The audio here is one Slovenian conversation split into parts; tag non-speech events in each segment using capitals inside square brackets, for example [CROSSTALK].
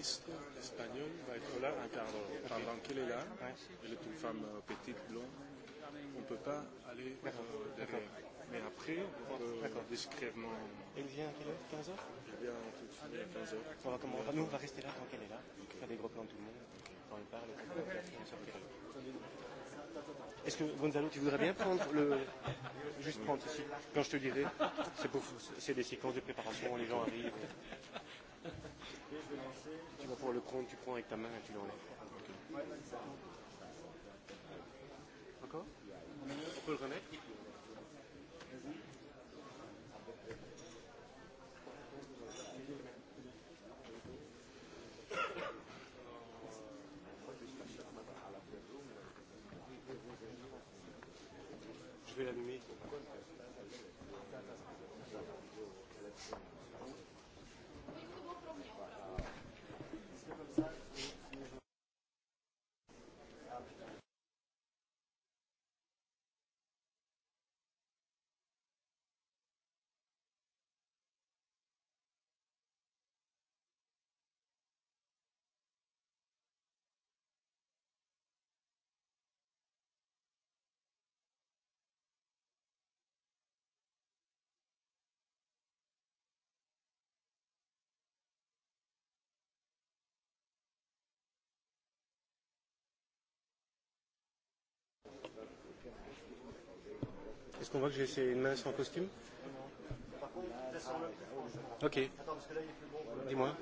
ministre espagnol va être là un quart d'heure. Okay. Pendant qu'elle est là, ouais. elle est une femme euh, petite, blonde, on ne peut pas aller euh, derrière. Mais après, on peut euh, discrètement. Elle vient à quelle heure 15 heures Elle vient en tout de suite à 15 heures. On va commencer. Nous, on va rester là tant qu'elle est là. On okay. faire des gros plans de tout le monde. Quand elle parle, on va faire des est-ce que Gonzalo, tu voudrais bien prendre le. Juste prendre ici. Quand je te dirai, c'est pour... des séquences de préparation, les gens arrivent. Et vas pouvoir le prendre, tu prends avec ta main et tu l'enlèves. Encore On peut le remettre Est-ce qu'on voit que j'ai une main sans costume Ok. Dis-moi.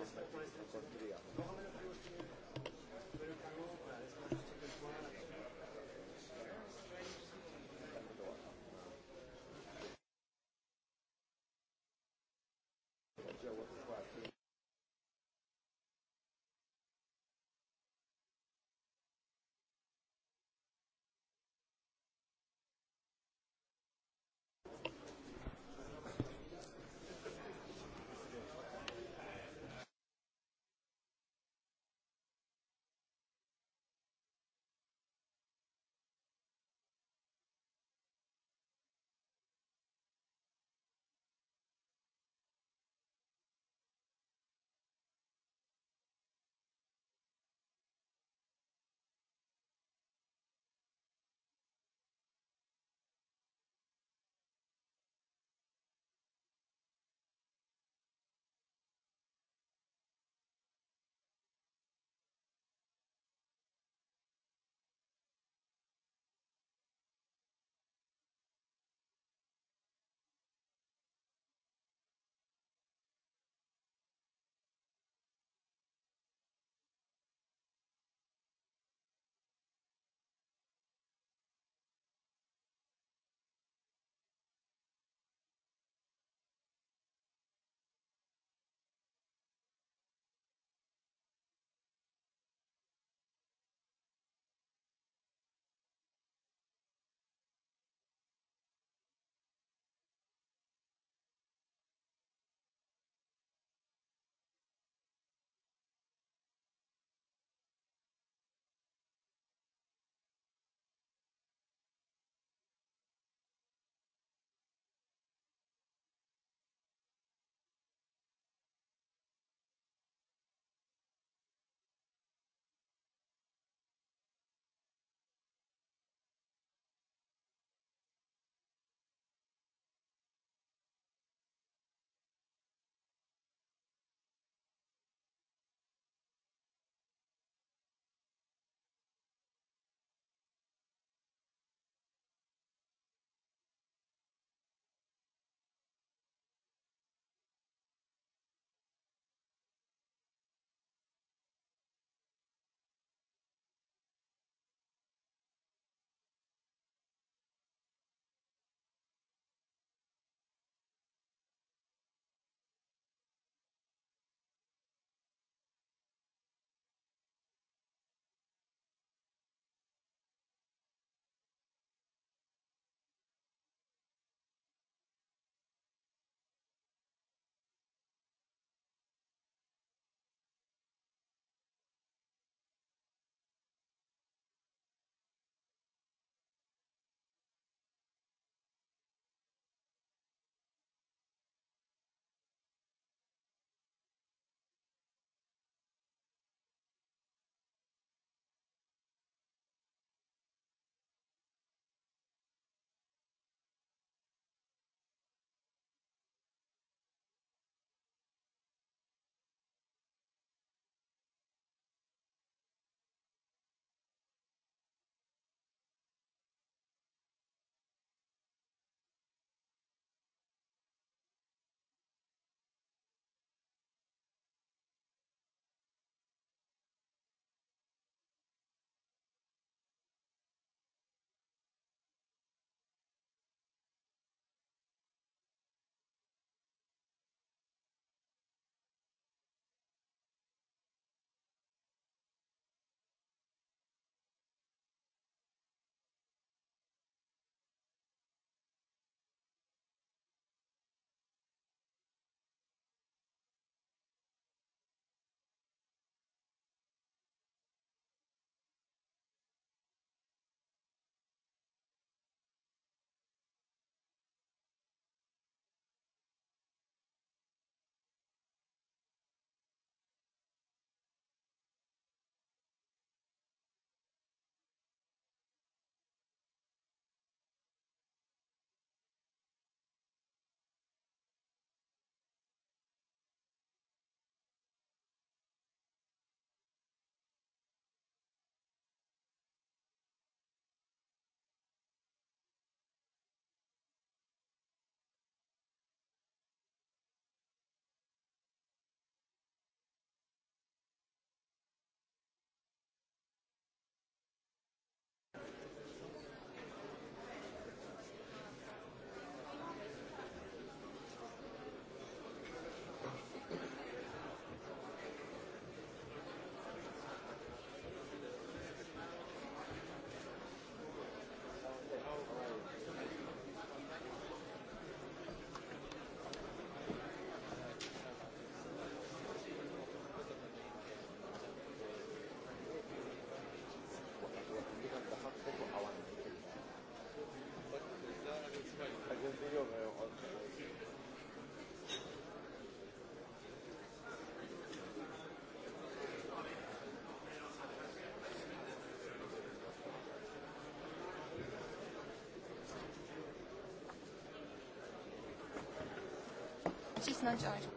Siz necə ayrı?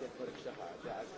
Thank you.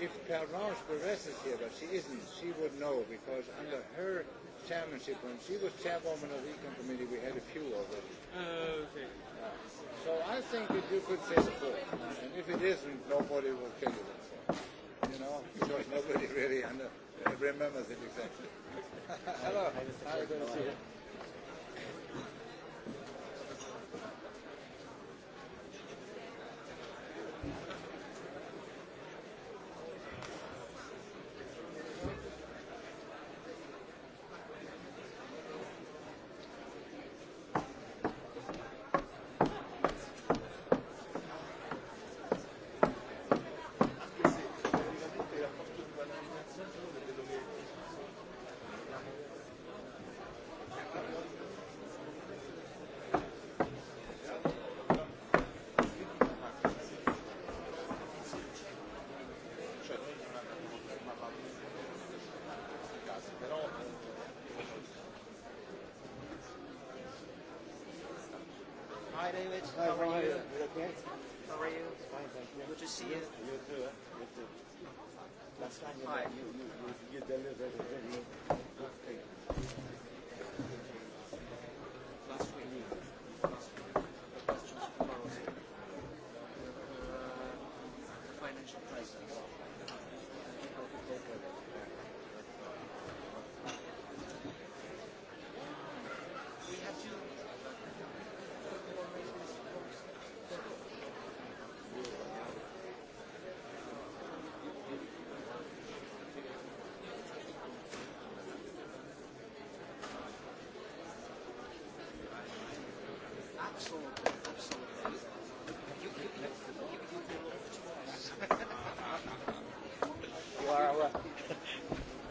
if Perrange Perez is here, but she isn't, she would know because under her chairmanship, when she was chairwoman of the Econ Committee, we had a few already. Uh, okay. Yeah. So I think if you could say the four, and if it isn't, nobody will tell you that. You know, because nobody really under, remembers it exactly. [LAUGHS] Hello. Hi, Hi, good to see you. Hi, David. Hi, how, how are you? you? Good, okay? How are you? Fine, thank you. Good to see you. You too. Eh? You too. Last time you, you, you, you delivered a very good thing.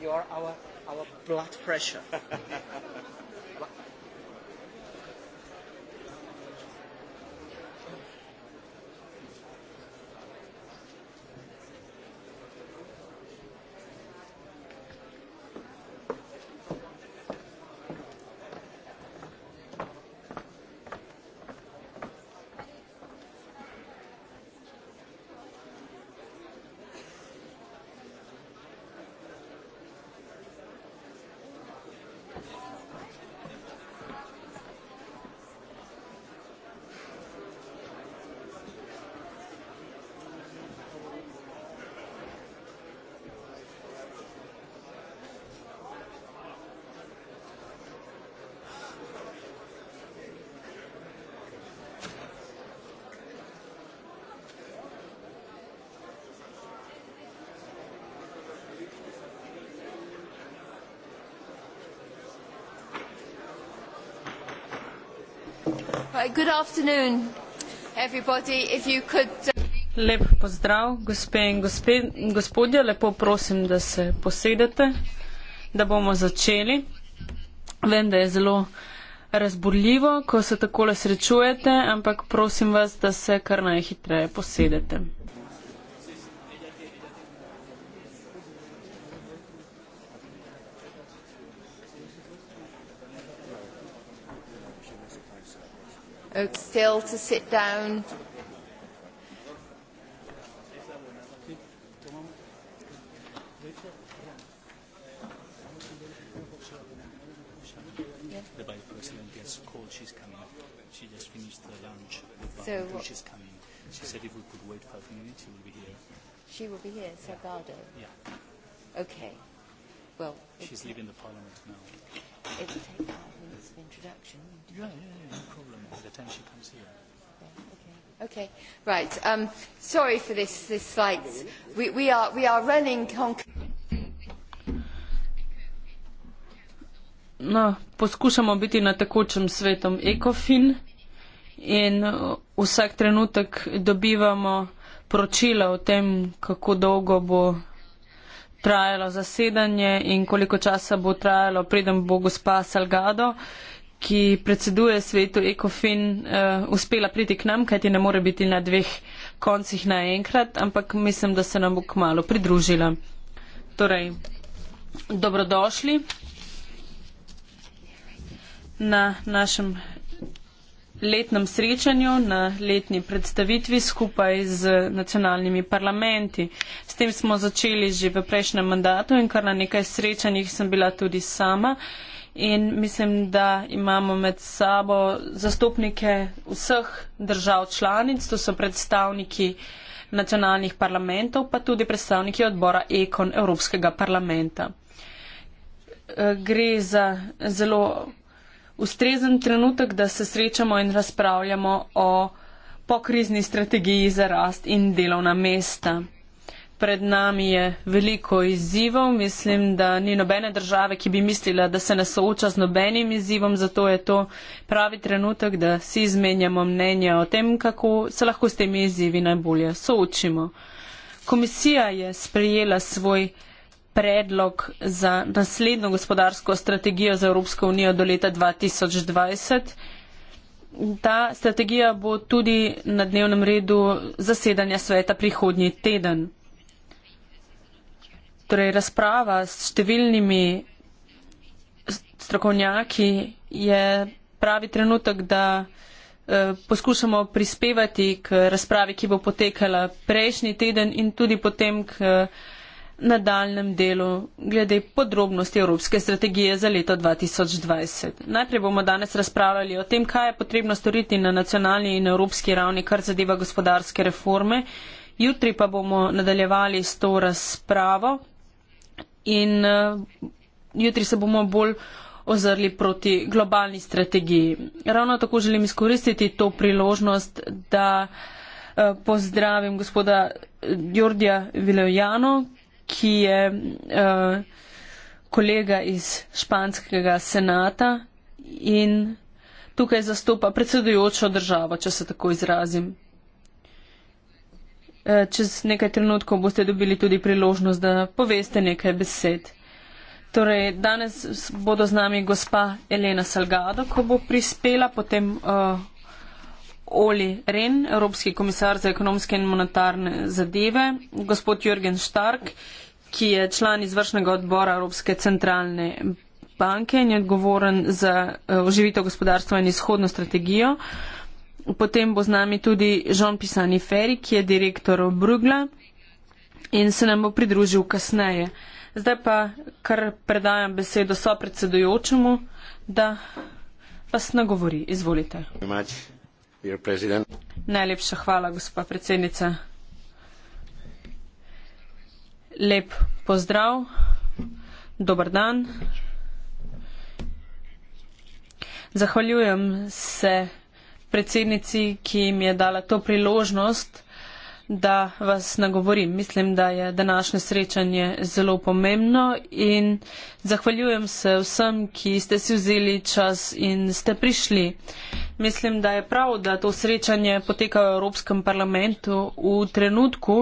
You are our, our blood pressure. [LAUGHS] good afternoon, everybody. If you could. Uh, Lep pozdrav, gospe in gospe, gospodje, lepo prosim, da se posedete, da bomo začeli. Vem, da je zelo razborljivo, ko se takole srečujete, ampak prosim vas, da se kar najhitreje posedete. still to sit down. Yeah. The Vice President has called, she's coming. She just finished the lunch. So what? She's coming. She said if we could wait five minutes, she will be here. She will be here, Salgado? Yeah. yeah. Okay. Well, she's leaving the Parliament now. It'll take five minutes of introduction. Yeah, yeah, yeah the time she comes here. Okay, right. Um, sorry for this, this slight. We, we, are, we are running. No, poskušamo biti na tekočem svetom ECOFIN in uh, vsak trenutek dobivamo poročila o tem, kako dolgo bo trajalo zasedanje in koliko časa bo trajalo, preden bo gospa Salgado. Uh, ki predseduje svetu ECOFIN, uh, uspela priti k nam, kajti ne more biti na dveh koncih naenkrat, ampak mislim, da se nam bo kmalo pridružila. Torej, dobrodošli na našem letnem srečanju, na letni predstavitvi skupaj z nacionalnimi parlamenti. S tem smo začeli že v prejšnjem mandatu in kar na nekaj srečanjih sem bila tudi sama. Uh, in mislim, da imamo med sabo zastopnike vseh držav članic, to so predstavniki nacionalnih parlamentov, pa tudi predstavniki odbora Ekon Evropskega parlamenta. Eh, gre za zelo ustrezen trenutek, da se srečamo in razpravljamo o pokrizni strategiji za rast in delovna mesta. Pred nami je veliko izzivov. Mislim, da ni nobene države, ki bi mislila, da se ne sooča z nobenim izzivom, zato je to pravi trenutek, da si izmenjamo mnenja o tem, kako se lahko s temi izzivi najbolje soočimo. Komisija je sprejela svoj predlog za naslednjo gospodarsko strategijo za Evropsko unijo do leta 2020. Ta strategija bo tudi na dnevnem redu zasedanja sveta prihodnji teden. Torej, razprava s številnimi strokovnjaki je pravi trenutek, da eh, poskušamo prispevati k razpravi, ki bo potekala prejšnji teden in tudi potem k eh, nadaljem delu glede podrobnosti Evropske strategije za leto 2020. Najprej bomo danes razpravljali o tem, kaj je potrebno storiti na nacionalni in evropski ravni, kar zadeva gospodarske reforme. Jutri pa bomo nadaljevali s to razpravo, in uh, jutri se bomo bolj ozrli proti globalni strategiji. Ravno tako želim izkoristiti to priložnost, da uh, pozdravim gospoda eh, Jordija Vilejano, ki je uh, kolega iz španskega senata in tukaj zastopa predsedujočo državo, če se tako izrazim. Eh, čez nekaj trenutkov boste dobili tudi priložnost, da poveste nekaj besed. Torej, danes bodo z nami gospa Elena Salgado, ko bo prispela, potem uh, Oli Ren, Evropski komisar za ekonomske in monetarne zadeve, gospod Jürgen Stark, ki je član izvršnega odbora Evropske centralne banke in je odgovoren za uh, oživitev gospodarstva in izhodno strategijo. Uh, Potem bo z nami tudi Žon Pisani Feri, ki je direktor Brugla in se nam bo pridružil kasneje. Zdaj pa kar predajam besedo so predsedujočemu, da vas nagovori. Izvolite. Najlepša hvala, gospa predsednica. Lep pozdrav, dober dan. Zahvaljujem se predsednici, ki mi je dala to priložnost, da vas nagovorim. Mislim, da je današnje srečanje zelo pomembno in zahvaljujem se vsem, ki ste si vzeli čas in ste prišli. Mislim, da je prav, da to srečanje poteka v Evropskem parlamentu v trenutku,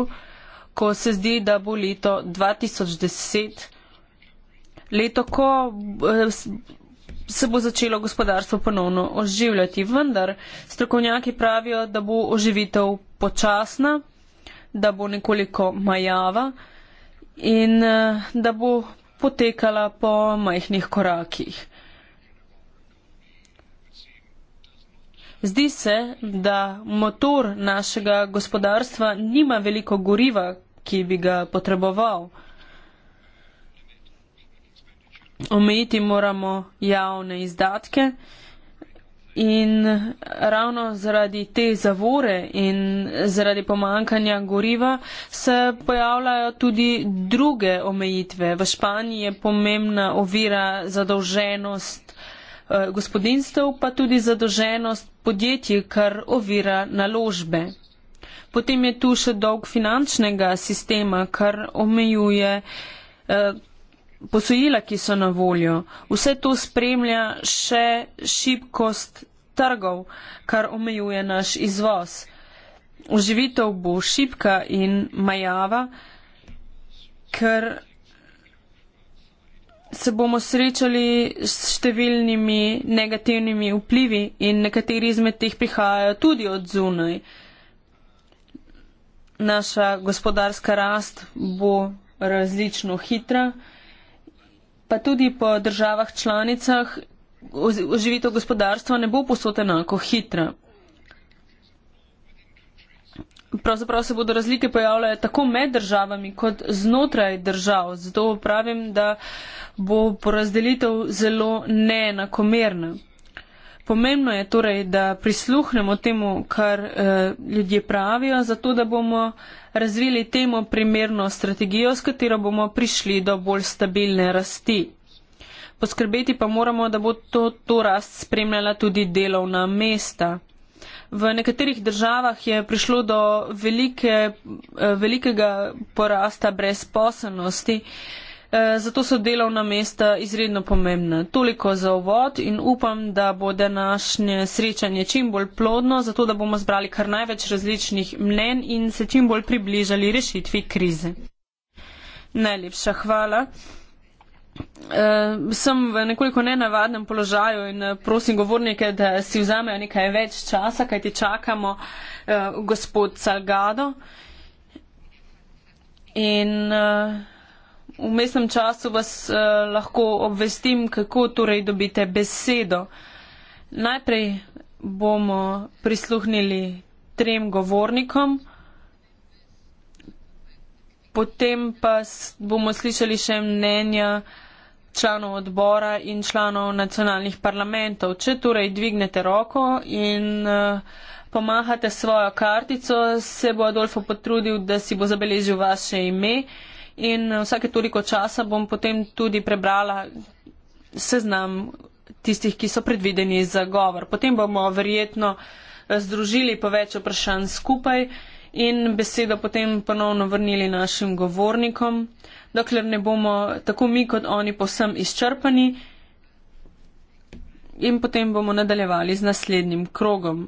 ko se zdi, da bo leto 2010. Leto, ko eh, se bo začelo gospodarstvo ponovno oživljati, vendar strokovnjaki pravijo, da bo oživitev počasna, da bo nekoliko majava in eh, da bo potekala po majhnih korakih. Zdi se, da motor našega gospodarstva nima veliko goriva, ki bi ga potreboval omejiti moramo javne izdatke in ravno zaradi te zavore in zaradi pomankanja goriva se pojavljajo tudi druge omejitve. V Španiji je pomembna ovira zadolženost eh, gospodinstv, pa tudi zadolženost podjetij, kar ovira naložbe. Potem je tu še dolg finančnega sistema, kar omejuje eh, posojila, ki so na voljo, vse to spremlja še šibkost trgov, kar omejuje naš izvoz. Uživitev bo šibka in majava, ker se bomo srečali s številnimi negativnimi vplivi in nekateri izmed teh prihajajo tudi od zunaj. Naša gospodarska rast bo različno hitra pa tudi po državah članicah oživitev gospodarstva ne bo posod enako hitra. Pravzaprav se bodo razlike pojavljale tako med državami kot znotraj držav, zato pravim, da bo porazdelitev zelo neenakomerna. Pomembno je torej, da prisluhnemo temu, kar eh, ljudje pravijo, zato da bomo razvili temu primerno strategijo, s katero bomo prišli do bolj stabilne rasti. Poskrbeti pa moramo, da bo to, to rast spremljala tudi delovna mesta. V nekaterih državah je prišlo do velike, eh, velikega porasta brezposobnosti. Eh, Eh, zato so delovna mesta izredno pomembna. Toliko za uvod in upam, da bo današnje srečanje čim bolj plodno, zato da bomo zbrali kar največ različnih mnen in se čim bolj približali rešitvi krize. Najlepša hvala. Uh, sem v nekoliko nenavadnem položaju in eh, prosim govornike, da si vzamejo nekaj več časa, kajti čakamo uh, gospod Salgado. In, uh, v mestnem času vas uh, lahko obvestim, kako torej dobite besedo. Najprej bomo prisluhnili trem govornikom, potem pa bomo slišali še mnenja članov odbora in članov nacionalnih parlamentov. Če torej dvignete roko in uh, pomahate svojo kartico, se bo Adolfo potrudil, da si bo zabeležil vaše ime. Uh, in vsake toliko časa bom potem tudi prebrala seznam tistih, ki so predvideni za govor. Potem bomo verjetno združili po več vprašanj skupaj in besedo potem ponovno vrnili našim govornikom, dokler ne bomo tako mi kot oni posem izčrpani in potem bomo nadaljevali z naslednjim krogom.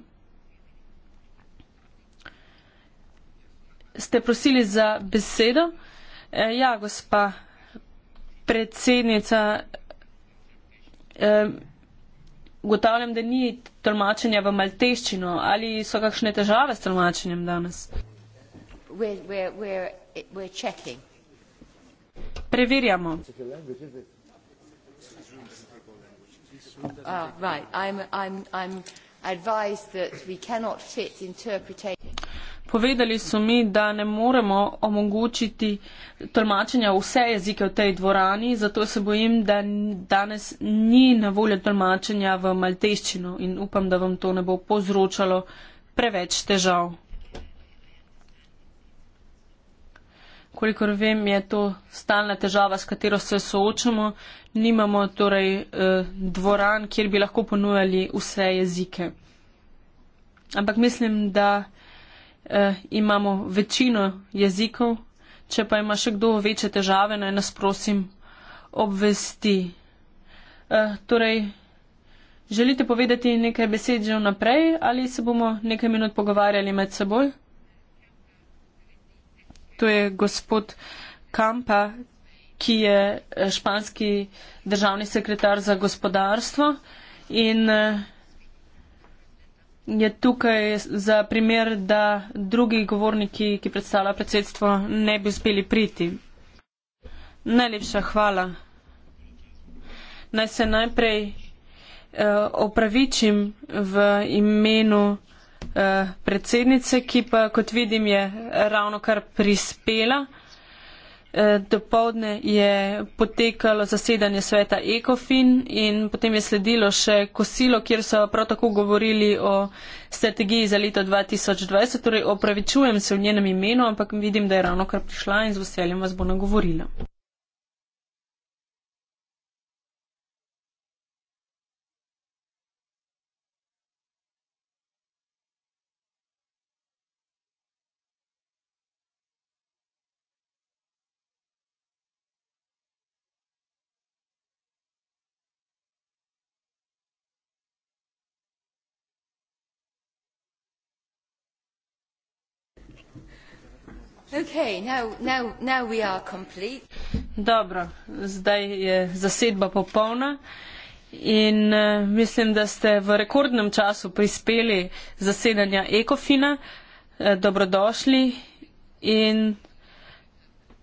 Ste prosili za besedo? E, ja, gospa predsednica, e, ugotavljam, da ni tolmačenja v malteščino. Ali so kakšne težave s tolmačenjem danes? Preverjamo. Oh, right. I'm, I'm, I'm Povedali so mi, da ne moremo omogočiti tolmačenja vse jezike v tej dvorani, zato se bojim, da danes ni na voljo tolmačenja v malteščino in upam, da vam to ne bo povzročalo preveč težav. Kolikor vem, je to stalna težava, s katero se soočamo. Nimamo torej eh, dvoran, kjer bi lahko ponujali vse jezike. Ampak mislim, da eh, imamo večino jezikov, če pa ima še kdo večje težave, naj nas prosim obvesti. Eh, torej, želite povedati nekaj besed že vnaprej ali se bomo nekaj minut pogovarjali med seboj? To je gospod Kampa, ki je eh, španski državni sekretar za gospodarstvo in eh, je tukaj za primer, da drugi govorniki, ki predstavlja predsedstvo, ne bi uspeli priti. Najlepša hvala. Naj se najprej eh, opravičim v imenu eh, predsednice, ki pa, kot vidim, je ravno kar prispela. Eh, dopovdne je potekalo zasedanje sveta ECOFIN in potem je sledilo še kosilo, kjer so prav tako govorili o strategiji za leto 2020. Torej, opravičujem se v njenem imenu, ampak vidim, da je ravno kar prišla in z veseljem vas bo nagovorila. Okay, now, now, now we are complete. Dobro, zdaj je zasedba popolna in uh, mislim, da ste v rekordnem času prispeli zasedanja Ekofina. Uh, dobrodošli in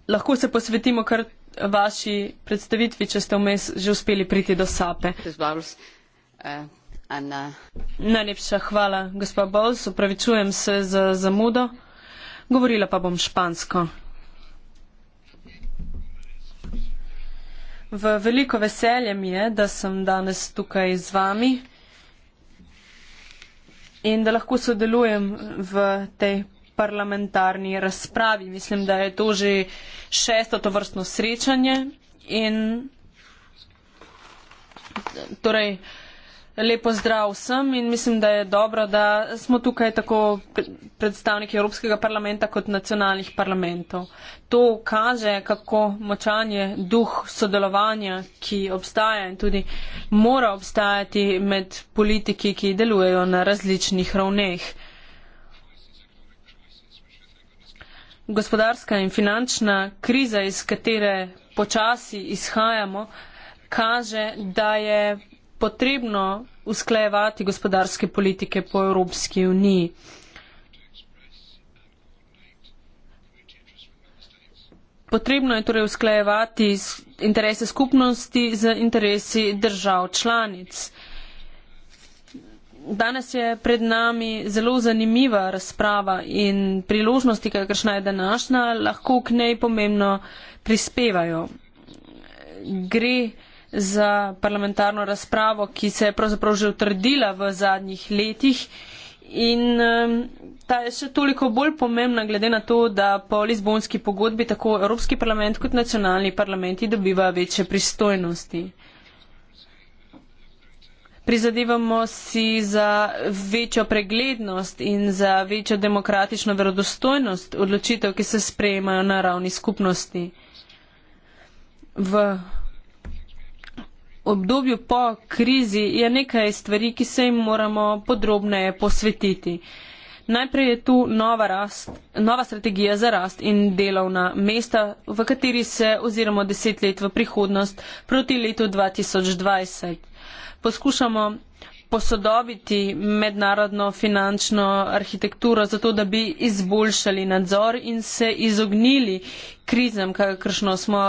lahko se posvetimo kar vaši predstavitvi, če ste vmes že uspeli priti do SAPE. Eh, Najlepša hvala, gospod Bols, upravičujem se za zamudo. Za govorila pa bom špansko. V veliko veselje mi je, da sem danes tukaj z vami in da lahko sodelujem v tej parlamentarni razpravi. Mislim, da je to že šesto to vrstno srečanje in torej uh, Lepo zdrav vsem in mislim, da je dobro, da smo tukaj tako predstavniki Evropskega parlamenta kot nacionalnih parlamentov. To kaže, kako močan je duh sodelovanja, ki obstaja in tudi mora obstajati med politiki, ki delujejo na različnih ravneh. Gospodarska in finančna kriza, iz katere počasi izhajamo, kaže, da je potrebno usklejevati gospodarske politike po Evropski uniji. Potrebno je torej usklejevati interese skupnosti z interesi držav članic. Danes je pred nami zelo zanimiva razprava in priložnosti, kakršna je današnja, lahko k nej pomembno prispevajo. Gre z parlamentarno razpravo, ki se je pravzaprav že utrdila v zadnjih letih. In um, ta je še toliko bolj pomembna, glede na to, da po Lizbonski pogodbi tako Evropski parlament kot nacionalni parlamenti dobiva večje pristojnosti. Prizadevamo si za večjo preglednost in za večjo demokratično verodostojnost odločitev, ki se sprejemajo na ravni skupnosti. V obdobju po krizi je nekaj stvari, ki se jim moramo podrobneje posvetiti. Najprej je tu nova, rast, nova strategija za rast in delovna mesta, v kateri se oziroma deset let v prihodnost proti letu 2020. Poskušamo posodobiti mednarodno finančno arhitekturo, zato da bi izboljšali nadzor in se izognili krizem, kakršno smo.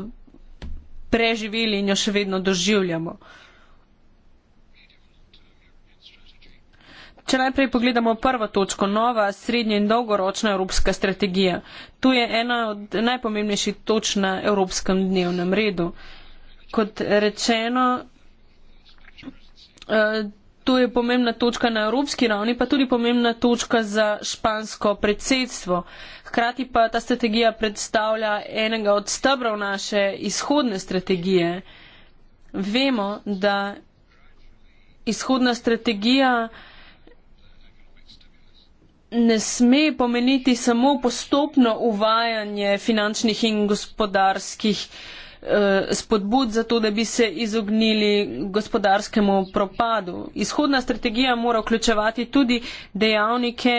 Uh, preživeli in jo še vedno doživljamo. Če najprej pogledamo prvo točko, nova, srednja in dolgoročna evropska strategija. Tu je ena od najpomembnejših točk na evropskem dnevnem redu. Kot rečeno, eh, To je pomembna točka na evropski ravni, pa tudi pomembna točka za špansko predsedstvo. Hkrati pa ta strategija predstavlja enega od stebrov naše izhodne strategije. Vemo, da izhodna strategija ne sme pomeniti samo postopno uvajanje finančnih in gospodarskih uh, Eh, spodbud za to, da bi se izognili gospodarskemu propadu. Izhodna strategija mora vključevati tudi dejavnike,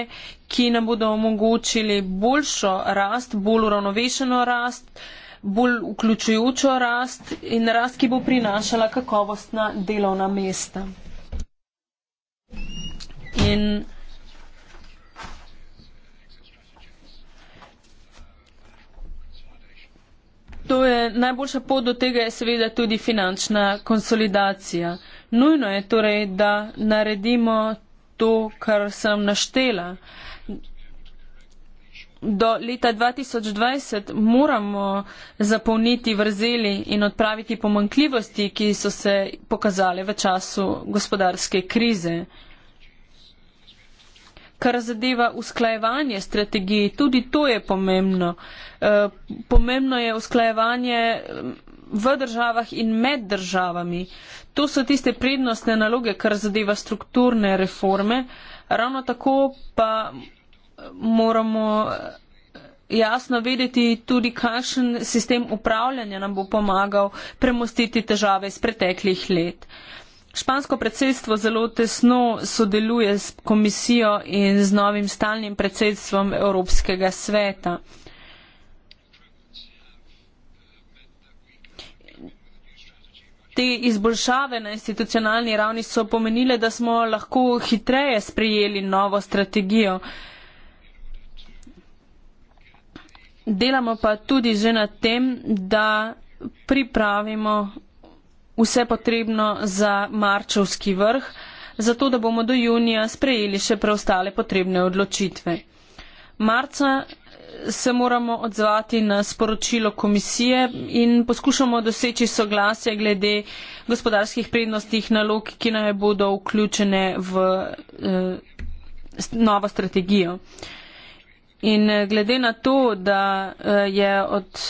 ki nam bodo omogočili boljšo rast, bolj uravnovešeno rast, bolj vključujočo rast in rast, ki bo prinašala kakovostna delovna mesta. In To je najboljša pot do tega je seveda tudi finančna konsolidacija. Nujno je torej, da naredimo to, kar sem naštela. Do leta 2020 moramo zapolniti vrzeli in odpraviti pomankljivosti, ki so se pokazale v času gospodarske krize. Kar zadeva usklajevanje strategiji, tudi to je pomembno. Eh, pomembno je usklajevanje eh, v državah in med državami. To so tiste prednostne naloge, kar zadeva strukturne reforme. Ravno tako pa eh, moramo jasno vedeti tudi, kakšen sistem upravljanja nam bo pomagal premostiti težave iz preteklih let. Špansko predsedstvo zelo tesno sodeluje s komisijo in z novim stalnim predsedstvom Evropskega sveta. Te izboljšave na institucionalni ravni so pomenile, da smo lahko hitreje sprejeli novo strategijo. Delamo pa tudi že na tem, da pripravimo vse potrebno za marčovski vrh, zato da bomo do junija sprejeli še preostale potrebne odločitve. Marca se moramo odzvati na sporočilo komisije in poskušamo doseči soglasje glede gospodarskih prednostih nalog, ki naj bodo vključene v eh, novo strategijo. In eh, glede na to, da eh, je od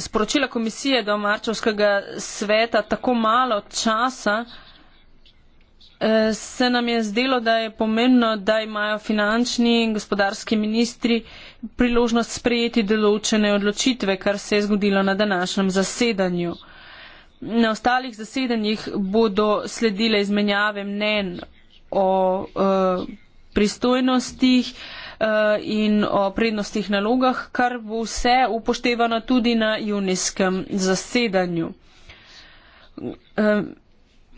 sporočila komisije do marčovskega sveta tako malo časa, eh, se nam je zdelo, da je pomembno, da imajo finančni in gospodarski ministri priložnost sprejeti določene odločitve, kar se je zgodilo na današnjem zasedanju. Na ostalih zasedanjih bodo sledile izmenjave mnen o uh, pristojnostih, uh, Eh, in o prednostih nalogah, kar bo vse upoštevano tudi na junijskem zasedanju. Eh,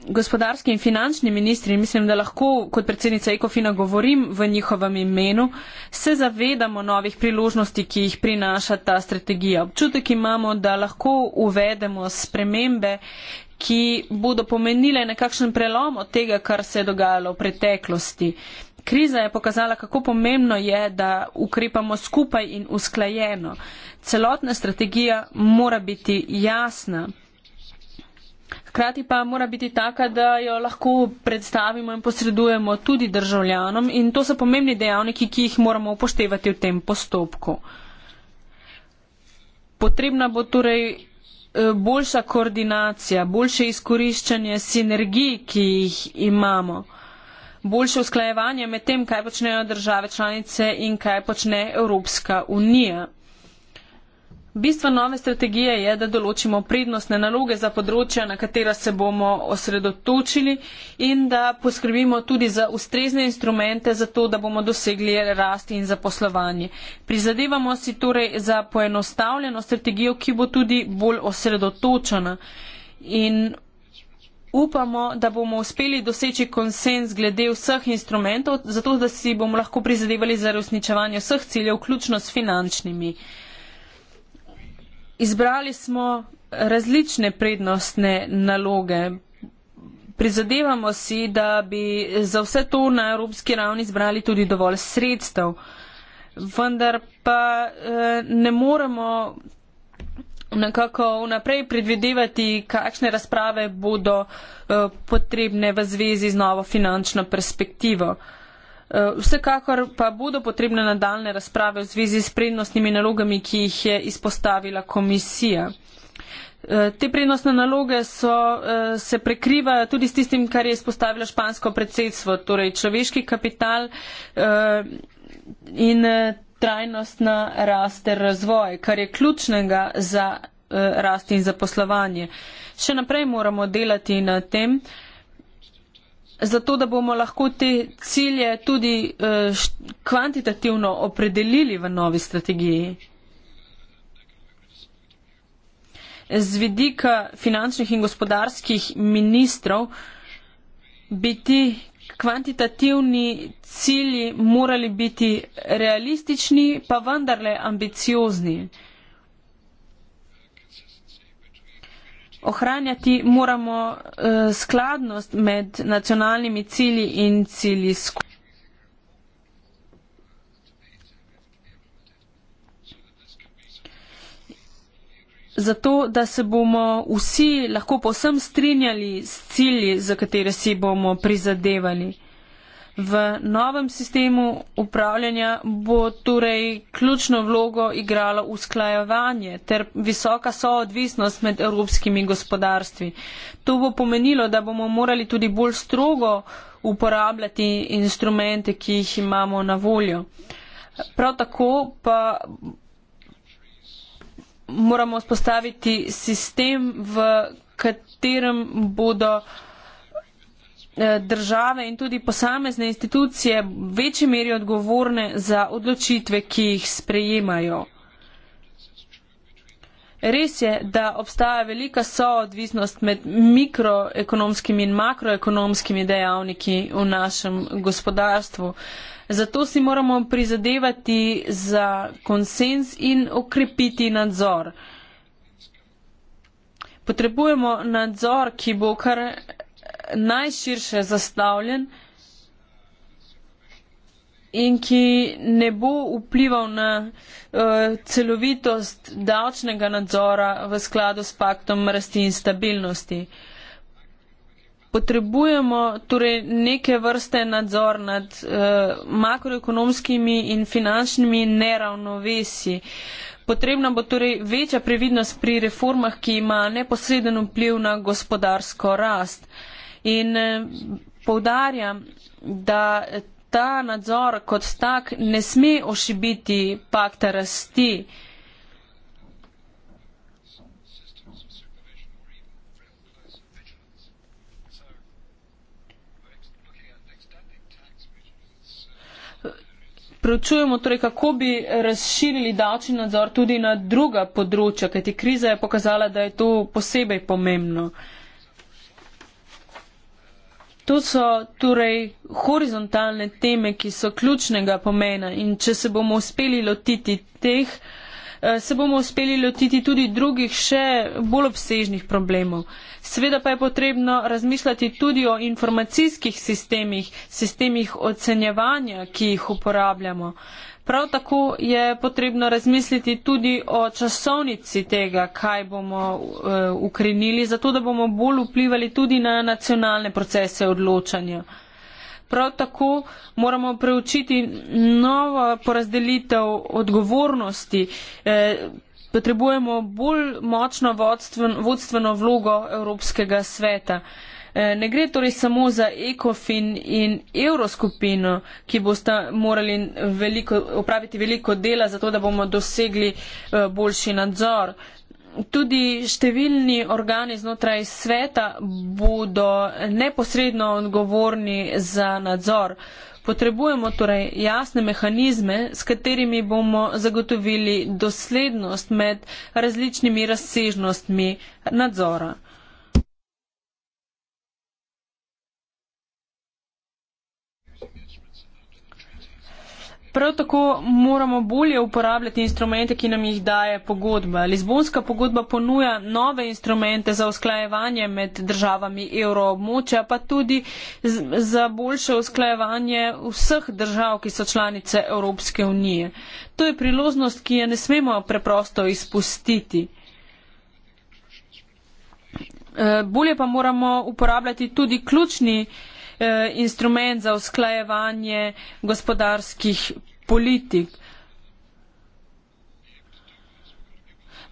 gospodarski in finančni ministri, mislim, da lahko kot predsednica Ekofina govorim v njihovem imenu, se zavedamo novih priložnosti, ki jih prinaša ta strategija. Občutek imamo, da lahko uvedemo spremembe, ki bodo pomenile nekakšen prelom od tega, kar se je dogajalo v preteklosti. Kriza je pokazala, kako pomembno je, da ukrepamo skupaj in usklajeno. Celotna strategija mora biti jasna. Hkrati pa mora biti taka, da jo lahko predstavimo in posredujemo tudi državljanom in to so pomembni dejavniki, ki jih moramo upoštevati v tem postopku. Potrebna bo torej e, boljša koordinacija, boljše izkoriščanje sinergij, ki jih imamo boljše usklajevanje med tem, kaj počnejo države članice in kaj počne Evropska unija. Bistvo nove strategije je, da določimo prednostne naloge za področja, na katera se bomo osredotočili in da poskrbimo tudi za ustrezne instrumente za to, da bomo dosegli rast in zaposlovanje. Prizadevamo si torej za poenostavljeno strategijo, ki bo tudi bolj osredotočena in Upamo, da bomo uspeli doseči konsens glede vseh instrumentov, zato da si bomo lahko prizadevali za resničevanje vseh ciljev, vključno s finančnimi. Izbrali smo različne prednostne naloge. Prizadevamo si, da bi za vse to na evropski ravni zbrali tudi dovolj sredstev. Vendar pa eh, ne moremo nekako vnaprej predvidevati, kakšne razprave bodo eh, potrebne v zvezi z novo finančno perspektivo. Eh, vsekakor pa bodo potrebne nadaljne razprave v zvezi s prednostnimi nalogami, ki jih je izpostavila komisija. Eh, te prednostne naloge so, se prekrivajo tudi s tistim, kar je izpostavilo špansko predsedstvo, torej človeški kapital in trajnostna rast ter razvoj, kar je ključnega za eh, rast in zaposlovanje. Še naprej moramo delati na tem, zato da bomo lahko te cilje tudi eh, kvantitativno opredelili v novi strategiji. Z vidika finančnih in gospodarskih ministrov bi ti kvantitativni cilji morali biti realistični, pa vendarle ambiciozni. Ohranjati moramo uh, skladnost med nacionalnimi cilji in cilji skupaj. zato, da se bomo vsi lahko povsem strinjali s cilji, za katere si bomo prizadevali. V novem sistemu upravljanja bo torej ključno vlogo igralo usklajevanje ter visoka soodvisnost med evropskimi gospodarstvi. To bo pomenilo, da bomo morali tudi bolj strogo uporabljati instrumente, ki jih imamo na voljo. Prav tako pa moramo spostaviti sistem, v katerem bodo eh, države in tudi posamezne institucije v večji meri odgovorne za odločitve, ki jih sprejemajo. Res je, da obstaja velika soodvisnost med mikroekonomskimi in makroekonomskimi dejavniki v našem gospodarstvu. Uh, Zato si moramo prizadevati za konsens in okrepiti nadzor. Potrebujemo nadzor, ki bo kar najširše zastavljen in ki ne bo vplival na uh, celovitost davčnega nadzora v skladu s paktom rasti in stabilnosti. Uh, potrebujemo torej neke vrste nadzor nad eh, makroekonomskimi in finančnimi neravnovesi. Potrebna bo torej večja previdnost pri reformah, ki ima neposreden vpliv na gospodarsko rast. In eh, povdarjam, da ta nadzor kot tak ne sme ošibiti pakta rasti. Eh, preučujemo, torej, kako bi razširili davčni nadzor tudi na druga področja, kajti kriza je pokazala, da je to posebej pomembno. To so torej horizontalne teme, ki so ključnega pomena in če se bomo uspeli lotiti teh, Eh, se bomo uspeli lotiti tudi drugih še bolj obsežnih problemov. Sveda pa je potrebno razmišljati tudi o informacijskih sistemih, sistemih ocenjevanja, ki jih uporabljamo. Prav tako je potrebno razmisliti tudi o časovnici tega, kaj bomo uh, ukrenili, zato da bomo bolj vplivali tudi na nacionalne procese odločanja. Uh, Prav tako moramo preučiti novo porazdelitev odgovornosti. Eh, potrebujemo bolj močno vodstveno vlogo Evropskega sveta. Eh, ne gre torej samo za ECOFIN in Euroskupino, ki boste morali veliko, upraviti veliko dela, zato da bomo dosegli eh, boljši nadzor tudi številni organi znotraj sveta bodo neposredno odgovorni za nadzor. Potrebujemo torej jasne mehanizme, s katerimi bomo zagotovili doslednost med različnimi razsežnostmi nadzora. Prav tako moramo bolje uporabljati instrumente, ki nam jih daje pogodba. Lizbonska pogodba ponuja nove instrumente za usklajevanje med državami evroobmočja, pa tudi za boljše usklajevanje vseh držav, ki so članice Evropske unije. To je priložnost, ki jo ne smemo preprosto izpustiti. Eh, bolje pa moramo uporabljati tudi ključni instrumente, Eh, instrument za usklajevanje gospodarskih politik.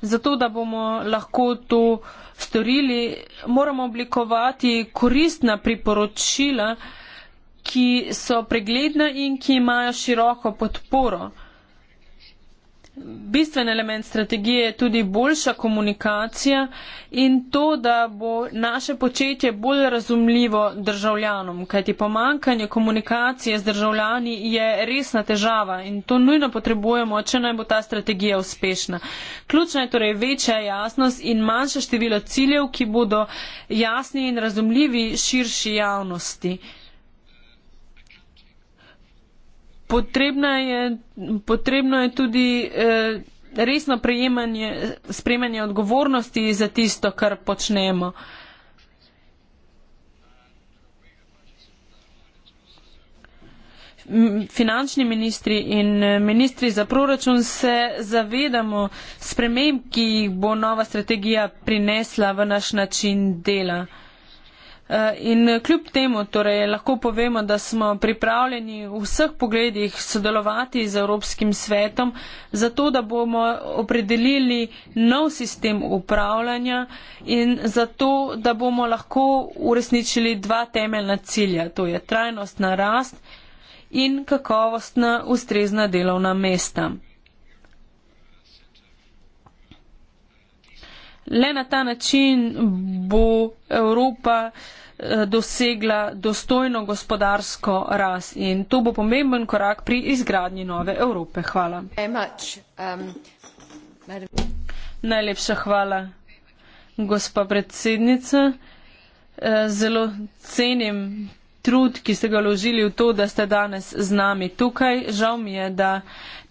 Zato, da bomo lahko to storili, moramo oblikovati koristna priporočila, ki so pregledna in ki imajo široko podporo. Bistven element strategije je tudi boljša komunikacija in to, da bo naše početje bolj razumljivo državljanom, kajti pomankanje komunikacije z državljani je resna težava in to nujno potrebujemo, če naj bo ta strategija uspešna. Ključna je torej večja jasnost in manjše število ciljev, ki bodo jasni in razumljivi širši javnosti potrebna je, potrebno je tudi eh, resno sprejemanje odgovornosti za tisto, kar počnemo. Finančni ministri in eh, ministri za proračun se zavedamo sprememb, ki jih bo nova strategija prinesla v naš način dela. Eh, in kljub temu torej, lahko povemo, da smo pripravljeni v vseh pogledih sodelovati z Evropskim svetom, zato da bomo opredelili nov sistem upravljanja in zato da bomo lahko uresničili dva temeljna cilja, to je trajnostna rast in kakovostna ustrezna delovna mesta. Le na ta način bo Evropa eh, dosegla dostojno gospodarsko rast in to bo pomemben korak pri izgradnji nove Evrope. Hvala. Um, Najlepša hvala, gospa predsednica. Eh, zelo cenim trud, ki ste ga vložili v to, da ste danes z nami tukaj. Žal mi je, da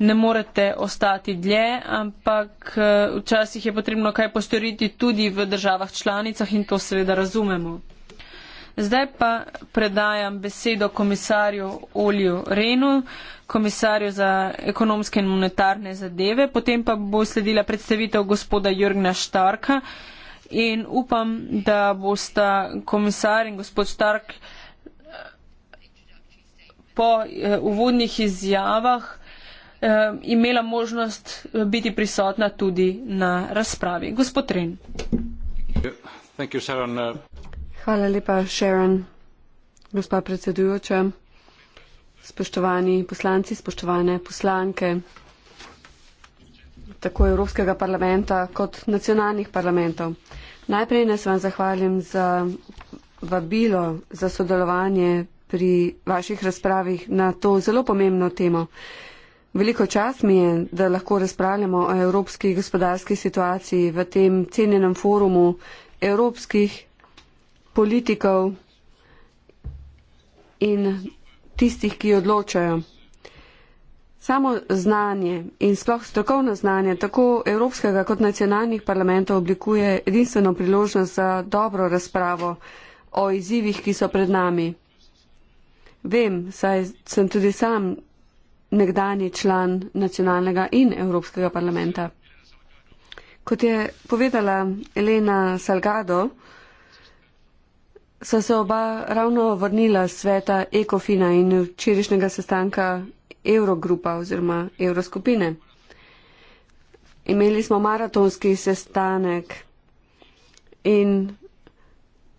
ne morete ostati dlje, ampak eh, včasih je potrebno kaj postoriti tudi v državah članicah in to seveda razumemo. Zdaj pa predajam besedo komisarju Olju Renu, komisarju za ekonomske in monetarne zadeve, potem pa bo sledila predstavitev gospoda Jurgna Štarka in upam, da boste komisar in gospod Štark po eh, uvodnih izjavah eh, imela možnost eh, biti prisotna tudi na razpravi. Gospod Ren. You, Sharon. Hvala lepa, Sharon. Gospa predsedujoča, spoštovani poslanci, spoštovane poslanke tako Evropskega parlamenta kot nacionalnih parlamentov. Najprej ne se vam zahvalim za vabilo za sodelovanje pri vaših razpravih na to zelo pomembno temo. Veliko čast mi je, da lahko razpravljamo o evropski gospodarski situaciji v tem cenjenem forumu evropskih politikov in tistih, ki odločajo. Samo znanje in sploh strokovno znanje tako evropskega kot nacionalnih parlamentov oblikuje edinstveno priložnost za dobro razpravo o izzivih, ki so pred nami. Vem, saj sem tudi sam nekdani član nacionalnega in evropskega parlamenta. Kot je povedala Elena Salgado, so se oba ravno vrnila sveta Ekofina in včerajšnjega sestanka Eurogrupa oziroma Euroskupine. Imeli smo maratonski sestanek in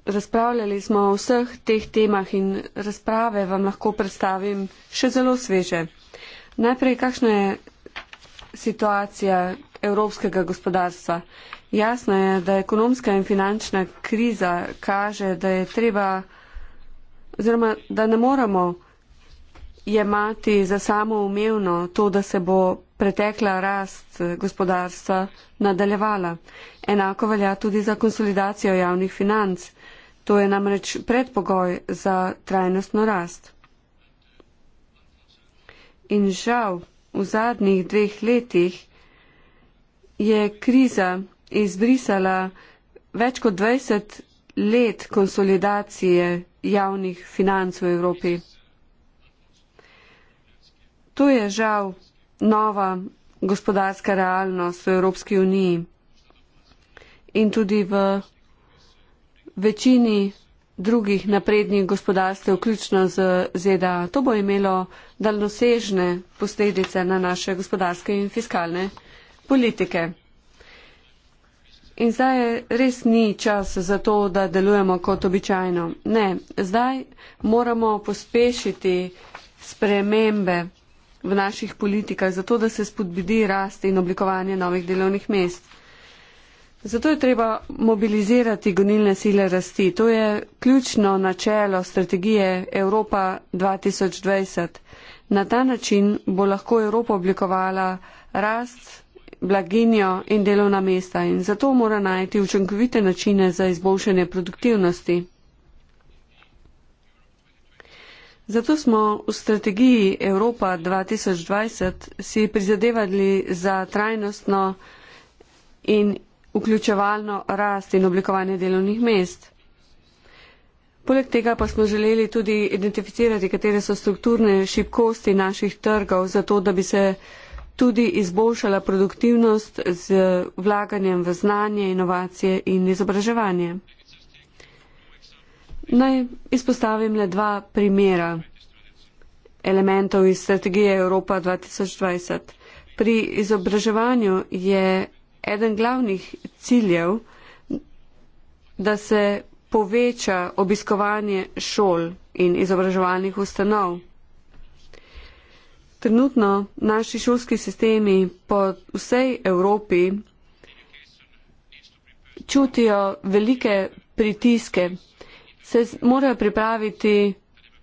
Razpravljali smo o vseh teh temah in razprave vam lahko predstavim še zelo sveže. Najprej, kakšna je situacija evropskega gospodarstva? Jasno je, da ekonomska in finančna kriza kaže, da je treba, oziroma da ne moramo jemati za samo umevno to, da se bo pretekla rast gospodarstva nadaljevala. Enako velja tudi za konsolidacijo javnih financ. To je namreč predpogoj za trajnostno rast. In žal, v zadnjih dveh letih je kriza izbrisala več kot 20 let konsolidacije javnih financ v Evropi. To je žal nova gospodarska realnost v Evropski uniji in tudi v večini drugih naprednih gospodarstev, vključno z ZDA. To bo imelo daljnosežne posledice na naše gospodarske in fiskalne politike. In zdaj res ni čas za to, da delujemo kot običajno. Ne, zdaj moramo pospešiti spremembe v naših politikah, zato da se spodbidi rast in oblikovanje novih delovnih mest. Zato je treba mobilizirati gonilne sile rasti. To je ključno načelo strategije Evropa 2020. Na ta način bo lahko Evropa oblikovala rast, blaginjo in delovna mesta in zato mora najti učinkovite načine za izboljšanje produktivnosti. Zato smo v strategiji Evropa 2020 si prizadevali za trajnostno in vključevalno rast in oblikovanje delovnih mest. Poleg tega pa smo želeli tudi identificirati, katere so strukturne šibkosti naših trgov, zato da bi se tudi izboljšala produktivnost z vlaganjem v znanje, inovacije in izobraževanje. Naj izpostavim le dva primera elementov iz strategije Evropa 2020. Pri izobraževanju je eden glavnih ciljev, da se poveča obiskovanje šol in izobraževalnih ustanov. Trenutno naši šolski sistemi po vsej Evropi čutijo velike pritiske, se morajo pripraviti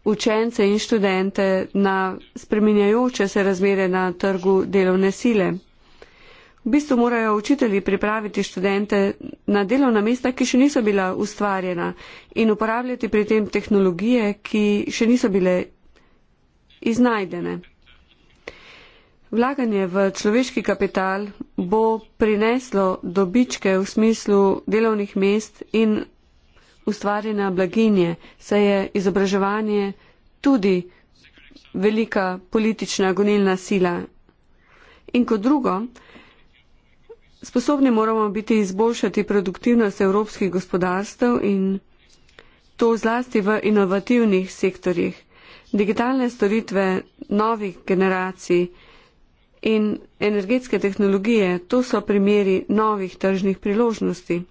učence in študente na spreminjajoče se razmere na trgu delovne sile. V bistvu morajo učitelji pripraviti študente na delovna mesta, ki še niso bila ustvarjena in uporabljati pri tem tehnologije, ki še niso bile iznajdene. Vlaganje v človeški kapital bo prineslo dobičke v smislu delovnih mest in ustvarjena blaginje, saj je izobraževanje tudi velika politična gonilna sila. In kot drugo, Sposobni moramo biti izboljšati produktivnost evropskih gospodarstv in to zlasti v inovativnih sektorjih. Digitalne storitve novih generacij in energetske tehnologije, to so primeri novih tržnih priložnosti.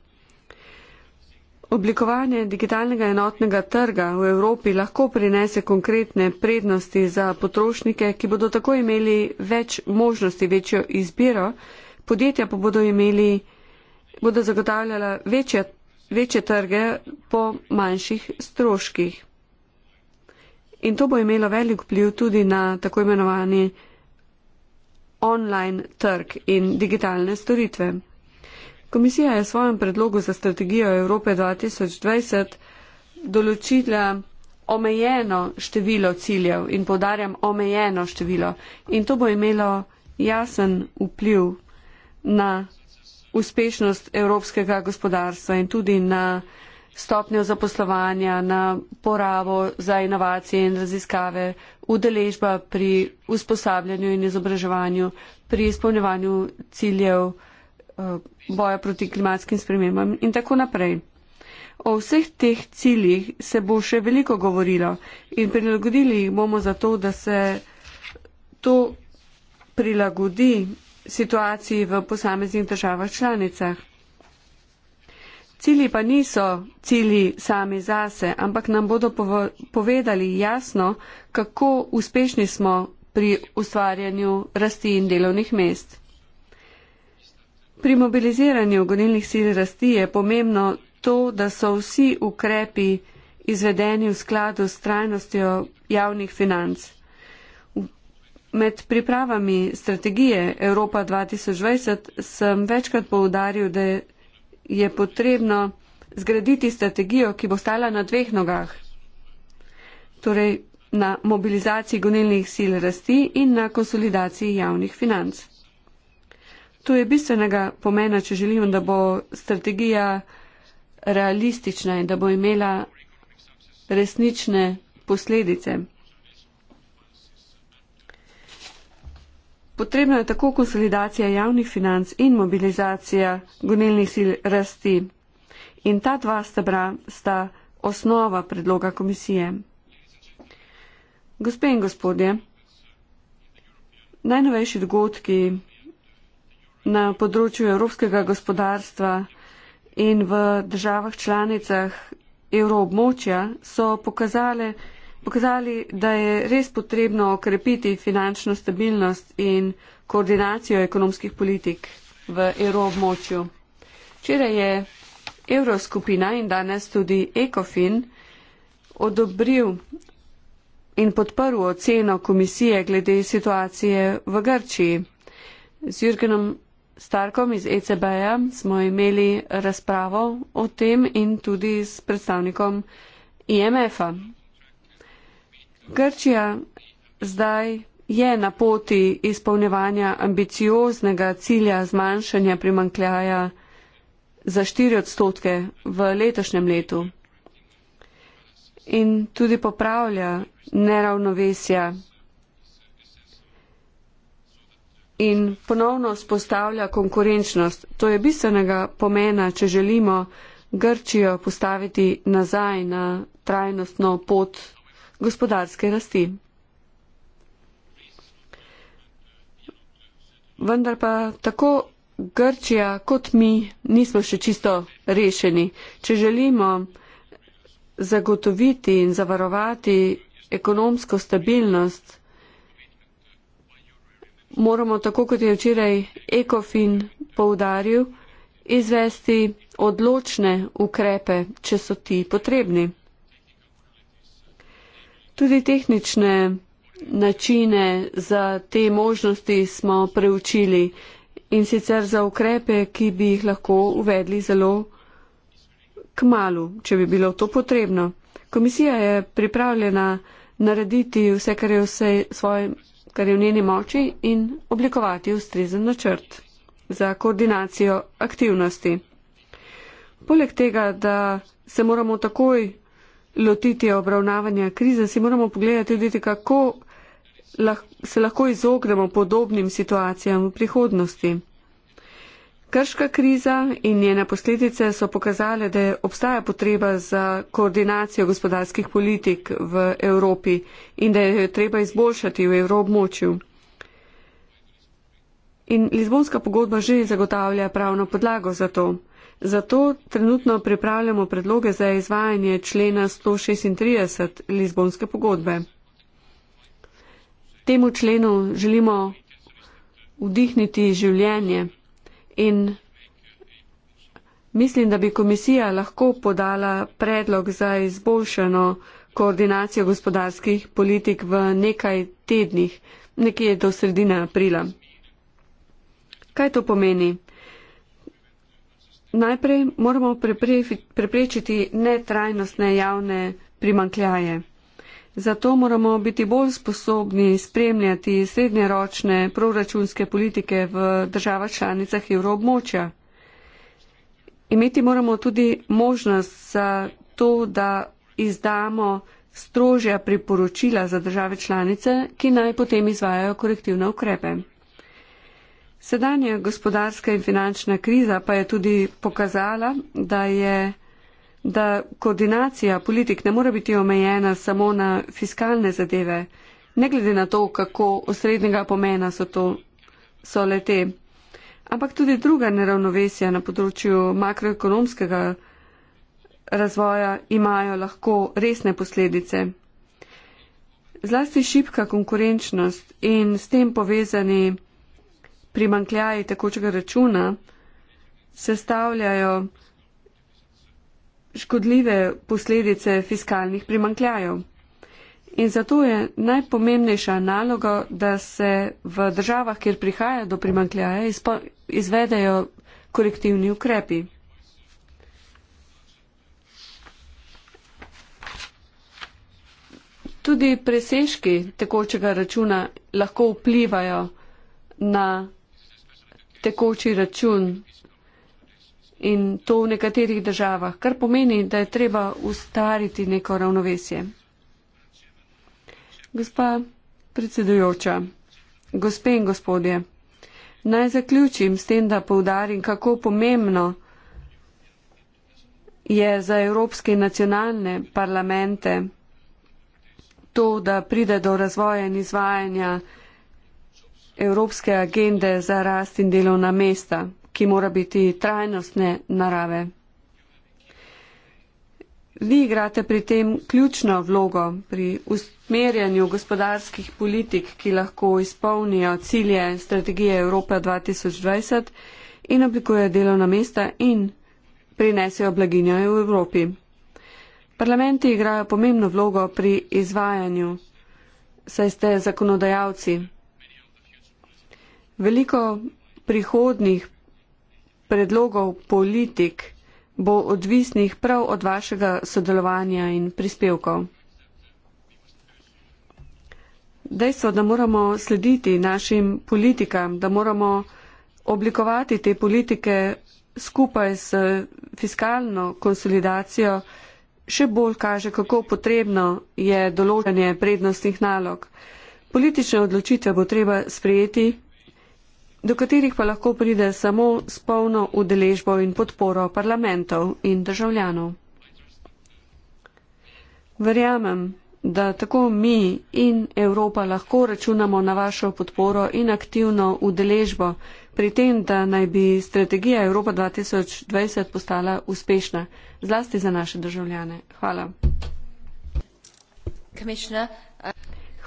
Oblikovanje digitalnega enotnega trga v Evropi lahko prinese konkretne prednosti za potrošnike, ki bodo tako imeli več možnosti, večjo izbiro podjetja pa bodo imeli, bodo zagotavljala večje, večje trge po manjših stroških. In to bo imelo velik vpliv tudi na tako imenovani online trg in digitalne storitve. Komisija je v svojem predlogu za strategijo Evrope 2020 določila omejeno število ciljev in povdarjam omejeno število. In to bo imelo jasen vpliv na uspešnost evropskega gospodarstva in tudi na stopnjo zaposlovanja, na porabo za inovacije in raziskave, udeležba pri usposabljanju in izobraževanju, pri izpolnjevanju ciljev eh, boja proti klimatskim spremembam in tako naprej. O vseh teh ciljih se bo še veliko govorilo in prilagodili jih bomo zato, da se to prilagodi situaciji v posameznih državah članicah. Cili pa niso cili sami zase, ampak nam bodo povedali jasno, kako uspešni smo pri ustvarjanju rasti in delovnih mest. Pri mobiliziranju gonilnih sil rasti je pomembno to, da so vsi ukrepi izvedeni v skladu s trajnostjo javnih financ. Med pripravami strategije Evropa 2020 sem večkrat poudaril, da je potrebno zgraditi strategijo, ki bo stala na dveh nogah. Torej, na mobilizaciji gonilnih sil rasti in na konsolidaciji javnih financ. To je bistvenega pomena, če želimo, da bo strategija realistična in da bo imela resnične posledice. Potrebna je tako konsolidacija javnih financ in mobilizacija gonilnih sil rasti. In ta dva stebra sta osnova predloga komisije. Gospe in gospodje, najnovejši dogodki na področju evropskega gospodarstva in v državah članicah evroobmočja so pokazale, pokazali, da je res potrebno okrepiti finančno stabilnost in koordinacijo ekonomskih politik v evroobmočju. Včeraj je Evroskupina in danes tudi ECOFIN odobril in podprl oceno komisije glede situacije v Grčiji. Z Jürgenom Starkom iz ECB-ja smo imeli razpravo o tem in tudi s predstavnikom IMF-a. Grčija zdaj je na poti izpolnjevanja ambicioznega cilja zmanjšanja primankljaja za 4 odstotke v letošnjem letu in tudi popravlja neravnovesja in ponovno spostavlja konkurenčnost. To je bistvenega pomena, če želimo Grčijo postaviti nazaj na trajnostno pot gospodarske rasti. Vendar pa tako Grčija kot mi nismo še čisto rešeni. Če želimo zagotoviti in zavarovati ekonomsko stabilnost, moramo, tako kot je včeraj Ekofin poudaril, izvesti odločne ukrepe, če so ti potrebni. Tudi tehnične načine za te možnosti smo preučili in sicer za ukrepe, ki bi jih lahko uvedli zelo kmalo, če bi bilo to potrebno. Komisija je pripravljena narediti vse, kar je, vse svoj, kar je v njeni moči in oblikovati ustrezen načrt za koordinacijo aktivnosti. Poleg tega, da se moramo takoj lotiti obravnavanja krize, si moramo pogledati tudi, kako se lahko izognemo podobnim situacijam v prihodnosti. Krška kriza in njene posledice so pokazale, da obstaja potreba za koordinacijo gospodarskih politik v Evropi in da jo treba izboljšati v evroobmočju. In Lizbonska pogodba že zagotavlja pravno podlago za to. Zato trenutno pripravljamo predloge za izvajanje člena 136 Lizbonske pogodbe. Temu členu želimo vdihniti življenje in mislim, da bi komisija lahko podala predlog za izboljšano koordinacijo gospodarskih politik v nekaj tednih, nekje do sredine aprila. Kaj to pomeni? Najprej moramo preprečiti netrajnostne javne primankljaje. Zato moramo biti bolj sposobni spremljati srednjeročne proračunske politike v državah članicah evroobmočja. Imeti moramo tudi možnost za to, da izdamo strožja priporočila za države članice, ki naj potem izvajajo korektivne ukrepe. Sedanja gospodarska in finančna kriza pa je tudi pokazala, da, je, da koordinacija politik ne more biti omejena samo na fiskalne zadeve, ne glede na to, kako osrednjega pomena so, to, so le te. Ampak tudi druga neravnovesja na področju makroekonomskega razvoja imajo lahko resne posledice. Zlasti šibka konkurenčnost in s tem povezani primankljaji tekočega računa sestavljajo škodljive posledice fiskalnih primankljajev. In zato je najpomembnejša naloga, da se v državah, kjer prihaja do primankljaja, izvedejo korektivni ukrepi. Tudi presežki tekočega računa lahko vplivajo na tekoči račun in to v nekaterih državah, kar pomeni, da je treba ustariti neko ravnovesje. Gospa predsedujoča, gospe in gospodje, naj zaključim s tem, da povdarim, kako pomembno je za evropske nacionalne parlamente to, da pride do razvoja in izvajanja evropske agende za rast in delovna mesta, ki mora biti trajnostne narave. Vi igrate pri tem ključno vlogo pri usmerjanju gospodarskih politik, ki lahko izpolnijo cilje strategije Evropa 2020 in oblikujejo delovna mesta in prinesejo blaginjo v Evropi. Parlamenti igrajo pomembno vlogo pri izvajanju, saj ste zakonodajalci. Veliko prihodnih predlogov politik bo odvisnih prav od vašega sodelovanja in prispevkov. Dejstvo, da moramo slediti našim politikam, da moramo oblikovati te politike skupaj s fiskalno konsolidacijo, še bolj kaže, kako potrebno je določanje prednostnih nalog. Politične odločitve bo treba sprejeti do katerih pa lahko pride samo s polno udeležbo in podporo parlamentov in državljanov. Verjamem, da tako mi in Evropa lahko računamo na vašo podporo in aktivno udeležbo pri tem, da naj bi strategija Evropa 2020 postala uspešna, zlasti za naše državljane. Hvala. Uh,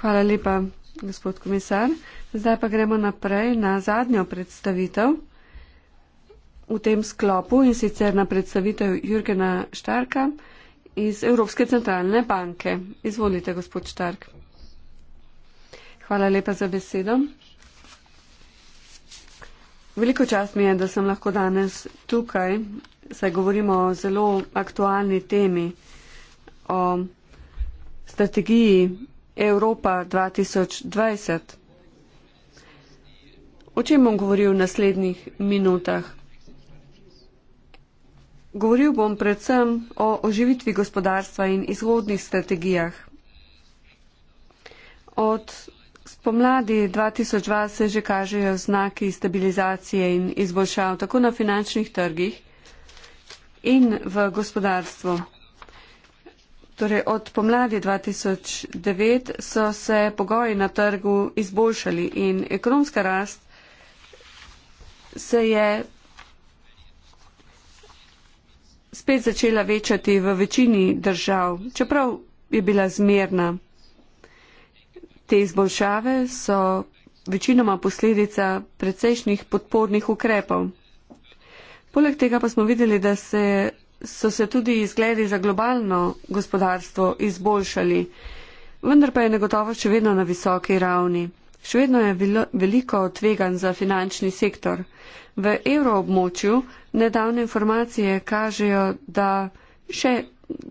Hvala lepa, gospod komisar. Zdaj pa gremo naprej na zadnjo predstavitev v tem sklopu in sicer na predstavitev Jurgena Štarka iz Evropske centralne banke. Izvolite, gospod Štark. Hvala lepa za besedo. Veliko čast mi je, da sem lahko danes tukaj, saj govorimo o zelo aktualni temi, o strategiji Evropa 2020. O čem bom govoril v naslednjih minutah? Govoril bom predvsem o oživitvi gospodarstva in izhodnih strategijah. Od spomladi 2020 se že kažejo znaki stabilizacije in izboljšav tako na finančnih trgih in v gospodarstvu. Torej, od pomladi 2009 so se pogoji na trgu izboljšali in ekonomska rast se je spet začela večati v večini držav, čeprav je bila zmerna. Te izboljšave so večinoma posledica precejšnjih podpornih ukrepov. Poleg tega pa smo videli, da se, so se tudi izgledi za globalno gospodarstvo izboljšali, vendar pa je negotovo še vedno na visoki ravni. Še vedno je veliko tvegan za finančni sektor. V evroobmočju nedavne informacije kažejo, da, še,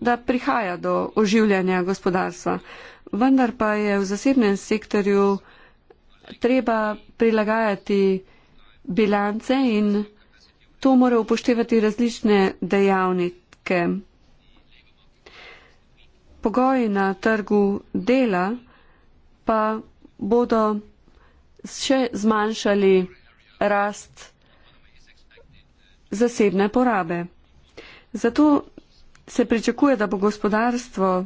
da prihaja do oživljanja gospodarstva. Vendar pa je v zasebnem sektorju treba prilagajati bilance in to mora upoštevati različne dejavnike. Pogoji na trgu dela pa bodo še zmanjšali rast zasebne porabe. Zato se pričakuje, da bo gospodarstvo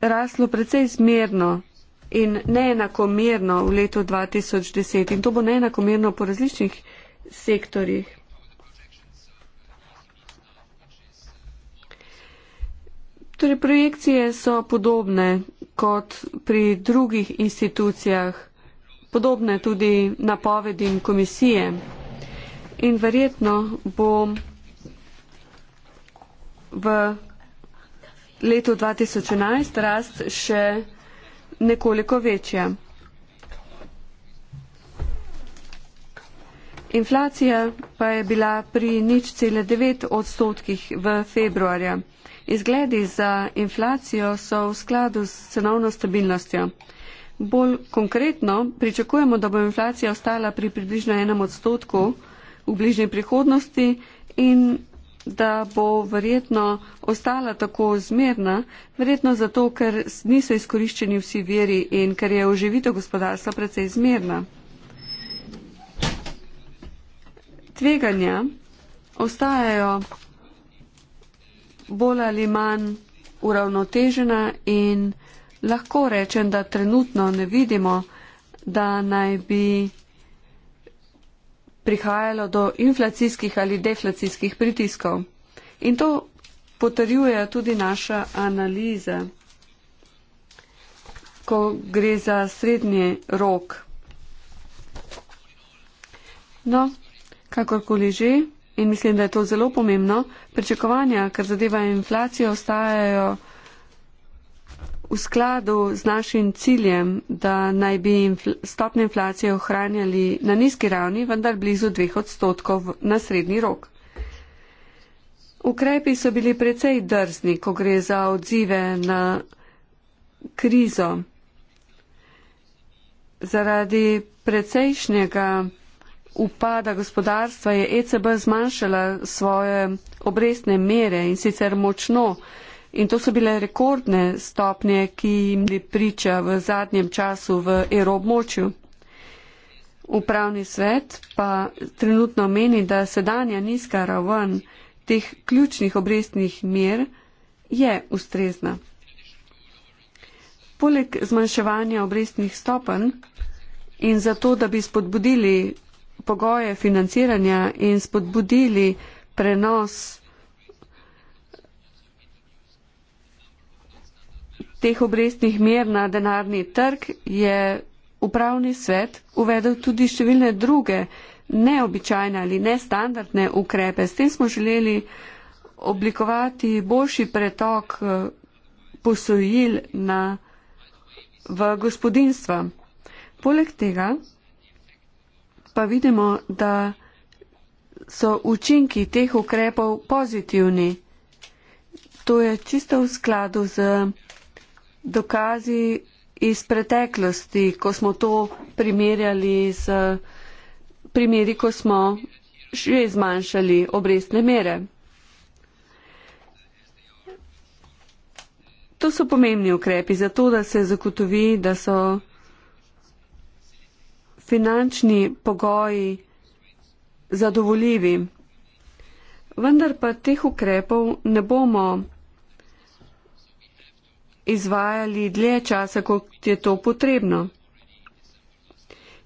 raslo precej smerno in neenakomerno v letu 2010 in to bo neenakomerno po različnih sektorjih. Torej, projekcije so podobne kot pri drugih institucijah, podobne tudi napovedim komisije. In verjetno bo v letu 2011 rast še nekoliko večja. Inflacija pa je bila pri nič cele 9 odstotkih v februarja. Izgledi za inflacijo so v skladu s cenovno stabilnostjo. Bolj konkretno pričakujemo, da bo inflacija ostala pri približno enem odstotku v bližnji prihodnosti in da bo verjetno ostala tako zmerna, verjetno zato, ker niso izkoriščeni vsi veri in ker je oživitev gospodarstva precej zmerna. tveganja ostajajo bolj ali manj uravnotežena in lahko rečem, da trenutno ne vidimo, da naj bi prihajalo do inflacijskih ali deflacijskih pritiskov. In to potrjuje tudi naša analiza, ko gre za srednji rok. No, Kakorkoli že, in mislim, da je to zelo pomembno, pričakovanja, kar zadeva inflacijo, ostajajo v skladu z našim ciljem, da naj bi infl stopne inflacije ohranjali na nizki ravni, vendar blizu dveh odstotkov na srednji rok. Ukrepi so bili precej drzni, ko gre za odzive na krizo. Zaradi precejšnjega upada gospodarstva je ECB zmanjšala svoje obrestne mere in sicer močno. In to so bile rekordne stopnje, ki jim bi priča v zadnjem času v evroobmočju. Upravni svet pa trenutno meni, da sedanja nizka raven teh ključnih obrestnih mer je ustrezna. Poleg zmanjševanja obrestnih stopenj in zato, da bi spodbudili pogoje financiranja in spodbudili prenos teh obrestnih mer na denarni trg, je upravni svet uvedel tudi številne druge neobičajne ali nestandardne ukrepe. S tem smo želeli oblikovati boljši pretok eh, posojil na, v gospodinstva. Poleg tega pa vidimo, da so učinki teh ukrepov pozitivni. To je čisto v skladu z dokazi iz preteklosti, ko smo to primerjali z primeri, ko smo že zmanjšali obrestne mere. To so pomembni ukrepi za to, da se zagotovi, da so finančni pogoji zadovoljivi. Vendar pa teh ukrepov ne bomo izvajali dlje časa, kot je to potrebno.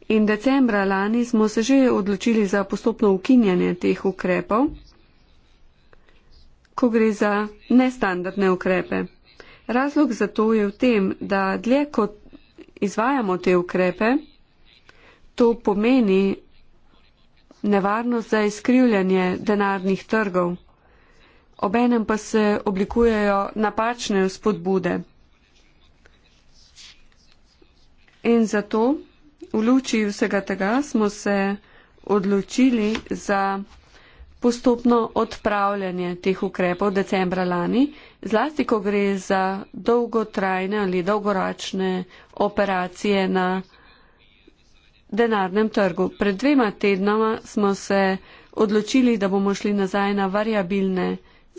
In decembra lani smo se že odločili za postopno ukinjanje teh ukrepov, ko gre za nestandardne ukrepe. Razlog za to je v tem, da dlje kot izvajamo te ukrepe, to pomeni nevarnost za izkrivljanje denarnih trgov. Obenem pa se oblikujejo napačne spodbude. In zato v luči vsega tega smo se odločili za postopno odpravljanje teh ukrepov decembra lani, zlasti ko gre za dolgotrajne ali dolgoročne operacije na denarnem trgu. Pred dvema tednoma smo se odločili, da bomo šli nazaj na variabilne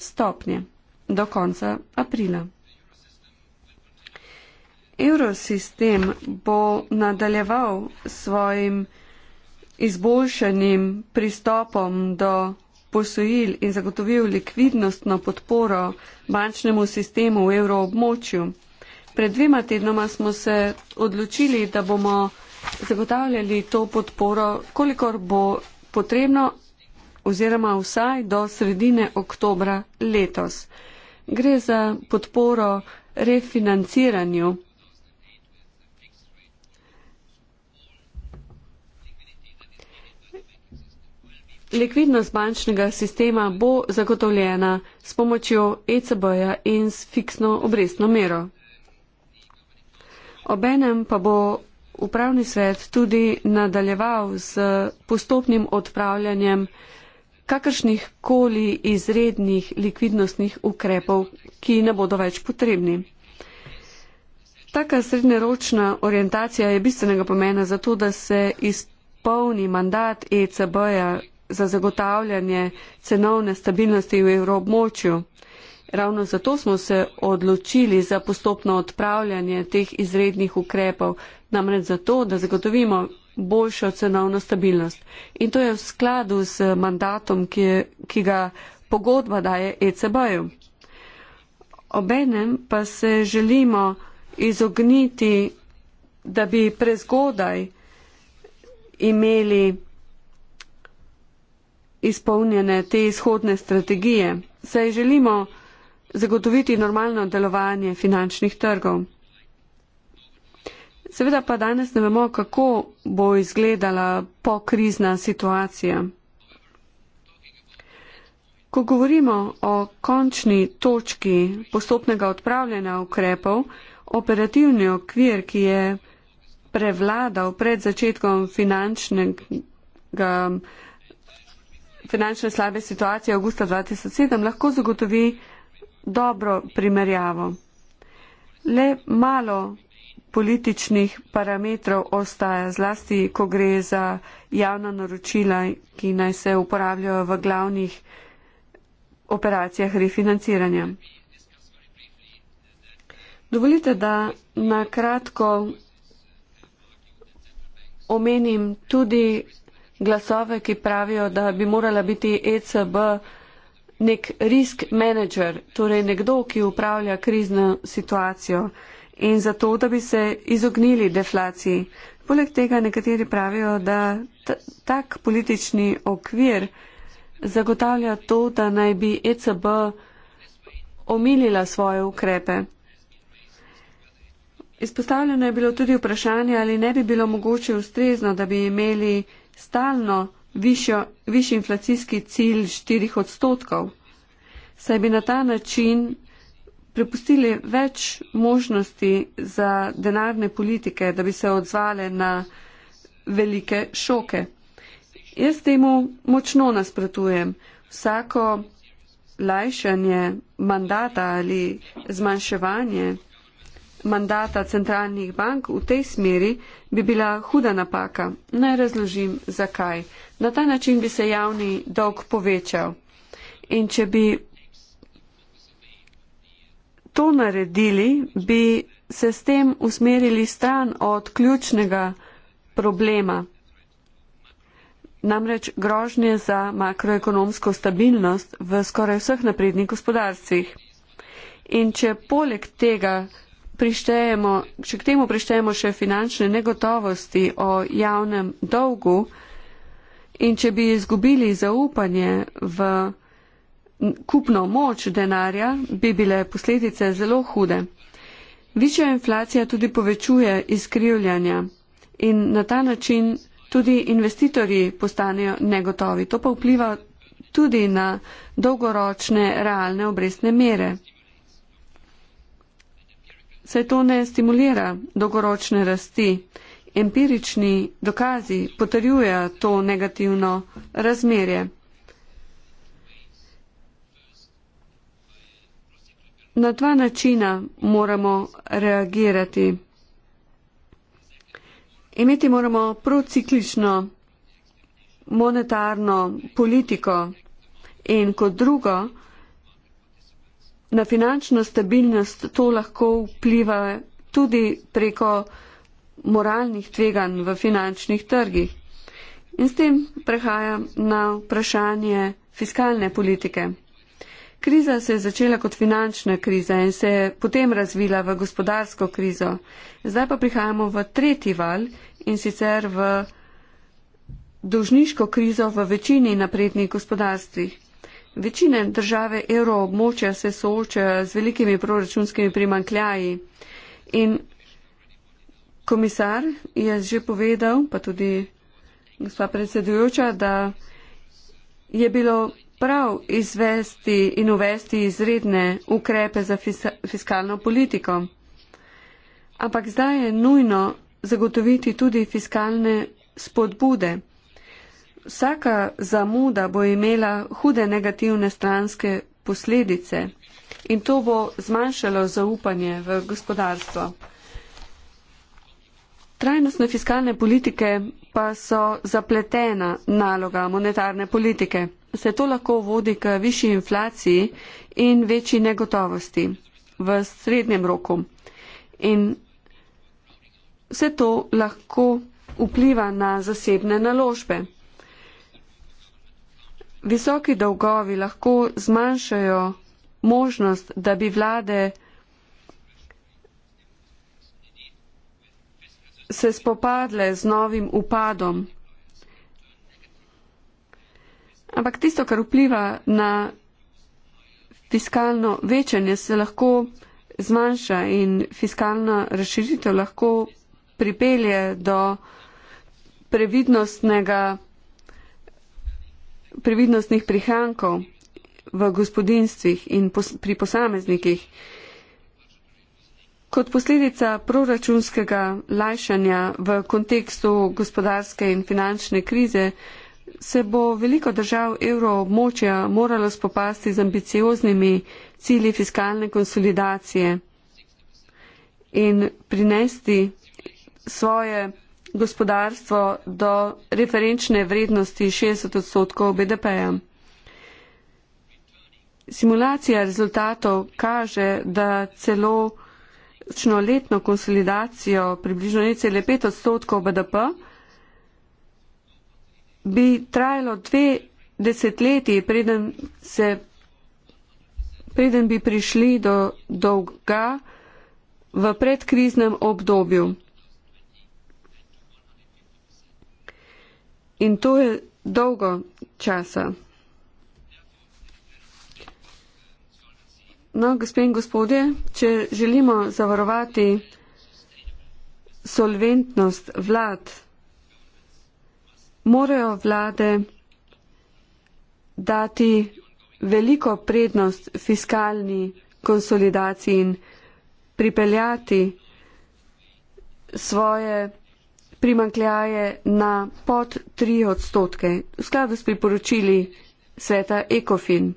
stopnje do konca aprila. Eurosistem bo nadaljeval svojim izboljšanim pristopom do posojil in zagotovil likvidnostno podporo bančnemu sistemu v evroobmočju. Pred dvema tednoma smo se odločili, da bomo zagotavljali to podporo, kolikor bo potrebno oziroma vsaj do sredine oktobra letos. Gre za podporo refinanciranju. Likvidnost bančnega sistema bo zagotovljena s pomočjo ECB-ja in s fiksno obrestno mero. Obenem pa bo upravni svet tudi nadaljeval s postopnim odpravljanjem kakršnih koli izrednih likvidnostnih ukrepov, ki ne bodo več potrebni. Taka srednjeročna orientacija je bistvenega pomena za to, da se izpolni mandat ECB-ja za zagotavljanje cenovne stabilnosti v evroobmočju. Ravno zato smo se odločili za postopno odpravljanje teh izrednih ukrepov, namreč zato, da zagotovimo boljšo cenovno stabilnost. In to je v skladu z mandatom, ki, je, ki ga pogodba daje ECB-ju. Obenem pa se želimo izogniti, da bi prezgodaj imeli izpolnjene te izhodne strategije. Saj želimo zagotoviti normalno delovanje finančnih trgov. Seveda pa danes ne vemo, kako bo izgledala pokrizna situacija. Ko govorimo o končni točki postopnega odpravljanja ukrepov, operativni okvir, ki je prevladal pred začetkom finančnega, finančne slabe situacije avgusta 2007, lahko zagotovi dobro primerjavo. Le malo političnih parametrov ostaja, zlasti ko gre za javna naročila, ki naj se uporabljajo v glavnih operacijah refinanciranja. Dovolite, da na kratko omenim tudi glasove, ki pravijo, da bi morala biti ECB nek risk manager, torej nekdo, ki upravlja krizno situacijo in zato, da bi se izognili deflaciji. Poleg tega nekateri pravijo, da tak politični okvir zagotavlja to, da naj bi ECB omilila svoje ukrepe. Izpostavljeno je bilo tudi vprašanje, ali ne bi bilo mogoče ustrezno, da bi imeli stalno višjo, višji inflacijski cilj 4 odstotkov. Saj bi na ta način prepustili več možnosti za denarne politike, da bi se odzvale na velike šoke. Jaz temu močno nasprotujem. Vsako lajšanje mandata ali zmanjševanje mandata centralnih bank v tej smeri bi bila huda napaka. Naj razložim, zakaj. Na ta način bi se javni dolg povečal. In če bi to naredili, bi se s tem usmerili stran od ključnega problema. Namreč grožnje za makroekonomsko stabilnost v skoraj vseh naprednih gospodarstvih. In če poleg tega prištejemo, če k temu prištejemo še finančne negotovosti o javnem dolgu in če bi izgubili zaupanje v kupno moč denarja, bi bile posledice zelo hude. Višja inflacija tudi povečuje izkrivljanja in na ta način tudi investitorji postanejo negotovi. To pa vpliva tudi na dolgoročne realne obrestne mere. Se to ne stimulira dolgoročne rasti. Empirični dokazi potrjujejo to negativno razmerje. na dva načina moramo reagirati. Imeti moramo prociklično monetarno politiko in kot drugo, na finančno stabilnost to lahko vpliva tudi preko moralnih tveganj v finančnih trgih. In s tem prehajam na vprašanje fiskalne politike. Kriza se je začela kot finančna kriza in se je potem razvila v gospodarsko krizo. Zdaj pa prihajamo v tretji val in sicer v dolžniško krizo v večini naprednih gospodarstvih. Večine države evroobmočja se soočajo z velikimi proračunskimi primankljaji in komisar je že povedal, pa tudi gospa predsedujoča, da je bilo prav izvesti in uvesti izredne ukrepe za fiskalno politiko. Ampak zdaj je nujno zagotoviti tudi fiskalne spodbude. Vsaka zamuda bo imela hude negativne stranske posledice in to bo zmanjšalo zaupanje v gospodarstvo. Trajnostne fiskalne politike pa so zapletena naloga monetarne politike se to lahko vodi k višji inflaciji in večji negotovosti v srednjem roku. In vse to lahko vpliva na zasebne naložbe. Visoki dolgovi lahko zmanjšajo možnost, da bi vlade se spopadle z novim upadom Ampak tisto, kar vpliva na fiskalno večanje, se lahko zmanjša in fiskalna razširitev lahko pripelje do previdnostnega, previdnostnih prihrankov v gospodinstvih in pos, pri posameznikih. Kot posledica proračunskega lajšanja v kontekstu gospodarske in finančne krize, se bo veliko držav evroobmočja moralo spopasti z ambicioznimi cilji fiskalne konsolidacije in prinesti svoje gospodarstvo do referenčne vrednosti 60 odstotkov BDP-ja. Simulacija rezultatov kaže, da celo letno konsolidacijo približno 1,5 odstotkov BDP-ja bi trajalo dve desetletji, preden, se, preden bi prišli do dolga v predkriznem obdobju. In to je dolgo časa. No, gospe in gospodje, če želimo zavarovati solventnost vlad, morajo vlade dati veliko prednost fiskalni konsolidaciji in pripeljati svoje primankljaje na pod 3 odstotke v skladu s priporočili sveta ECOFIN.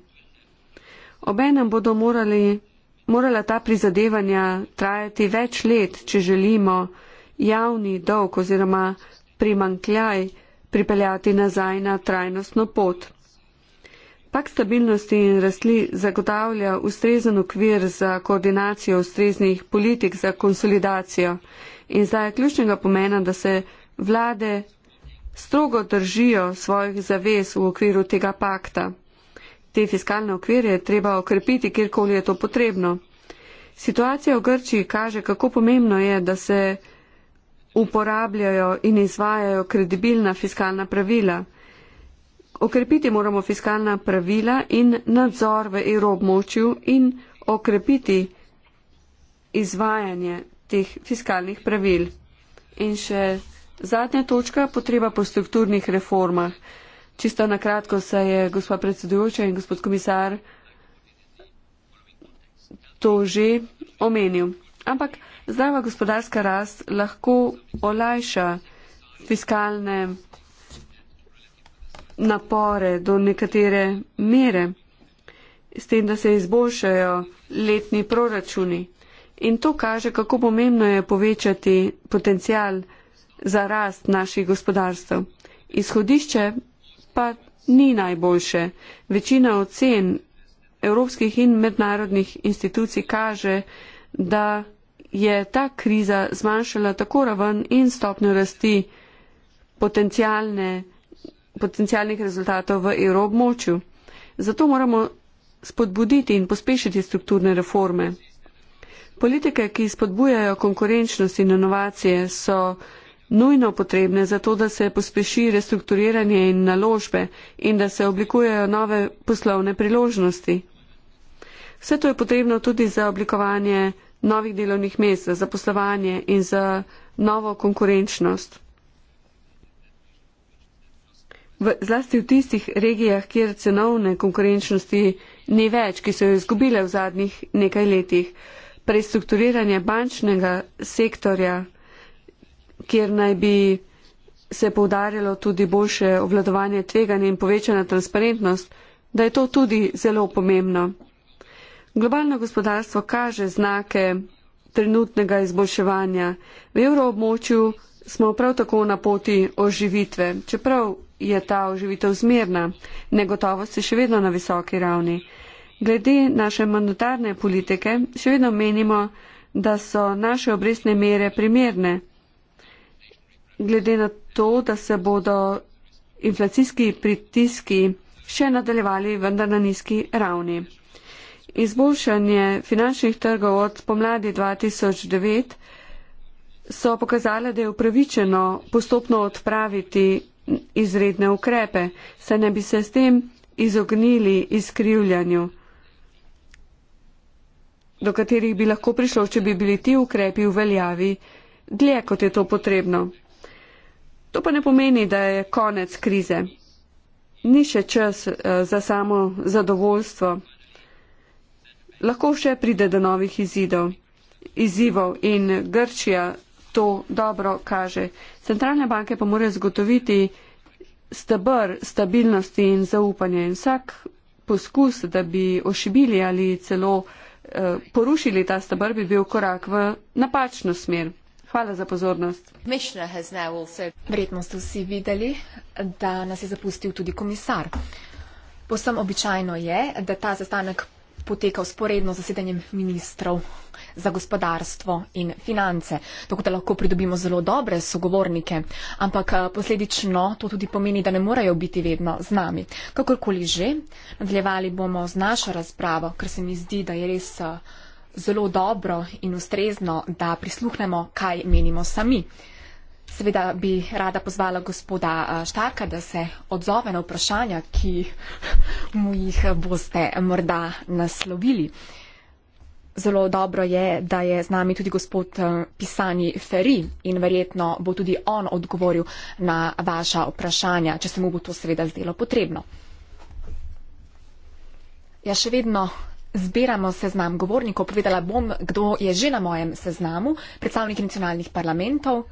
Obenem bodo morali, morala ta prizadevanja trajati več let, če želimo javni dolg oziroma primankljaj pripeljati nazaj na trajnostno pot. Pak stabilnosti in rastli zagotavlja ustrezen okvir za koordinacijo ustreznih politik za konsolidacijo in zdaj je ključnega pomena, da se vlade strogo držijo svojih zavez v okviru tega pakta. Te fiskalne okvirje treba okrepiti, kjerkoli je to potrebno. Situacija v Grčiji kaže, kako pomembno je, da se uporabljajo in izvajajo kredibilna fiskalna pravila. Okrepiti moramo fiskalna pravila in nadzor v evroobmočju in okrepiti izvajanje teh fiskalnih pravil. In še zadnja točka, potreba po strukturnih reformah. Čisto na kratko se je gospa predsedujoča in gospod komisar to že omenil. Ampak Zdrava gospodarska rast lahko olajša fiskalne napore do nekatere mere, s tem, da se izboljšajo letni proračuni. In to kaže, kako pomembno je povečati potencial za rast naših gospodarstv. Izhodišče pa ni najboljše. Večina ocen evropskih in mednarodnih institucij kaže, da je ta kriza zmanjšala tako raven in stopnjo rasti potencialnih rezultatov v evroobmočju. Zato moramo spodbuditi in pospešiti strukturne reforme. Politike, ki spodbujajo konkurenčnost in inovacije, so nujno potrebne za to, da se pospeši restrukturiranje in naložbe in da se oblikujejo nove poslovne priložnosti. Vse to je potrebno tudi za oblikovanje novih delovnih mest, za zaposlovanje in za novo konkurenčnost. V, zlasti v tistih regijah, kjer cenovne konkurenčnosti ni več, ki so jo izgubile v zadnjih nekaj letih, prestrukturiranje bančnega sektorja, kjer naj bi se poudarjalo tudi boljše obvladovanje tveganja in povečana transparentnost, da je to tudi zelo pomembno. Globalno gospodarstvo kaže znake trenutnega izboljševanja. V evroobmočju smo prav tako na poti oživitve, čeprav je ta oživitev zmerna, negotovost je še vedno na visoki ravni. Glede naše monetarne politike še vedno menimo, da so naše obrestne mere primerne. Glede na to, da se bodo inflacijski pritiski še nadaljevali, vendar na nizki ravni izboljšanje finančnih trgov od pomladi 2009 so pokazale, da je upravičeno postopno odpraviti izredne ukrepe, saj ne bi se s tem izognili izkrivljanju, do katerih bi lahko prišlo, če bi bili ti ukrepi v veljavi dlje, kot je to potrebno. To pa ne pomeni, da je konec krize. Ni še čas eh, za samo zadovoljstvo lahko še pride do novih izidov, izzivov in Grčija to dobro kaže. Centralne banke pa morajo zagotoviti stebr stabilnosti in zaupanja in vsak poskus, da bi ošibili ali celo eh, porušili ta stebr, bi bil korak v napačno smer. Hvala za pozornost. Verjetno ste vsi videli, da nas je zapustil tudi komisar. Posem običajno je, da ta sestanek potekal sporedno zasedanjem ministrov za gospodarstvo in finance, tako da lahko pridobimo zelo dobre sogovornike, ampak eh, posledično to tudi pomeni, da ne morejo biti vedno z nami. Kakorkoli že, nadaljevali bomo z našo razpravo, ker se mi zdi, da je res eh, zelo dobro in ustrezno, da prisluhnemo, kaj menimo sami. Seveda bi rada pozvala gospoda eh, Štarka, da se odzove na vprašanja, ki [LAUGHS] mu jih boste morda naslovili. Zelo dobro je, da je z nami tudi gospod eh, pisani Feri in verjetno bo tudi on odgovoril na vaša vprašanja, če se mu bo to seveda zdelo potrebno. Ja, še vedno zbiramo seznam govornikov. Povedala bom, kdo je že na mojem seznamu, predstavniki nacionalnih parlamentov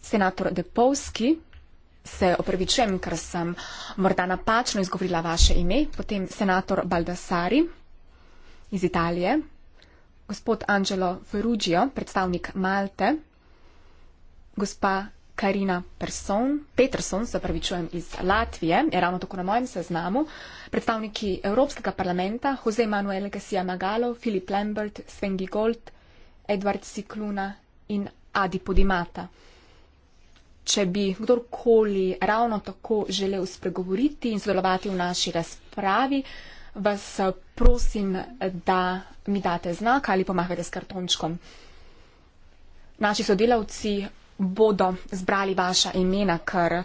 senator Depovski, se opravičujem, ker sem morda napačno izgovorila vaše ime, potem senator Baldassari iz Italije, gospod Angelo Ferruggio, predstavnik Malte, gospa Karina Person, Peterson, se opravičujem, iz Latvije, je ravno tako na mojem seznamu, predstavniki Evropskega parlamenta, Jose Manuel Garcia Magalo, Filip Lambert, Svengi Gold, Edward Sikluna in Adi Podimata če bi kdorkoli ravno tako želel spregovoriti in sodelovati v naši razpravi, vas eh, prosim, da mi date znak ali pomahate s kartončkom. Naši sodelavci bodo zbrali vaša imena, ker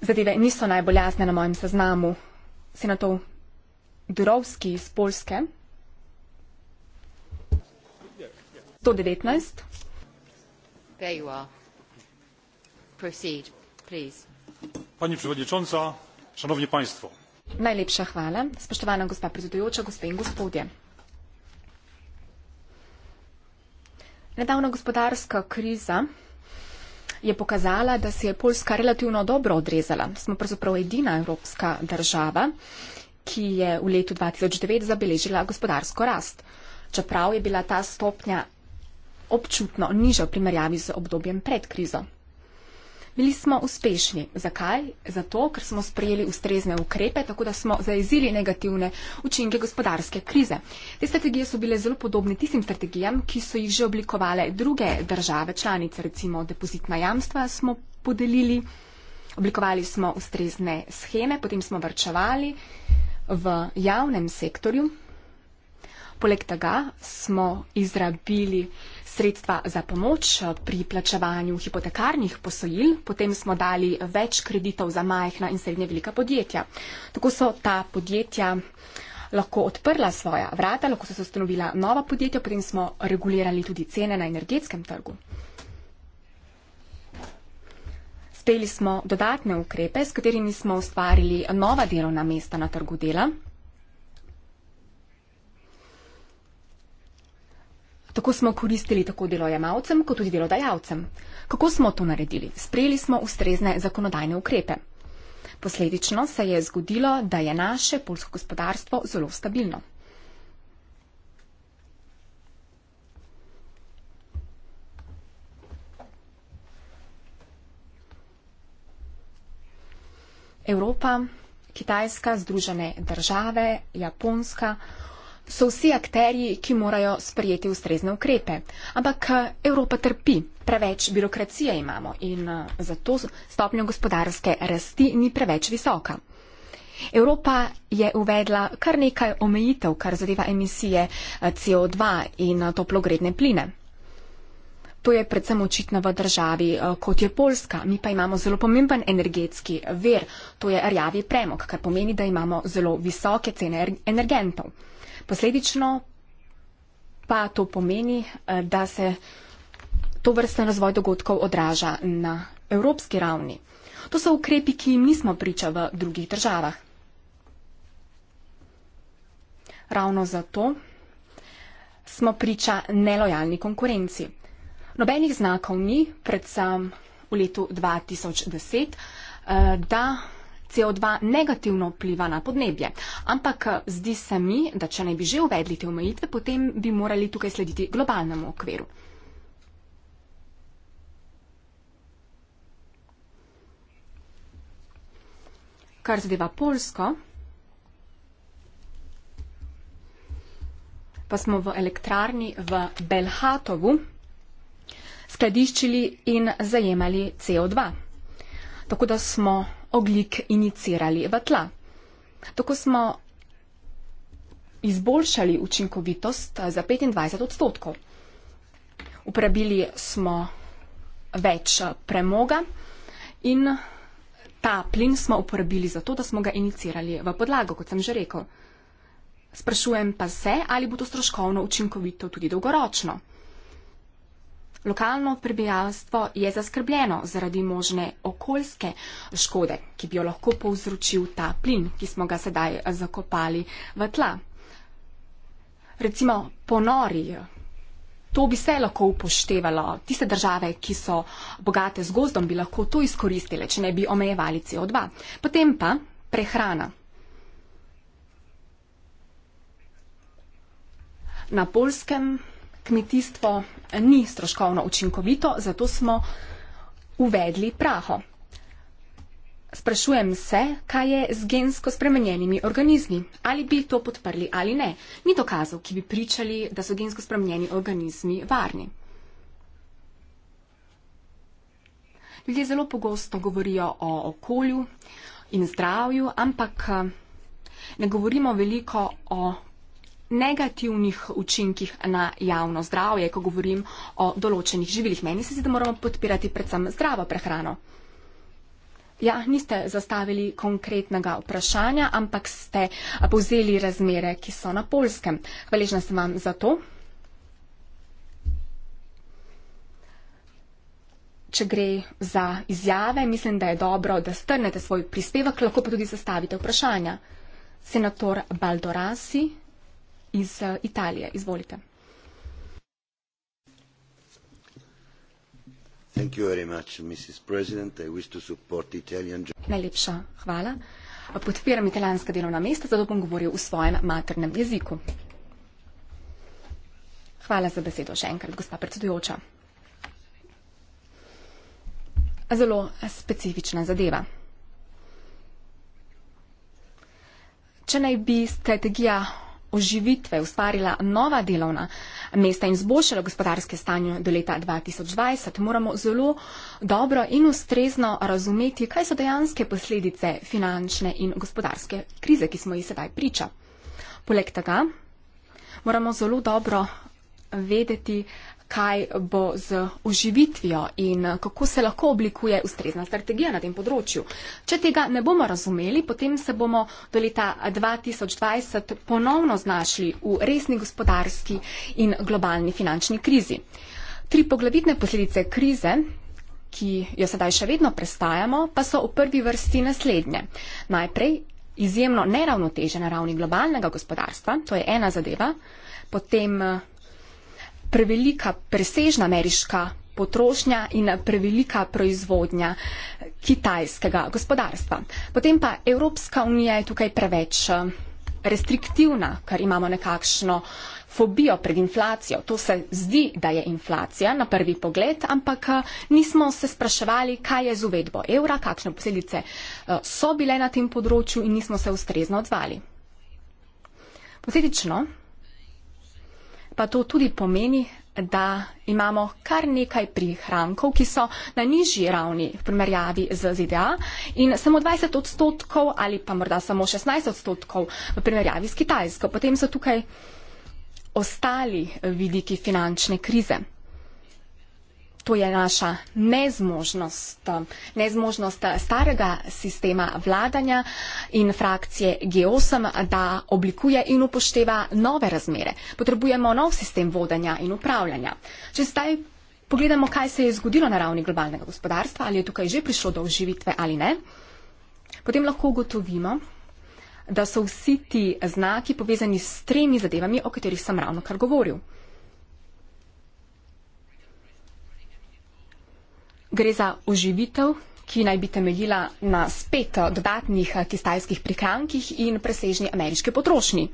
zadeve niso najbolj jasne na mojem seznamu. Senatov Durovski iz Polske. 119. There you are pani predsednica šanovni państwo najlepša hvala spoštovana gospa predsedujoča gospe in gospodje nedavna gospodarska kriza je pokazala da se je poljska relativno dobro odrezala smo pravzaprav edina evropska država ki je v letu dva tisoč devet zabeležila gospodarsko rast čeprav je bila ta stopnja občutno nižja v primerjavi z obdobjem pred krizo. Bili smo uspešni. Zakaj? Zato, ker smo sprejeli ustrezne ukrepe, tako da smo zaezili negativne učinke gospodarske krize. Te strategije so bile zelo podobne tistim strategijam, ki so jih že oblikovale druge države članice, recimo depozitna jamstva smo podelili, oblikovali smo ustrezne scheme, potem smo vrčevali v javnem sektorju. Poleg tega smo izrabili sredstva za pomoč eh, pri plačevanju hipotekarnih posojil, potem smo dali več kreditov za majhna in srednje velika podjetja. Tako so ta podjetja lahko odprla svoja vrata, lahko so se ustanovila nova podjetja, potem smo regulirali tudi cene na energetskem trgu. Sprejeli smo dodatne ukrepe, s katerimi smo ustvarili nova delovna mesta na trgu dela. Tako smo koristili tako delojemalcem, kot tudi delodajalcem. Kako smo to naredili? Sprejeli smo ustrezne zakonodajne ukrepe. Posledično se je zgodilo, da je naše polsko gospodarstvo zelo stabilno. Evropa, Kitajska, Združene države, Japonska, so vsi akteri, ki morajo sprejeti ustrezne ukrepe. Ampak eh, Evropa trpi, preveč birokracije imamo in eh, zato stopnjo gospodarske rasti ni preveč visoka. Evropa je uvedla kar nekaj omejitev, kar zadeva emisije eh, CO2 in toplogredne pline. To je predvsem očitno v državi, kot je Poljska. Mi pa imamo zelo pomemben energetski ver, to je rjavi premok, kar pomeni, da imamo zelo visoke cene energentov. Posledično pa to pomeni, eh, da se to vrsten razvoj dogodkov odraža na evropski ravni. To so ukrepi, ki jim nismo priča v drugih državah. Ravno zato smo priča nelojalni konkurenci. Nobenih znakov ni, predvsem v letu 2010, eh, da CO2 negativno vpliva na podnebje. Ampak eh, zdi se mi, da če ne bi že uvedli te omejitve, potem bi morali tukaj slediti globalnemu okviru. Kar zadeva Polsko, pa smo v elektrarni v Belhatovu skladiščili in zajemali CO2. Tako da smo oglik inicirali v tla. Tako smo izboljšali učinkovitost eh, za 25 odstotkov. Uporabili smo več eh, premoga in ta plin smo uporabili zato, da smo ga inicirali v podlago, kot sem že rekel. Sprašujem pa se, ali bo to stroškovno učinkovito tudi dolgoročno. Lokalno prebivalstvo je zaskrbljeno zaradi možne okoljske škode, ki bi jo lahko povzročil ta plin, ki smo ga sedaj zakopali v tla. Recimo ponori. To bi se lahko upoštevalo. Tiste države, ki so bogate z gozdom, bi lahko to izkoristile, če ne bi omejevali CO2. Potem pa prehrana. Na polskem kmetijstvo ni stroškovno učinkovito, zato smo uvedli praho. Sprašujem se, kaj je z gensko spremenjenimi organizmi. Ali bi to podprli ali ne. Ni dokazov, ki bi pričali, da so gensko spremenjeni organizmi varni. Ljudje zelo pogosto govorijo o okolju in zdravju, ampak eh, ne govorimo veliko o negativnih učinkih na javno zdravje, ko govorim o določenih živilih. Meni se zdi, da moramo podpirati predvsem zdravo prehrano. Ja, niste zastavili konkretnega vprašanja, ampak ste povzeli razmere, ki so na polskem. Hvaležna sem vam za to. Če gre za izjave, mislim, da je dobro, da strnete svoj prispevek, lahko pa tudi zastavite vprašanja. Senator Baldorasi iz eh, Italije. Izvolite. Thank you very much, Mrs. President. I wish to support Italian Najlepša hvala. Podpiram italijanska delovna mesta, zato bom govoril v svojem maternem jeziku. Hvala za besedo še enkrat, gospa predsedujoča. Zelo specifična zadeva. Če naj bi strategija oživitve ustvarila nova delovna mesta in zboljšala gospodarske stanje do leta 2020, moramo zelo dobro in ustrezno razumeti, kaj so dejanske posledice finančne in gospodarske krize, ki smo jih sedaj priča. Poleg tega moramo zelo dobro vedeti, kaj bo z oživitvijo in kako se lahko oblikuje ustrezna strategija na tem področju. Če tega ne bomo razumeli, potem se bomo do leta 2020 ponovno znašli v resni gospodarski in globalni finančni krizi. Tri poglavitne posledice krize ki jo sedaj še vedno prestajamo, pa so v prvi vrsti naslednje. Najprej izjemno neravnoteže na ravni globalnega gospodarstva, to je ena zadeva, potem prevelika presežna ameriška potrošnja in prevelika proizvodnja kitajskega gospodarstva. Potem pa Evropska unija je tukaj preveč eh, restriktivna, ker imamo nekakšno fobijo pred inflacijo. To se zdi, da je inflacija na prvi pogled, ampak eh, nismo se spraševali, kaj je z uvedbo evra, kakšne posledice eh, so bile na tem področju in nismo se ustrezno odzvali. Posledično pa to tudi pomeni, da imamo kar nekaj prihrankov, ki so na nižji ravni v primerjavi z ZDA in samo 20 odstotkov ali pa morda samo 16 odstotkov v primerjavi s Kitajsko. Potem so tukaj ostali vidiki finančne krize. To je naša nezmožnost, nezmožnost starega sistema vladanja in frakcije G8, da oblikuje in upošteva nove razmere. Potrebujemo nov sistem vodanja in upravljanja. Če zdaj pogledamo, kaj se je zgodilo na ravni globalnega gospodarstva, ali je tukaj že prišlo do oživitve ali ne, potem lahko ugotovimo, da so vsi ti znaki povezani s tremi zadevami, o katerih sem ravno kar govoril. Gre za oživitev, ki naj bi temeljila na spet dodatnih kitajskih prihrankih in presežni ameriški potrošnji.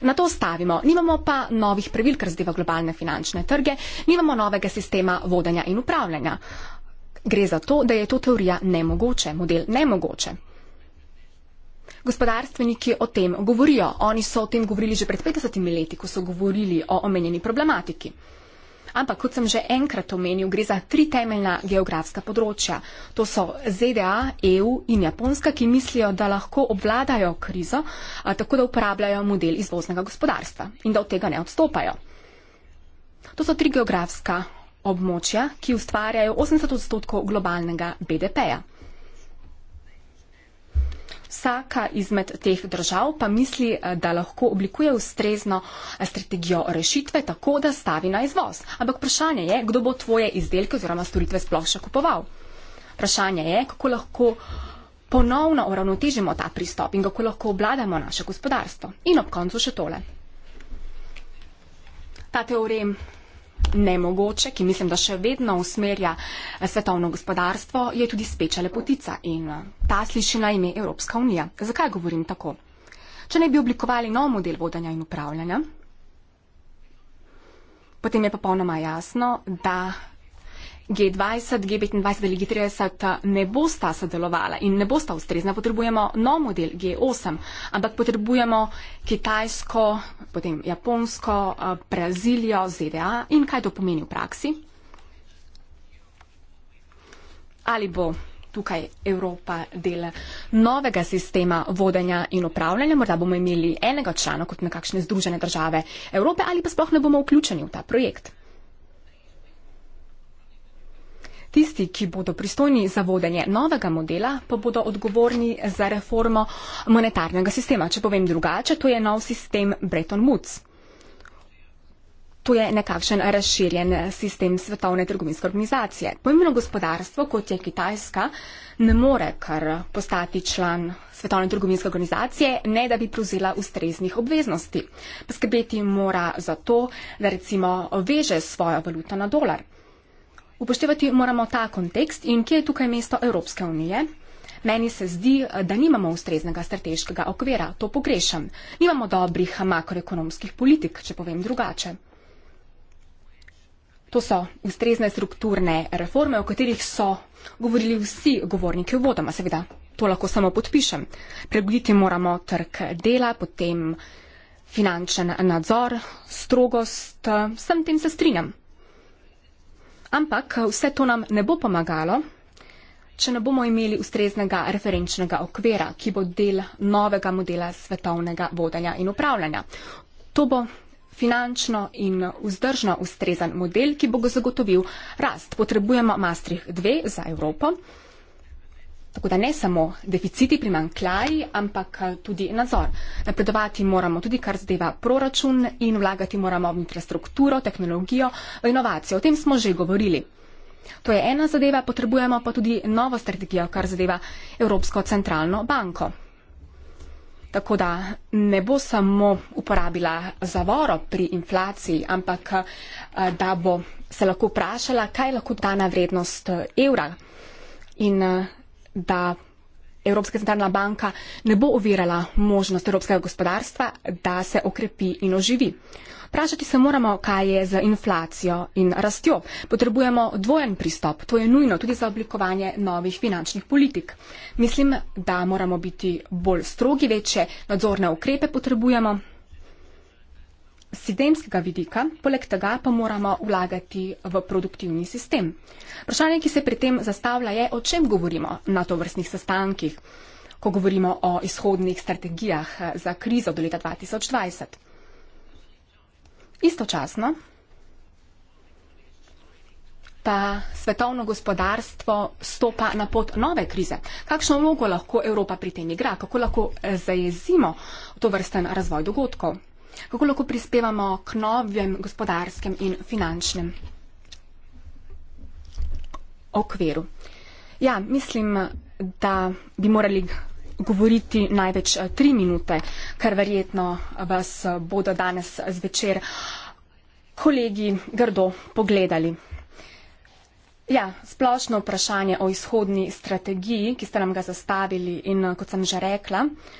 Na to stavimo. Nimamo pa novih pravil, kar zdeva globalne finančne trge, nimamo novega sistema vodenja in upravljanja. Gre za to, da je to teorija nemogoče, model nemogoče. Gospodarstveniki o tem govorijo. Oni so o tem govorili že pred 50 leti, ko so govorili o omenjeni problematiki. Ampak, kot sem že enkrat omenil, gre za tri temeljna geografska področja. To so ZDA, EU in Japonska, ki mislijo, da lahko obvladajo krizo, tako da uporabljajo model izvoznega gospodarstva in da od tega ne odstopajo. To so tri geografska območja, ki ustvarjajo 80 odstotkov globalnega BDP-ja. Vsaka izmed teh držav pa misli, eh, da lahko oblikuje ustrezno eh, strategijo rešitve, tako da stavi na izvoz. Ampak vprašanje je, kdo bo tvoje izdelke oziroma storitve sploh še kupoval. Vprašanje je, kako lahko ponovno uravnotežimo ta pristop in kako lahko obladamo naše gospodarstvo. In ob koncu še tole. Ta teorem nemogoče, ki mislim, da še vedno usmerja eh, svetovno gospodarstvo, je tudi speča lepotica in eh, ta sliši na ime Evropska unija. Zakaj govorim tako? Če ne bi oblikovali nov model vodanja in upravljanja, potem je popolnoma jasno, da G20, G25 ali G30 ne bosta sodelovala in ne bosta ustrezna. Potrebujemo nov model G8, ampak potrebujemo Kitajsko, potem Japonsko, eh, Brazilijo, ZDA in kaj to pomeni v praksi. Ali bo tukaj Evropa del novega sistema vodenja in upravljanja, morda bomo imeli enega člana kot nekakšne združene države Evrope ali pa sploh ne bomo vključeni v ta projekt. Tisti, ki bodo pristojni za vodenje novega modela, pa bodo odgovorni za reformo monetarnega sistema. Če povem drugače, to je nov sistem Bretton Woods. To je nekakšen razširjen sistem svetovne trgovinske organizacije. Pojemno gospodarstvo, kot je Kitajska, ne more kar postati član svetovne trgovinske organizacije, ne da bi prevzela ustreznih obveznosti. Poskrbeti mora za to, da recimo veže svojo valuto na dolar. Upoštevati moramo ta kontekst in kje je tukaj mesto Evropske unije. Meni se zdi, da nimamo ustreznega strateškega okvira, to pogrešam. Nimamo dobrih makroekonomskih politik, če povem drugače. To so ustrezne strukturne reforme, o katerih so govorili vsi govorniki v vodama, seveda. To lahko samo podpišem. Prebuditi moramo trg dela, potem finančen nadzor, strogost, sem tem se strinjam. Ampak eh, vse to nam ne bo pomagalo, če ne bomo imeli ustreznega referenčnega okvira, ki bo del novega modela svetovnega vodanja in upravljanja. To bo finančno in vzdržno ustrezan model, ki bo zagotovil rast. Potrebujemo Maastricht 2 za Evropo. Tako da ne samo deficiti, primankljaji, ampak eh, tudi nadzor. Napredovati moramo tudi, kar zadeva proračun in vlagati moramo v infrastrukturo, tehnologijo, v inovacijo. O tem smo že govorili. To je ena zadeva, potrebujemo pa tudi novo strategijo, kar zadeva Evropsko centralno banko. Tako da ne bo samo uporabila zavoro pri inflaciji, ampak eh, da bo se lahko vprašala, kaj lahko dana vrednost eh, evra. In da Evropska centralna banka ne bo ovirala možnost evropskega gospodarstva, da se okrepi in oživi. Vprašati se moramo, kaj je z inflacijo in rastjo. Potrebujemo dvojen pristop. To je nujno tudi za oblikovanje novih finančnih politik. Mislim, da moramo biti bolj strogi, večje nadzorne ukrepe potrebujemo sistemskega vidika, poleg tega pa moramo vlagati v produktivni sistem. Vprašanje, ki se pri tem zastavlja, je, o čem govorimo na to vrstnih sestankih, ko govorimo o izhodnih strategijah eh, za krizo do leta 2020. Istočasno pa svetovno gospodarstvo stopa na pot nove krize. Kakšno vlogo lahko Evropa pri tem igra? Kako lahko eh, zajezimo to vrsten razvoj dogodkov? kako lahko prispevamo k novem gospodarskem in finančnem okviru. Ja, mislim, da bi morali govoriti največ eh, tri minute, kar verjetno vas bodo danes zvečer kolegi grdo pogledali. Ja, splošno vprašanje o izhodni strategiji, ki ste nam ga zastavili in kot sem že rekla, uh,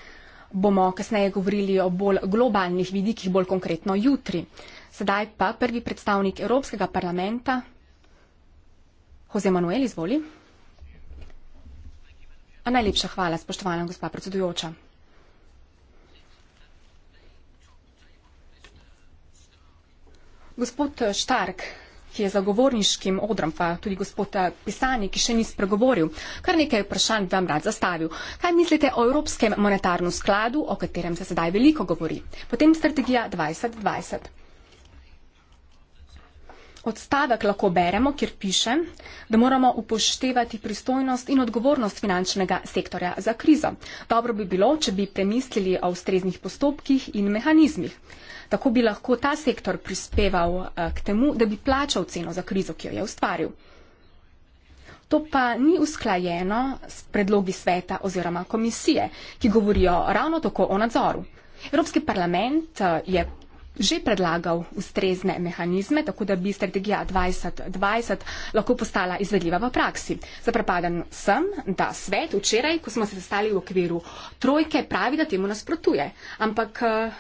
bomo kasneje govorili o bolj globalnih vidikih, bolj konkretno jutri. Sedaj pa prvi predstavnik Evropskega parlamenta, Jose Manuel, izvoli. A najlepša hvala, spoštovana gospa predsedujoča. Gospod Štark, ki je zagovorniškim odrom, pa tudi gospod eh, Pisani, ki še ni spregovoril, kar nekaj vprašanj bi vam rad zastavil. Kaj mislite o Evropskem monetarnem skladu, o katerem se sedaj veliko govori? Potem strategija 2020. Odstavek lahko beremo, kjer piše, da moramo upoštevati pristojnost in odgovornost finančnega sektorja za krizo. Dobro bi bilo, če bi premislili o ustreznih postopkih in mehanizmih. Tako bi lahko ta sektor prispeval eh, k temu, da bi plačal ceno za krizo, ki jo je ustvaril. To pa ni usklajeno s predlogi sveta oziroma komisije, ki govorijo ravno tako o nadzoru. Evropski parlament eh, je že predlagal ustrezne mehanizme, tako da bi strategija 2020 lahko postala izvedljiva v praksi. Zaprepadan sem, da svet včeraj, ko smo se sestali v okviru trojke, pravi, da temu nasprotuje. Ampak eh,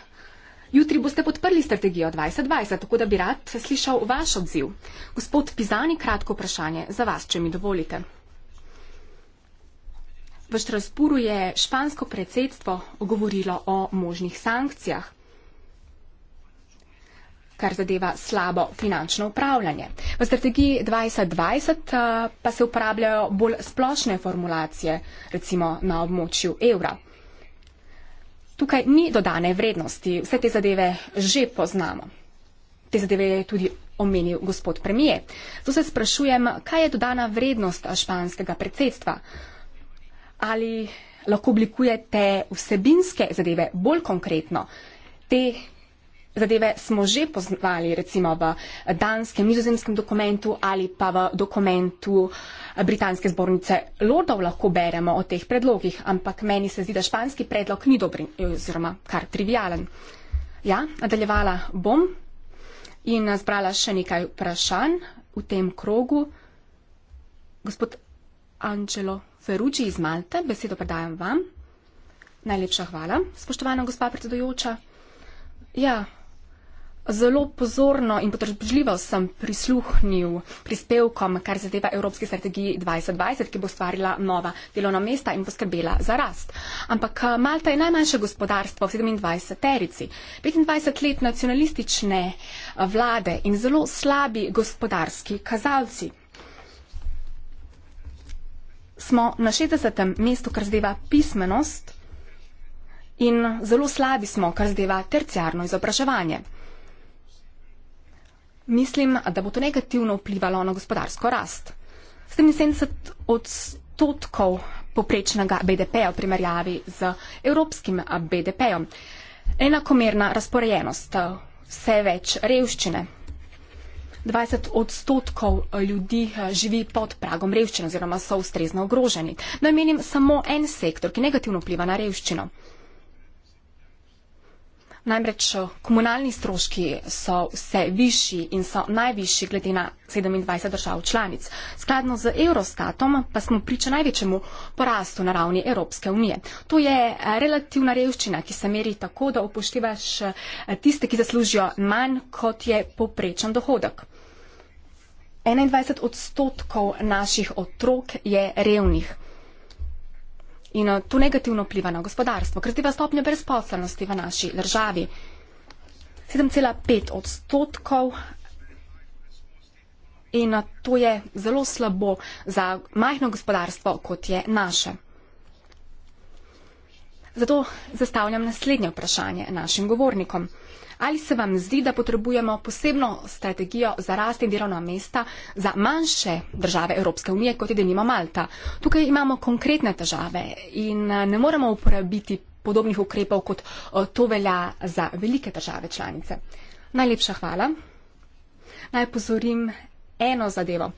Jutri boste podprli strategijo 2020, tako da bi rad slišal vaš odziv. Gospod Pizani, kratko vprašanje za vas, če mi dovolite. V Štrasburu je špansko predsedstvo govorilo o možnih sankcijah, kar zadeva slabo finančno upravljanje. V strategiji 2020 eh, pa se uporabljajo bolj splošne formulacije, recimo na območju evra. Tukaj ni dodane vrednosti, vse te zadeve že poznamo. Te zadeve je tudi omenil gospod premije. Tu se sprašujem, kaj je dodana vrednost španskega predsedstva? Ali lahko oblikujete vsebinske zadeve bolj konkretno? Te zadeve smo že poznali, recimo v danskem, nizozemskem dokumentu ali pa v dokumentu eh, Britanske zbornice Lordov lahko beremo o teh predlogih, ampak meni se zdi, da španski predlog ni dobri oziroma kar trivialen. Ja, nadaljevala bom in eh, zbrala še nekaj vprašanj v tem krogu. Gospod Angelo Ferruči iz Malte, besedo predajam vam. Najlepša hvala, spoštovana gospa predsedujoča. Ja, zelo pozorno in potrpežljivo sem prisluhnil prispevkom, kar zadeva Evropski strategiji 2020, ki bo stvarila nova delovna mesta in poskrbela za rast. Ampak eh, Malta je najmanjše gospodarstvo v 27 terici, 25 let nacionalistične eh, vlade in zelo slabi gospodarski kazalci. Smo na 60. mestu, kar zadeva pismenost. In zelo slabi smo, kar zadeva terciarno izobraževanje mislim, da bo to negativno vplivalo na gospodarsko rast. 77 odstotkov poprečnega BDP-ja v primerjavi z evropskim eh, BDP-jem. Enakomerna razporejenost, eh, vse več revščine. 20 odstotkov eh, ljudi živi pod pragom revščine oziroma so ustrezno ogroženi. Namenim samo en sektor, ki negativno vpliva na revščino. Namreč eh, komunalni stroški so vse višji in so najvišji glede na 27 držav članic. Skladno z Eurostatom pa smo priča največjemu porastu na ravni Evropske unije. To je eh, relativna revščina, ki se meri tako, da upoštevaš eh, tiste, ki zaslužijo manj, kot je poprečen dohodek. 21 odstotkov naših otrok je revnih in eh, to negativno vpliva na gospodarstvo. Krtiva stopnja brezposelnosti v naši državi 7,5 odstotkov in eh, to je zelo slabo za majhno gospodarstvo, kot je naše. Zato zastavljam naslednje vprašanje našim govornikom. Ali se vam zdi, da potrebujemo posebno strategijo za rast in delovna mesta za manjše države Evropske unije, kot je denimo Malta? Tukaj imamo konkretne težave in eh, ne moremo uporabiti podobnih ukrepov, kot eh, to velja za velike države članice. Najlepša hvala. Naj pozorim eno zadevo.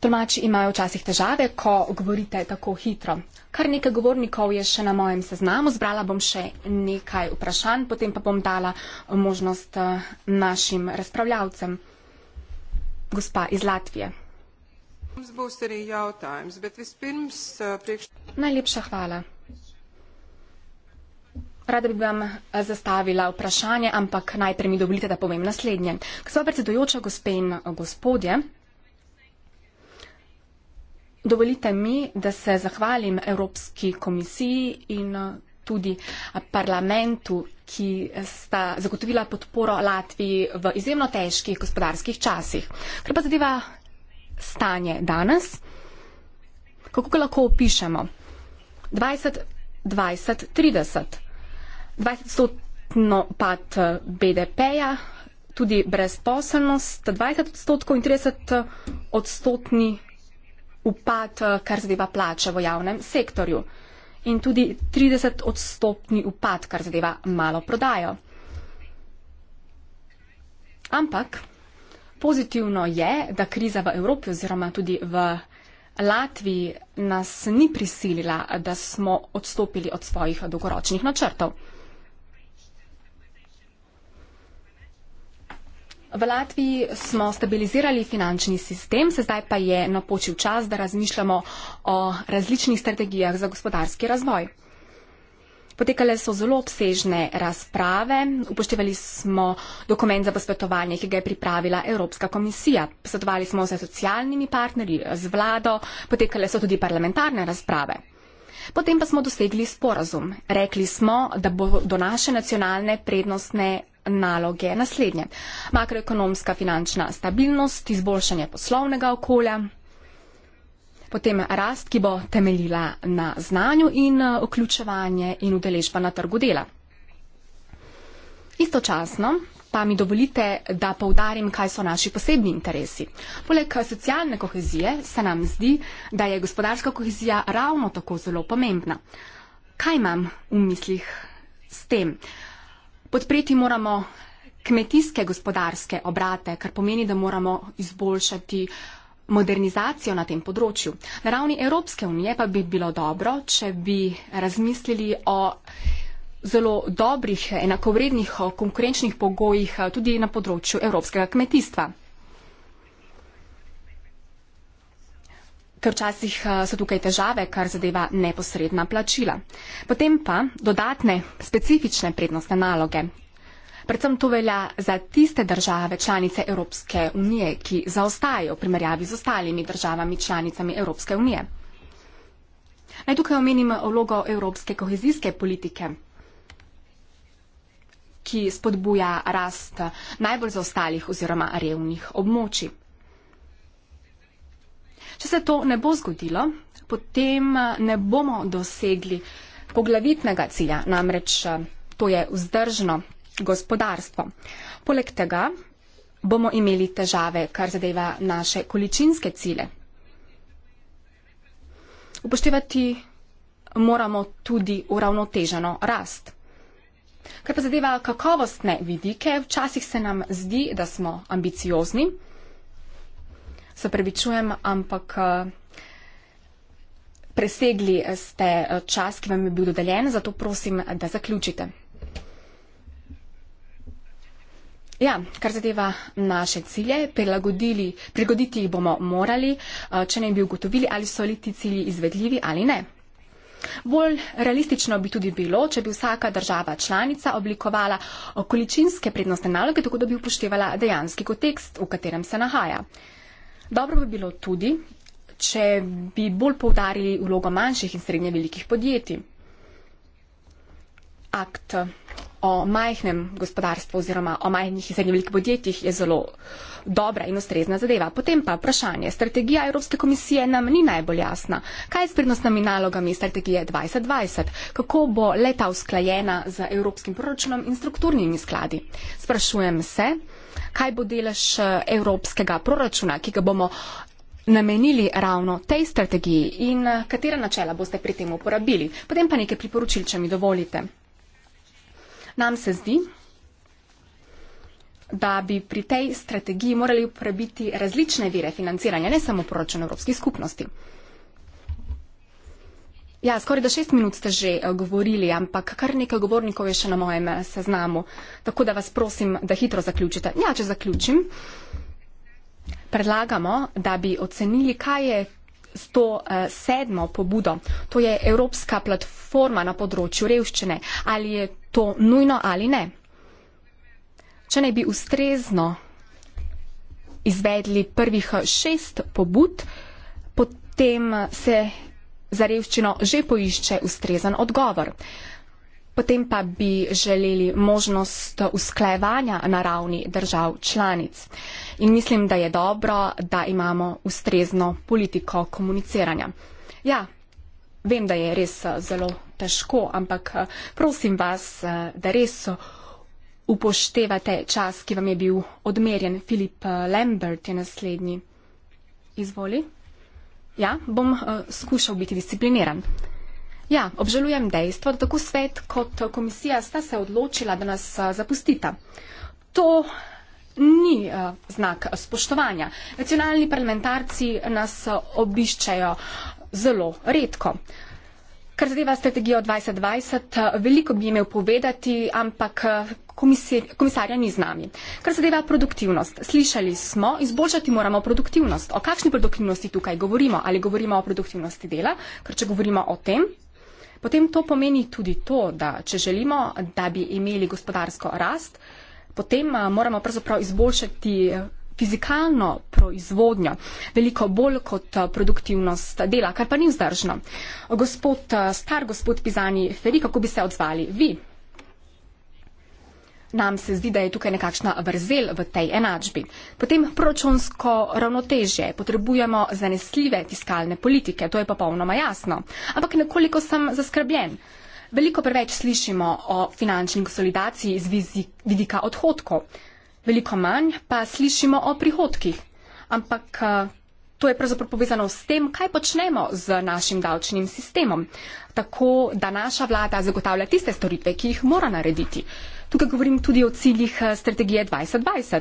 Tolmači imajo včasih težave, ko govorite tako hitro. Kar nekaj govornikov je še na mojem seznamu, zbrala bom še nekaj vprašanj, potem pa bom dala možnost eh, našim razpravljavcem. Gospa iz Latvije. Eh, Najlepša hvala. Rada bi vam eh, zastavila vprašanje, ampak najprej mi dovolite, da povem naslednje. Gospa predsedujoča, gospe in gospodje. Dovolite mi, da se zahvalim Evropski komisiji in eh, tudi eh, parlamentu, ki sta zagotovila podporo Latviji v izjemno težkih gospodarskih časih. Kar pa zadeva stanje danes, kako ga lahko opišemo? 20-20-30, 20-stotno pad eh, BDP-ja, tudi brezposelnost, 20 odstotkov in 30 odstotni upad, eh, kar zadeva plače v javnem sektorju in tudi 30 odstotni upad, kar zadeva malo prodajo. Ampak pozitivno je, da kriza v Evropi oziroma tudi v Latviji nas ni prisilila, da smo odstopili od svojih dolgoročnih načrtov. V Latviji smo stabilizirali finančni sistem, se zdaj pa je napočil čas, da razmišljamo o različnih strategijah za gospodarski razvoj. Potekale so zelo obsežne razprave, upoštevali smo dokument za posvetovanje, ki ga je pripravila Evropska komisija. Posvetovali smo se socialnimi partnerji, z vlado, potekale so tudi parlamentarne razprave. Potem pa smo dosegli sporazum. Rekli smo, da bodo naše nacionalne prednostne naloge naslednje. Makroekonomska finančna stabilnost, izboljšanje poslovnega okolja, potem rast, ki bo temeljila na znanju in eh, vključevanje in udeležba na trgu dela. Istočasno pa mi dovolite, da povdarim, kaj so naši posebni interesi. Poleg socialne kohezije se nam zdi, da je gospodarska kohezija ravno tako zelo pomembna. Kaj imam v mislih s tem? Uh, Podpreti moramo kmetijske gospodarske obrate, kar pomeni, da moramo izboljšati modernizacijo na tem področju. Na ravni Evropske unije pa bi bilo dobro, če bi razmislili o zelo dobrih, enakovrednih konkurenčnih pogojih tudi na področju evropskega kmetijstva. ker včasih eh, so tukaj težave, kar zadeva neposredna plačila. Potem pa dodatne specifične prednostne naloge. Predvsem to velja za tiste države članice Evropske unije, ki zaostajajo v primerjavi z ostalimi državami članicami Evropske unije. Naj tukaj omenim vlogo Evropske kohezijske politike, ki spodbuja rast najbolj zaostalih oziroma revnih območij. Če se to ne bo zgodilo, potem eh, ne bomo dosegli poglavitnega cilja, namreč eh, to je vzdržno gospodarstvo. Poleg tega bomo imeli težave, kar zadeva naše količinske cile. Upoštevati moramo tudi uravnoteženo rast. Kar pa zadeva kakovostne vidike, včasih se nam zdi, da smo ambiciozni se prevečujem, ampak eh, presegli ste eh, čas, ki vam je bil dodeljen, zato prosim, da zaključite. Ja, kar zadeva naše cilje, prilagoditi jih bomo morali, eh, če ne bi ugotovili, ali so li ti cilji izvedljivi ali ne. Bolj realistično bi tudi bilo, če bi vsaka država članica oblikovala količinske prednostne naloge, tako da bi upoštevala dejanski kontekst, v katerem se nahaja. Dobro bi bilo tudi, če bi bolj povdarili vlogo manjših in srednje velikih podjetij. Akt o majhnem gospodarstvu oziroma o majhnih in srednje velikih podjetjih je zelo dobra in ustrezna zadeva. Potem pa vprašanje. Strategija Evropske komisije nam ni najbolj jasna. Kaj je s prednostnimi nalogami strategije 2020? Kako bo leta usklajena z evropskim proračunom in strukturnimi skladi? Sprašujem se kaj bo delež eh, evropskega proračuna, ki ga bomo namenili ravno tej strategiji in eh, katera načela boste pri tem uporabili. Potem pa nekaj priporočil, če mi dovolite. Nam se zdi, da bi pri tej strategiji morali uporabiti različne vire financiranja, ne samo proračun Evropskih skupnosti. Ja, skoraj da šest minut ste že eh, govorili, ampak kar nekaj govornikov je še na mojem eh, seznamu. Tako da vas prosim, da hitro zaključite. Ja, če zaključim, predlagamo, da bi ocenili, kaj je s to eh, sedmo pobudo. To je Evropska platforma na področju revščine. Ali je to nujno ali ne? Če ne bi ustrezno izvedli prvih šest pobud, potem se za revščino že poišče ustrezen odgovor. Potem pa bi želeli možnost usklajevanja na ravni držav članic. In mislim, da je dobro, da imamo ustrezno politiko komuniciranja. Ja, vem, da je res eh, zelo težko, ampak eh, prosim vas, eh, da res upoštevate čas, ki vam je bil odmerjen. Filip Lambert je naslednji. Izvoli. Ja, bom uh, skušal biti discipliniran. Ja, obžalujem dejstvo, da tako svet kot komisija sta se odločila, da nas eh, zapustita. To ni eh, znak spoštovanja. Nacionalni parlamentarci nas obiščajo zelo redko. Kar zadeva strategijo 2020, veliko bi imel povedati, ampak komisarja ni z nami. Kar zadeva produktivnost. Slišali smo, izboljšati moramo produktivnost. O kakšni produktivnosti tukaj govorimo? Ali govorimo o produktivnosti dela? Ker če govorimo o tem, potem to pomeni tudi to, da če želimo, da bi imeli gospodarsko rast, potem moramo pravzaprav izboljšati eh, fizikalno proizvodnjo, veliko bolj kot eh, produktivnost dela, kar pa ni vzdržno. Gospod, eh, star gospod Pizani Feri, kako bi se odzvali? Vi? nam se zdi, da je tukaj nekakšna vrzel v tej enačbi. Potem proračunsko ravnotežje. Potrebujemo zanesljive fiskalne politike, to je popolnoma jasno. Ampak nekoliko sem zaskrbljen. Veliko preveč slišimo o finančni konsolidaciji z vidika odhodkov, veliko manj pa slišimo o prihodkih. Ampak to je pravzaprav povezano s tem, kaj počnemo z našim davčnim sistemom, tako da naša vlada zagotavlja tiste storitve, ki jih mora narediti. Tukaj govorim tudi o ciljih eh, strategije 2020.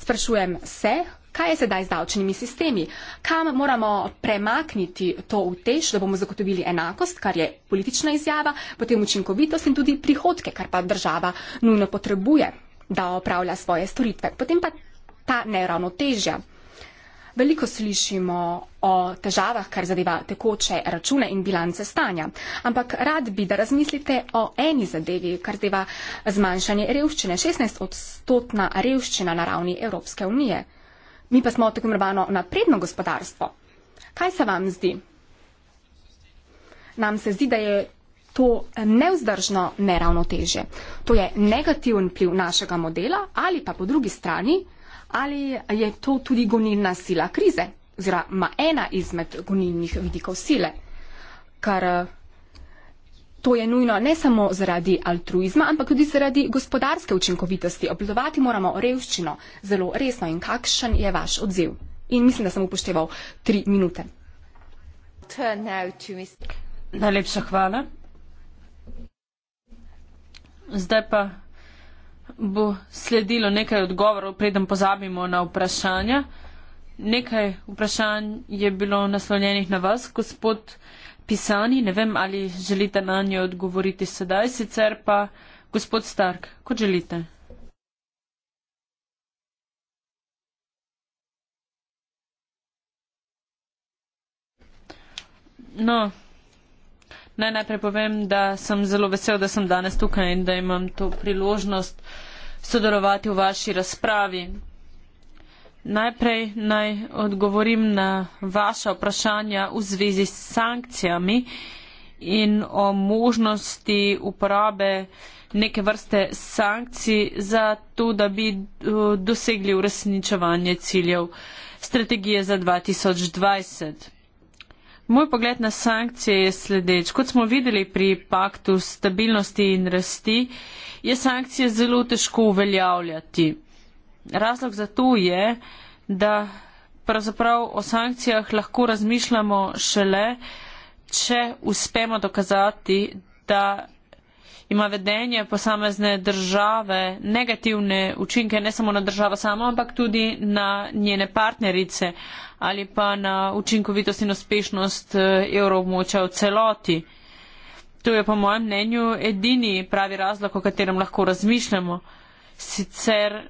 Sprašujem se, kaj je sedaj z davčnimi sistemi? Kam moramo premakniti to vtež, da bomo zagotovili enakost, kar je politična izjava, potem učinkovitost in tudi prihodke, kar pa država nujno potrebuje, da opravlja svoje storitve. Potem pa ta neravnotežja. Veliko slišimo o težavah, kar zadeva tekoče račune in bilance stanja, ampak rad bi, da razmislite o eni zadevi, kar zadeva zmanjšanje revščine, 16 odstotna revščina na ravni Evropske unije. Mi pa smo tako imenovano napredno gospodarstvo. Kaj se vam zdi? Nam se zdi, da je to neuzdržno neravnoteže. To je negativen pliv našega modela ali pa po drugi strani ali je to tudi gonilna sila krize, oziroma ena izmed gonilnih vidikov sile, kar eh, to je nujno ne samo zaradi altruizma, ampak tudi zaradi gospodarske učinkovitosti. Obladovati moramo revščino zelo resno in kakšen je vaš odziv. In mislim, da sem upošteval tri minute. Najlepša hvala. Zdaj pa bo sledilo nekaj odgovorov, preden pozabimo na vprašanja. Nekaj vprašanj je bilo naslovljenih na vas, gospod Pisani. Ne vem, ali želite na njo odgovoriti sedaj, sicer pa gospod Stark, kot želite. No, naj najprej povem, da sem zelo vesel, da sem danes tukaj in da imam to priložnost uh, sodelovati v vaši razpravi. Najprej naj odgovorim na vaša vprašanja v zvezi s sankcijami in o možnosti uporabe neke vrste sankcij za to, da bi eh, dosegli uresničevanje ciljev strategije za 2020. Moj pogled na sankcije je sledeč. Kot smo videli pri paktu stabilnosti in rasti, je sankcije zelo težko uveljavljati. Razlog za to je, da pravzaprav o sankcijah lahko razmišljamo šele, če uspemo dokazati, da ima vedenje posamezne države negativne učinke ne samo na državo samo, ampak tudi na njene partnerice ali pa na učinkovitost in uspešnost eh, evroobmočja v celoti. To je po mojem mnenju edini pravi razlog, o katerem lahko razmišljamo. Sicer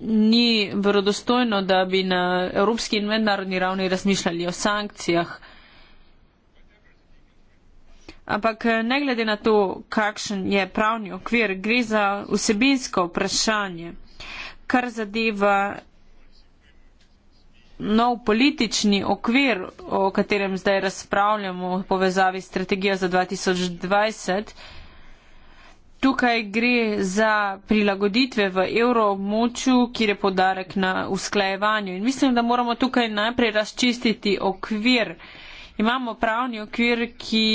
ni verodostojno, da bi na evropski in mednarodni ravni razmišljali o sankcijah. Ampak eh, ne glede na to, kakšen je pravni okvir, gre za vsebinsko vprašanje, kar zadeva nov politični okvir, o katerem zdaj razpravljamo v povezavi s strategijo za 2020. Tukaj gre za prilagoditve v evroobmočju, kjer je podarek na usklajevanju. In mislim, da moramo tukaj najprej razčistiti okvir. Imamo pravni okvir, ki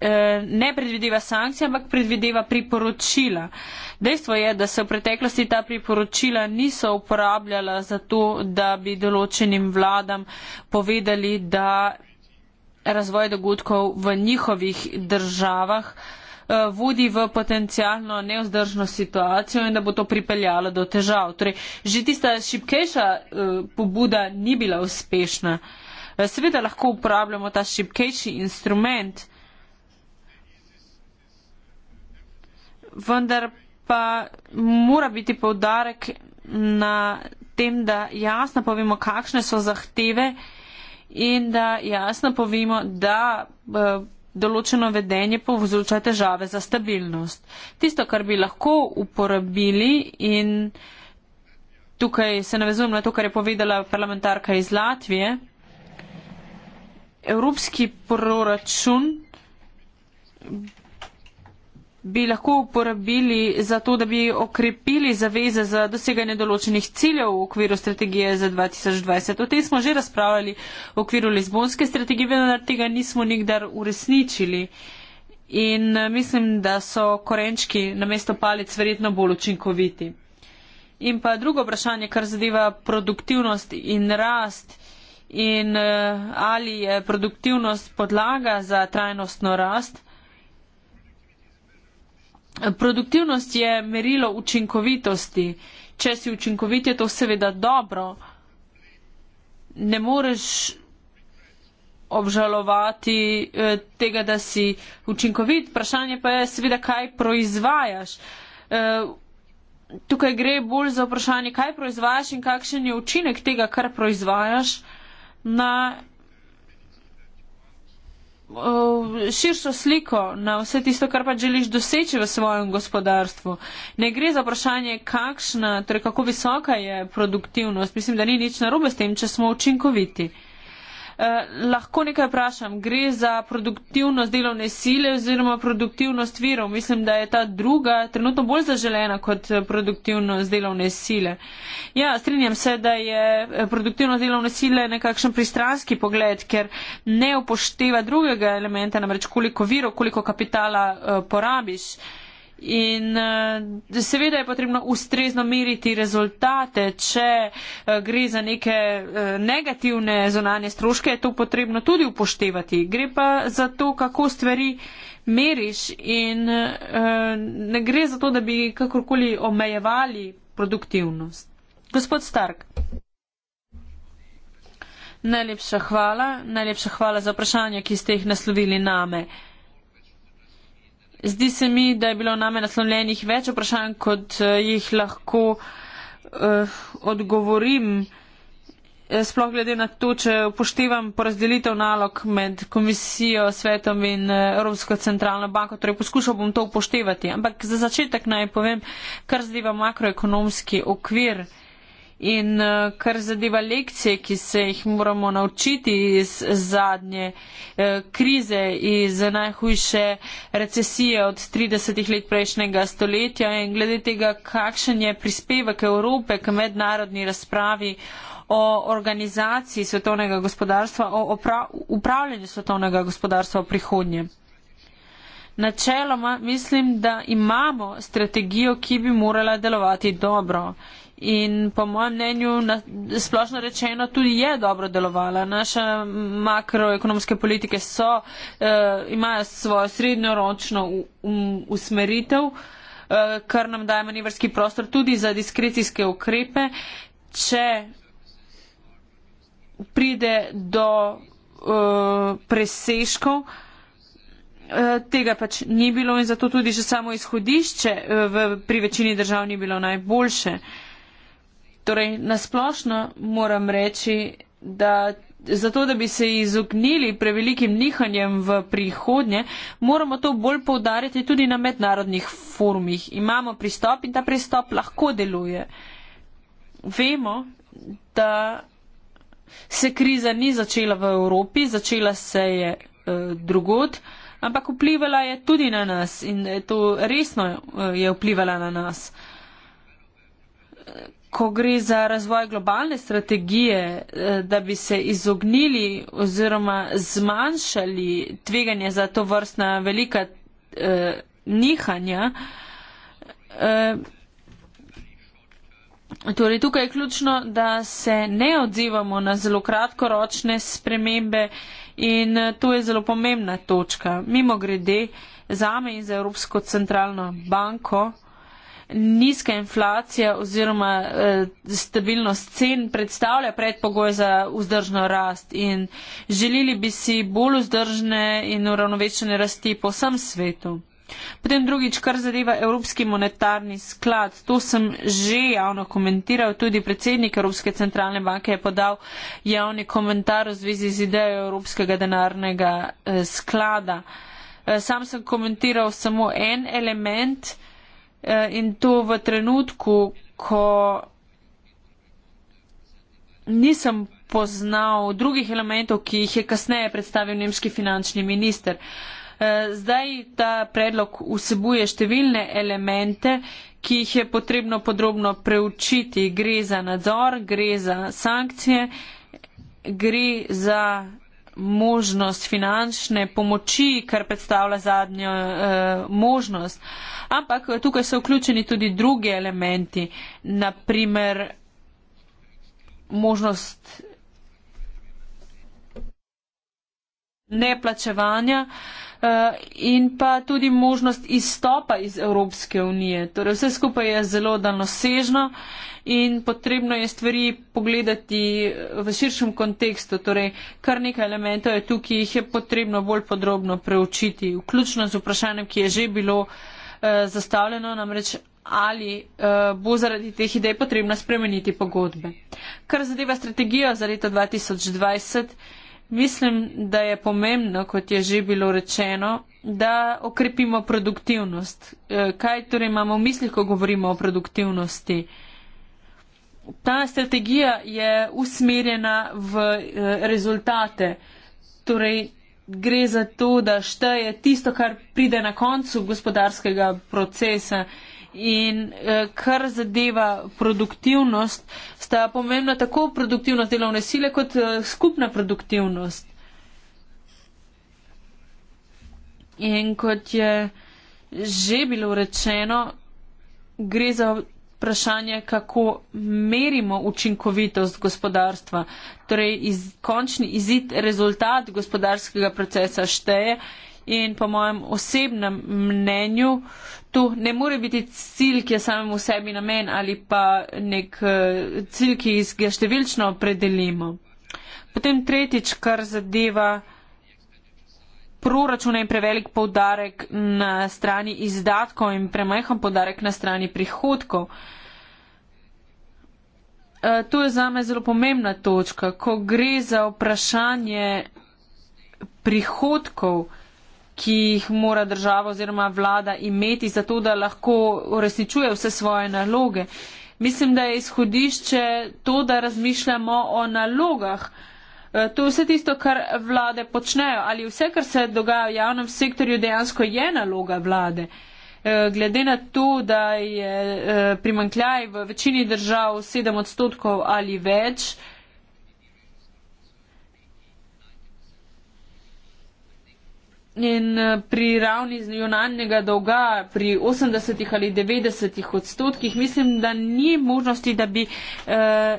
Eh, ne predvideva sankcije, ampak predvideva priporočila. Dejstvo je, da se v preteklosti ta priporočila niso uporabljala za to, da bi določenim vladam povedali, da razvoj dogodkov v njihovih državah eh, vodi v potencijalno neozdržno situacijo in da bo to pripeljalo do težav. Torej, že tista šipkejša eh, pobuda ni bila uspešna. Seveda lahko uporabljamo ta šipkejši instrument, vendar pa mora biti povdarek na tem, da jasno povemo, kakšne so zahteve in da jasno povemo, da eh, določeno vedenje povzroča težave za stabilnost. Tisto, kar bi lahko uporabili in tukaj se navezujem na to, kar je povedala parlamentarka iz Latvije, evropski proračun bi lahko uporabili za to, da bi okrepili zaveze za doseganje določenih ciljev v okviru strategije za 2020. O tem smo že razpravljali v okviru Lizbonske strategije, vendar tega nismo nikdar uresničili. In eh, mislim, da so korenčki na mesto palic verjetno bolj učinkoviti. In pa drugo vprašanje, kar zadeva produktivnost in rast. In eh, ali je produktivnost podlaga za trajnostno rast? Produktivnost je merilo učinkovitosti. Če si učinkovit, je to seveda dobro. Ne moreš obžalovati eh, tega, da si učinkovit. Vprašanje pa je seveda, kaj proizvajaš. Eh, tukaj gre bolj za vprašanje, kaj proizvajaš in kakšen je učinek tega, kar proizvajaš na širšo sliko na vse tisto, kar pa želiš doseči v svojem gospodarstvu. Ne gre za vprašanje, kakšna, torej kako visoka je produktivnost. Mislim, da ni nič narobe s tem, če smo učinkoviti. Eh, lahko nekaj vprašam. Gre za produktivnost delovne sile oziroma produktivnost virov. Mislim, da je ta druga trenutno bolj zaželena kot eh, produktivnost delovne sile. Ja, strinjam se, da je eh, produktivnost delovne sile nekakšen pristranski pogled, ker ne upošteva drugega elementa, namreč koliko virov, koliko kapitala uh, porabiš. In eh, seveda je potrebno ustrezno meriti rezultate. Če eh, gre za neke eh, negativne zonanje stroške, je to potrebno tudi upoštevati. Gre pa za to, kako stvari meriš in ne gre za to, da bi kakorkoli omejevali produktivnost. Gospod Stark. Najlepša hvala, najlepša hvala za vprašanje, ki ste jih naslovili name. Zdi se mi, da je bilo name naslovljenih več vprašanj, kot eh, jih lahko uh, odgovorim. Eh, sploh glede na to, če upoštevam porazdelitev nalog med komisijo, svetom in Evropsko centralno banko, torej poskušal bom to upoštevati. Ampak za začetek naj povem, kar zdiva makroekonomski okvir. Uh, In eh, kar zadeva lekcije, ki se jih moramo naučiti iz zadnje eh, krize, iz najhujše recesije od 30 let prejšnjega stoletja in glede tega, kakšen je prispevek Evrope k mednarodni razpravi o organizaciji svetovnega gospodarstva, o upravljanju svetovnega gospodarstva v prihodnje. Načeloma mislim, da imamo strategijo, ki bi morala delovati dobro In po mojem mnenju, na, splošno rečeno, tudi je dobro delovala. Naše makroekonomske politike so, eh, imajo svojo srednjeročno um, usmeritev, eh, kar nam daje manevrski prostor tudi za diskrecijske ukrepe, če pride do eh, preseškov. Eh, tega pač ni bilo in zato tudi že samo izhodišče eh, v, pri večini držav ni bilo najboljše. Uh, Torej, nasplošno moram reči, da zato, da bi se izognili prevelikim nihanjem v prihodnje, moramo to bolj povdarjati tudi na mednarodnih forumih. Imamo pristop in ta pristop lahko deluje. Vemo, da se kriza ni začela v Evropi, začela se je eh, drugod, ampak vplivala je tudi na nas in to resno eh, je vplivala na nas ko gre za razvoj globalne strategije, eh, da bi se izognili oziroma zmanjšali tveganje za to vrstna velika eh, nihanja. Eh, torej tukaj je ključno, da se ne odzivamo na zelo kratkoročne spremembe in eh, to je zelo pomembna točka. Mimo grede, zame in za Evropsko centralno banko, nizka inflacija oziroma eh, stabilnost cen predstavlja predpogoj za vzdržno rast in želili bi si bolj vzdržne in uravnovešene rasti po vsem svetu. Potem drugič, kar zadeva Evropski monetarni sklad, to sem že javno komentiral, tudi predsednik Evropske centralne banke je podal javni komentar v zvezi z idejo Evropskega denarnega eh, sklada. Eh, sam sem komentiral samo en element, Eh, in to v trenutku, ko nisem poznal drugih elementov, ki jih je kasneje predstavil nemški finančni minister. Eh, zdaj ta predlog vsebuje številne elemente, ki jih je potrebno podrobno preučiti. Gre za nadzor, gre za sankcije, gre za možnost finančne pomoči, kar predstavlja zadnjo eh, možnost. Ampak tukaj so vključeni tudi drugi elementi, naprimer možnost neplačevanja eh, in pa tudi možnost izstopa iz Evropske unije. Torej vse skupaj je zelo daljnosežno in potrebno je stvari pogledati eh, v širšem kontekstu. Torej, kar nekaj elementov je tukaj, jih je potrebno bolj podrobno preučiti, vključno z vprašanjem, ki je že bilo eh, zastavljeno, namreč ali eh, bo zaradi teh idej potrebno spremeniti pogodbe. Kar zadeva strategijo za leto 2020, mislim, da je pomembno, kot je že bilo rečeno, da okrepimo produktivnost. Eh, kaj torej imamo v mislih, ko govorimo o produktivnosti? Uh, ta strategija je usmerjena v eh, rezultate. Torej, gre za to, da šteje tisto, kar pride na koncu gospodarskega procesa. In eh, kar zadeva produktivnost, sta pomembna tako produktivnost delovne sile kot eh, skupna produktivnost. In kot je že bilo rečeno, gre za vprašanje, kako merimo učinkovitost gospodarstva. Torej, iz, končni izid, rezultat gospodarskega procesa šteje in po mojem osebnem mnenju tu ne more biti cilj, ki je samem v sebi namen ali pa nek eh, cilj, ki ga številčno opredelimo. Potem tretjič, kar zadeva proračuna in prevelik poudarek na strani izdatkov in premajhen poudarek na strani prihodkov. E, to je za me zelo pomembna točka. Ko gre za vprašanje prihodkov, ki jih mora država oziroma vlada imeti, zato da lahko uresničuje vse svoje naloge. Mislim, da je izhodišče to, da razmišljamo o nalogah, Eh, to je vse tisto, kar vlade počnejo ali vse, kar se dogaja v javnem sektorju, dejansko je naloga vlade. Eh, glede na to, da je eh, primankljaj v večini držav 7 odstotkov ali več, In pri ravni znionalnega dolga, pri 80 ali 90 odstotkih, mislim, da ni možnosti, da bi eh,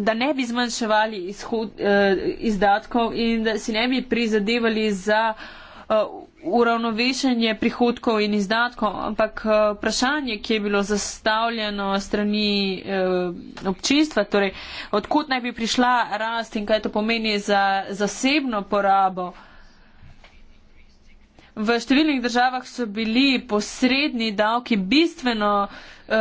da ne bi zmanjševali izhod, eh, izdatkov in da si ne bi prizadevali za eh, uravnovešanje prihodkov in izdatkov, ampak eh, vprašanje, ki je bilo zastavljeno strani občinstva, torej odkud naj bi prišla rast in kaj to pomeni za zasebno porabo. V številnih državah so bili posredni davki bistveno uh,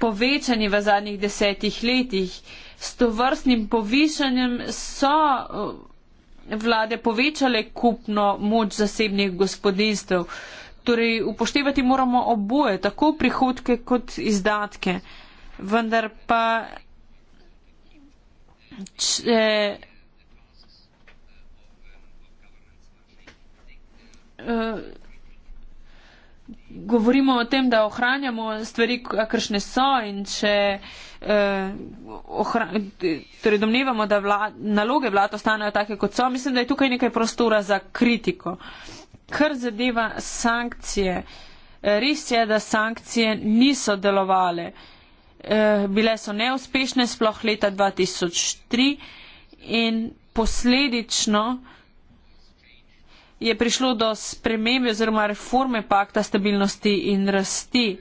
povečani v zadnjih desetih letih. Uh, s to vrstnim povišanjem so eh, vlade povečale kupno moč zasebnih gospodinstv. Torej, upoštevati moramo oboje, tako prihodke kot izdatke. Vendar pa, če, uh, govorimo o tem, da ohranjamo stvari, kakršne so in če eh, ohra, torej domnevamo, da vlad, naloge vlad ostanejo take, kot so, mislim, da je tukaj nekaj prostora za kritiko. Kar zadeva sankcije, eh, res je, da sankcije niso delovale. Eh, bile so neuspešne sploh leta 2003 in posledično je prišlo do spremembe oziroma reforme pakta stabilnosti in rasti.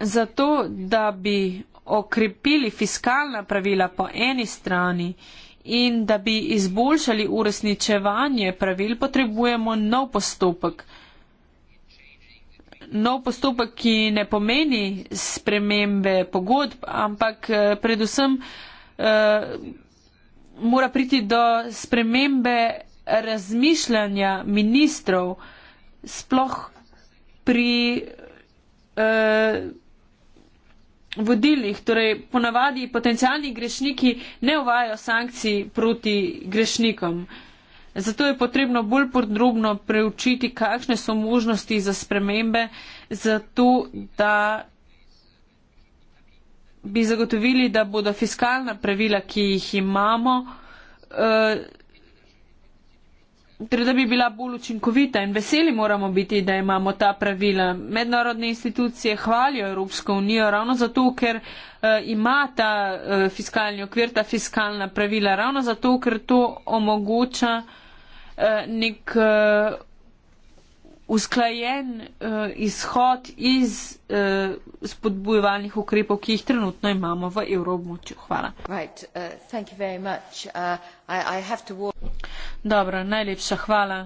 Zato, da bi okrepili fiskalna pravila po eni strani in da bi izboljšali uresničevanje pravil, potrebujemo nov postopek. Nov postopek, ki ne pomeni spremembe pogodb, ampak eh, predvsem eh, mora priti do spremembe razmišljanja ministrov, sploh pri eh, vodilih. Torej, ponavadi potencijalni grešniki ne uvajajo sankcij proti grešnikom. Zato je potrebno bolj podrobno preučiti, kakšne so možnosti za spremembe, zato da bi zagotovili, da bodo fiskalna pravila, ki jih imamo, uh, da bi bila bolj učinkovita in veseli moramo biti, da imamo ta pravila. Mednarodne institucije hvalijo Evropsko unijo ravno zato, ker uh, ima ta uh, fiskalni okvir, ta fiskalna pravila, ravno zato, ker to omogoča uh, nek. Uh, usklajen uh, izhod iz uh, spodbujevalnih ukrepov, ki jih trenutno imamo v evroobmočju. Hvala. Right. Uh, uh, I, I Dobro, najlepša hvala.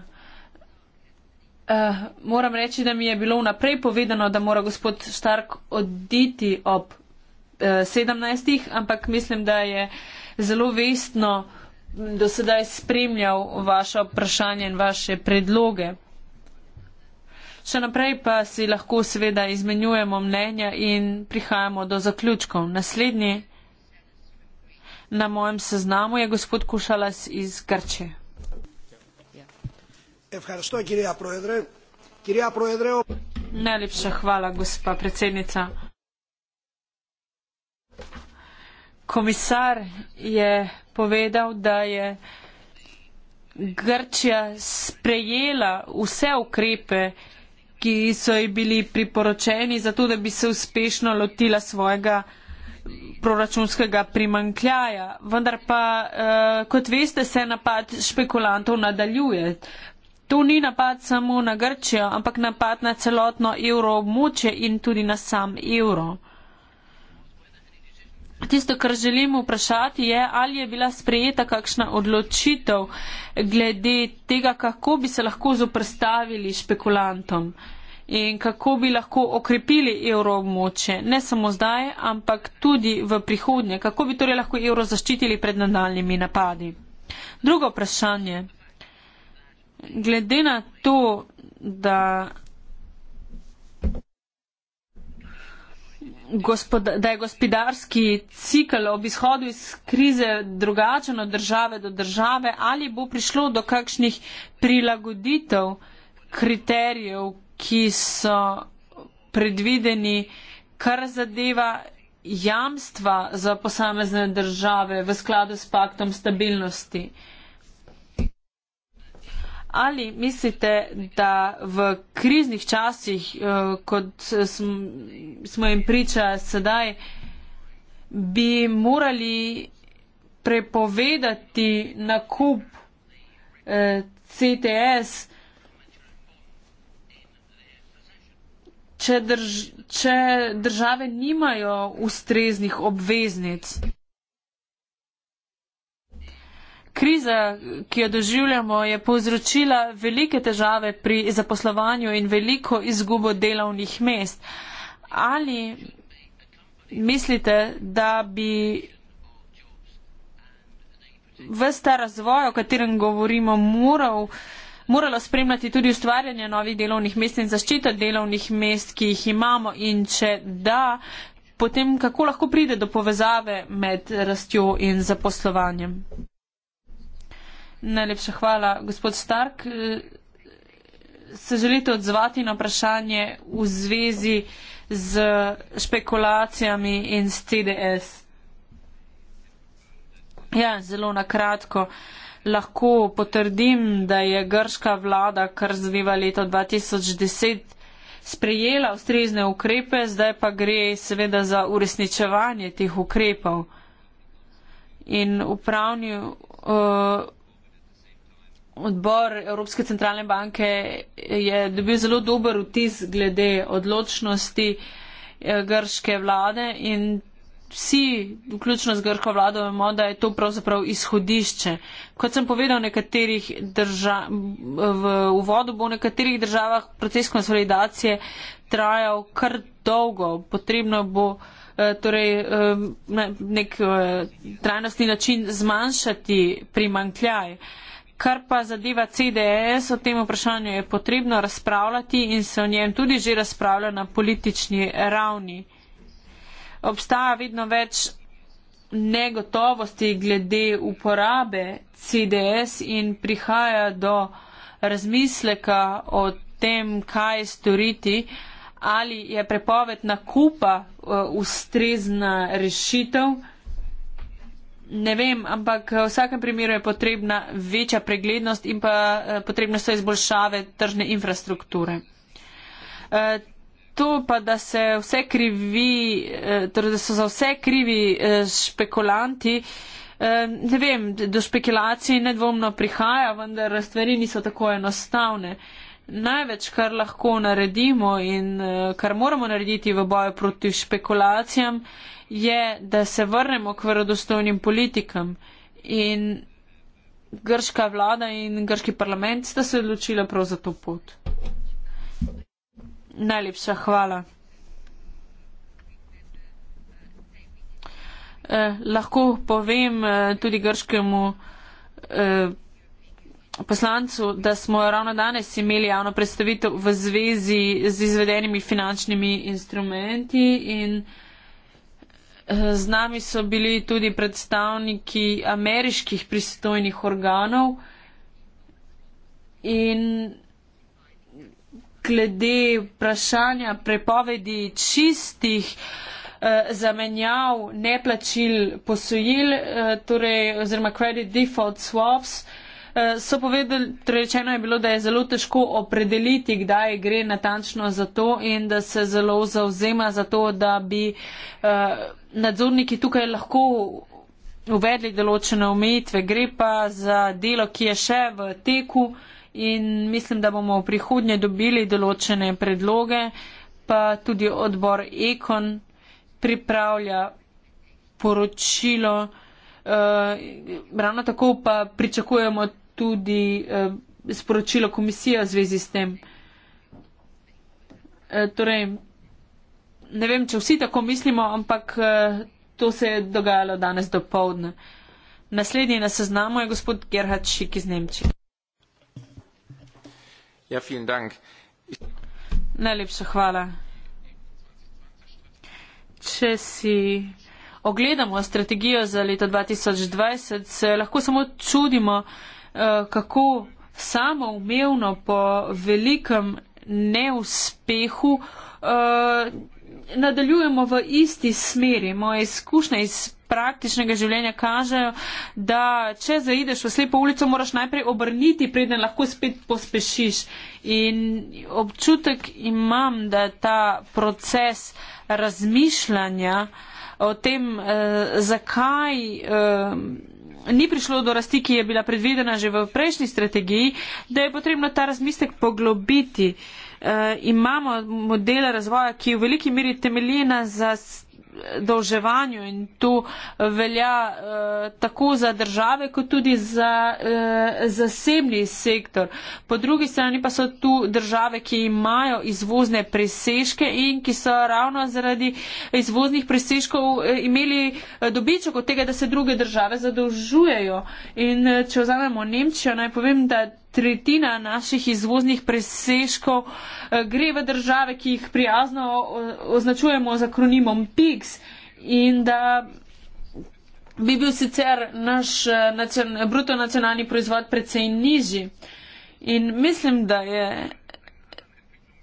Uh, moram reči, da mi je bilo vnaprej povedano, da mora gospod Stark oditi ob uh, 17. ampak mislim, da je zelo vestno do sedaj spremljal vaše vprašanje in vaše predloge. Še naprej pa si lahko seveda izmenjujemo mnenja in prihajamo do zaključkov. Naslednji na mojem seznamu je gospod Kušalas iz Grče. Najlepša hvala, gospa predsednica. Komisar je povedal, da je Grčija sprejela vse ukrepe, ki so ji bili priporočeni, zato da bi se uspešno lotila svojega proračunskega primankljaja. Vendar pa, eh, kot veste, se napad špekulantov nadaljuje. To ni napad samo na Grčijo, ampak napad na celotno evroobmočje in tudi na sam evro. Tisto, kar želim vprašati, je, ali je bila sprejeta kakšna odločitev glede tega, kako bi se lahko zoprstavili špekulantom in kako bi lahko okrepili evroobmoče, ne samo zdaj, ampak tudi v prihodnje, kako bi torej lahko evro zaščitili pred nadaljnimi napadi. Drugo vprašanje. Glede na to, da. da je gospodarski cikl ob izhodu iz krize drugačen od države do države, ali bo prišlo do kakšnih prilagoditev kriterijev, ki so predvideni, kar zadeva jamstva za posamezne države v skladu s paktom stabilnosti. Ali mislite, da v kriznih časih, eh, kot smo jim priča sedaj, bi morali prepovedati nakup eh, CTS, če, drž, če države nimajo ustreznih obveznic. Kriza, ki jo doživljamo, je povzročila velike težave pri zaposlovanju in veliko izgubo delovnih mest. Ali mislite, da bi vse ta razvoj, o katerem govorimo, moral moralo spremljati tudi ustvarjanje novih delovnih mest in zaščita delovnih mest, ki jih imamo in če da, potem kako lahko pride do povezave med rastjo in zaposlovanjem. Najlepša hvala, gospod Stark. Se želite odzvati na vprašanje v zvezi z špekulacijami in s CDS? Ja, zelo na kratko. Uh, lahko potrdim, da je grška vlada, kar zadeva leto 2010, sprejela ustrezne ukrepe, zdaj pa gre seveda za uresničevanje teh ukrepov. In upravni uh, odbor Evropske centralne banke je dobil zelo dober vtis glede odločnosti uh, grške vlade in vsi, vključno z grško vlado, vemo, da je to pravzaprav izhodišče. Kot sem povedal, drža, v uvodu bo v nekaterih državah proces konsolidacije trajal kar dolgo. Potrebno bo eh, torej, eh, nek eh, trajnostni način zmanjšati primankljaj. Kar pa zadeva CDS, o tem vprašanju je potrebno razpravljati in se o njem tudi že razpravlja na politični ravni obstaja vedno več negotovosti glede uporabe CDS in prihaja do razmisleka o tem, kaj storiti, ali je prepoved nakupa eh, ustrezna rešitev. Ne vem, ampak v vsakem primeru je potrebna večja preglednost in pa eh, potrebne so izboljšave tržne infrastrukture. Eh, to, pa da se vse krivi, eh, torej da so za vse krivi eh, špekulanti, eh, ne vem, do špekulacij nedvomno prihaja, vendar stvari niso tako enostavne. Največ, kar lahko naredimo in kar moramo narediti v boju proti špekulacijam, je, da se vrnemo k verodostojnim politikam. In grška vlada in grški parlament sta se odločila prav za to pot. Najlepša hvala. Eh, lahko povem eh, tudi grškemu eh, poslancu, da smo ravno danes imeli javno predstavitev v zvezi z izvedenimi finančnimi instrumenti in eh, z nami so bili tudi predstavniki ameriških pristojnih organov in glede vprašanja prepovedi čistih eh, zamenjav neplačil posojil, eh, torej, oziroma credit default swaps, eh, so povedali, torej rečeno je bilo, da je zelo težko opredeliti, kdaj gre natančno za to in da se zelo zauzema za to, da bi nadzorniki tukaj lahko uvedli določene omejitve. Gre pa za delo, ki je še v teku in mislim, da bomo v prihodnje dobili določene predloge, pa tudi odbor Ekon pripravlja poročilo. Uh, ravno tako pa pričakujemo tudi uh, sporočilo komisije v zvezi s tem. Eh, torej, ne vem, če vsi tako mislimo, ampak to se je dogajalo danes do povdne. Naslednji na seznamu je gospod Gerhard Šik iz Nemčije. Ja, Najlepša hvala. Če si ogledamo strategijo za leto 2020, se lahko samo čudimo, eh, kako samo umevno po velikem neuspehu eh, nadaljujemo v isti smeri. Moja izkušnja iz praktičnega življenja kažejo, da če zaideš v slepo ulico, moraš najprej obrniti, preden lahko spet pospešiš. In občutek imam, da ta proces razmišljanja o tem, eh, zakaj. Eh, Ni prišlo do rasti, ki je bila predvidena že v prejšnji strategiji, da je potrebno ta razmislek poglobiti. E, imamo modele razvoja, ki v veliki meri temeljina za zadolževanju in to eh, velja eh, tako za države, kot tudi za eh, zasebni sektor. Po drugi strani pa so tu države, ki imajo izvozne preseške in ki so ravno zaradi izvoznih preseškov eh, imeli eh, dobiček od tega, da se druge države zadolžujejo. In eh, če vzamemo Nemčijo, naj povem, da tretjina naših izvoznih preseškov eh, gre v države, ki jih prijazno eh, označujemo z akronimom PIGS in da bi bil sicer naš eh, bruto nacionalni proizvod precej nižji. In mislim, da je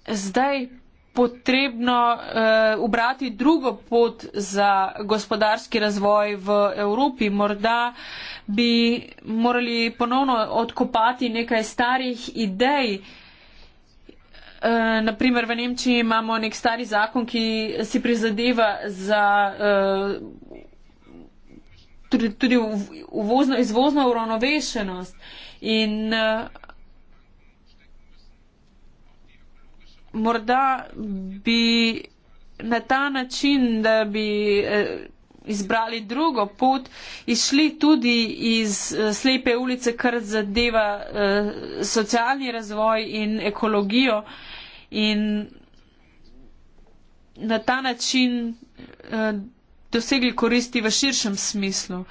zdaj potrebno uh, ubrati drugo pot za gospodarski razvoj v Evropi. Morda bi morali ponovno odkopati nekaj starih idej. Uh, eh, naprimer, v Nemčiji imamo nek stari zakon, ki si prizadeva za uh, tudi, tudi uvozno-izvozno uravnovešenost. In uh, morda bi na ta način, da bi eh, izbrali drugo pot, išli tudi iz eh, slepe ulice, kar zadeva eh, socialni razvoj in ekologijo in na ta način dosegli koristi v širšem smislu.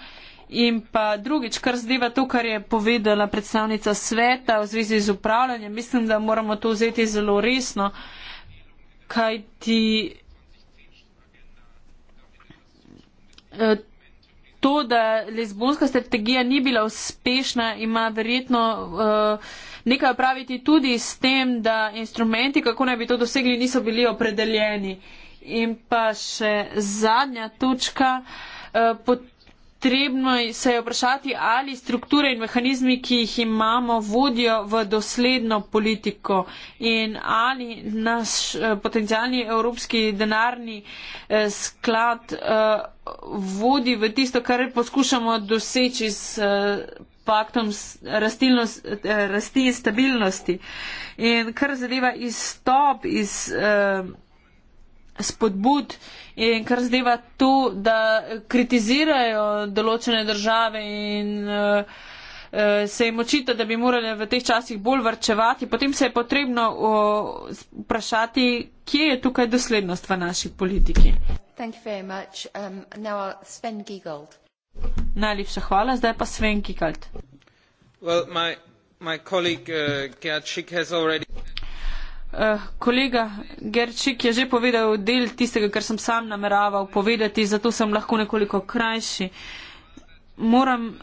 In pa drugič, kar zdiva to, kar je povedala predstavnica sveta v zvezi z upravljanjem, mislim, da moramo to vzeti zelo resno, kaj ti e, to, da lezbonska strategija ni bila uspešna, ima verjetno e, nekaj opraviti tudi s tem, da instrumenti, kako naj bi to dosegli, niso bili opredeljeni. In pa še zadnja točka. E, pot potrebno se je vprašati, ali strukture in mehanizmi, ki jih imamo, vodijo v dosledno politiko in ali naš eh, potencijalni evropski denarni eh, sklad eh, vodi v tisto, kar poskušamo doseči s paktom rasti in stabilnosti. In kar zadeva izstop iz. iz spodbud in kar zdeva to, da kritizirajo določene države in uh, se jim očita, da bi morali v teh časih bolj vrčevati, potem se je potrebno vprašati, uh, kje je tukaj doslednost v naši politiki. Um, uh, Najlepša hvala, zdaj pa Sven Gigald. Well, my, my colleague, uh, Eh, kolega Gerčik je že povedal del tistega, kar sem sam nameraval povedati, zato sem lahko nekoliko krajši. Moram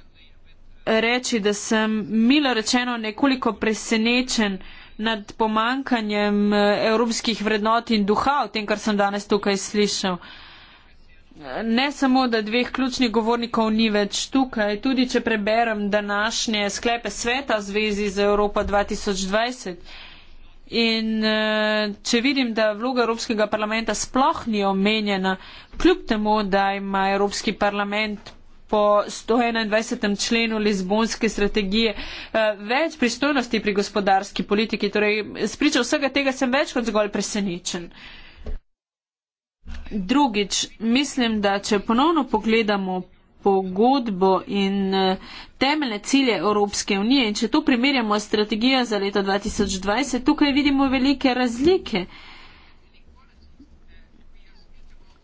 reči, da sem milo rečeno nekoliko presenečen nad pomankanjem eh, evropskih vrednot in duha v tem, kar sem danes tukaj slišal. Ne samo, da dveh ključnih govornikov ni več tukaj, tudi če preberem današnje sklepe sveta v zvezi z Evropa 2020. In eh, če vidim, da vloga Evropskega parlamenta sploh ni omenjena, kljub temu, da ima Evropski parlament po 121. členu Lizbonske strategije eh, več pristojnosti pri gospodarski politiki, torej spričal vsega tega sem več kot zgolj presenečen. Drugič, mislim, da če ponovno pogledamo pogodbo in eh, temeljne cilje Evropske unije. In če to primerjamo s strategijo za leto 2020, tukaj vidimo velike razlike.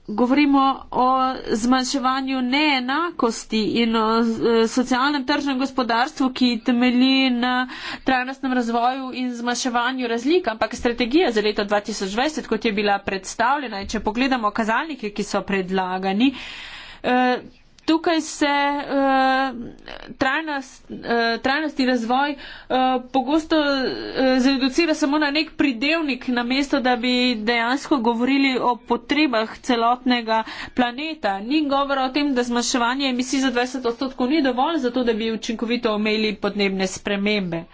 Govorimo o zmanjševanju neenakosti in o eh, socialnem tržnem gospodarstvu, ki temelji na trajnostnem razvoju in zmanjševanju razlik. Ampak strategija za leto 2020, kot je bila predstavljena, in če pogledamo kazalnike, ki so predlagani, eh, tukaj se uh, trajnost, uh, eh, trajnost in razvoj uh, pogosto uh, zreducira samo na nek pridevnik, namesto da bi dejansko govorili o potrebah celotnega planeta. Ni govora o tem, da zmanjševanje emisij za 20 odstotkov ni dovolj za to, da bi učinkovito omejili podnebne spremembe.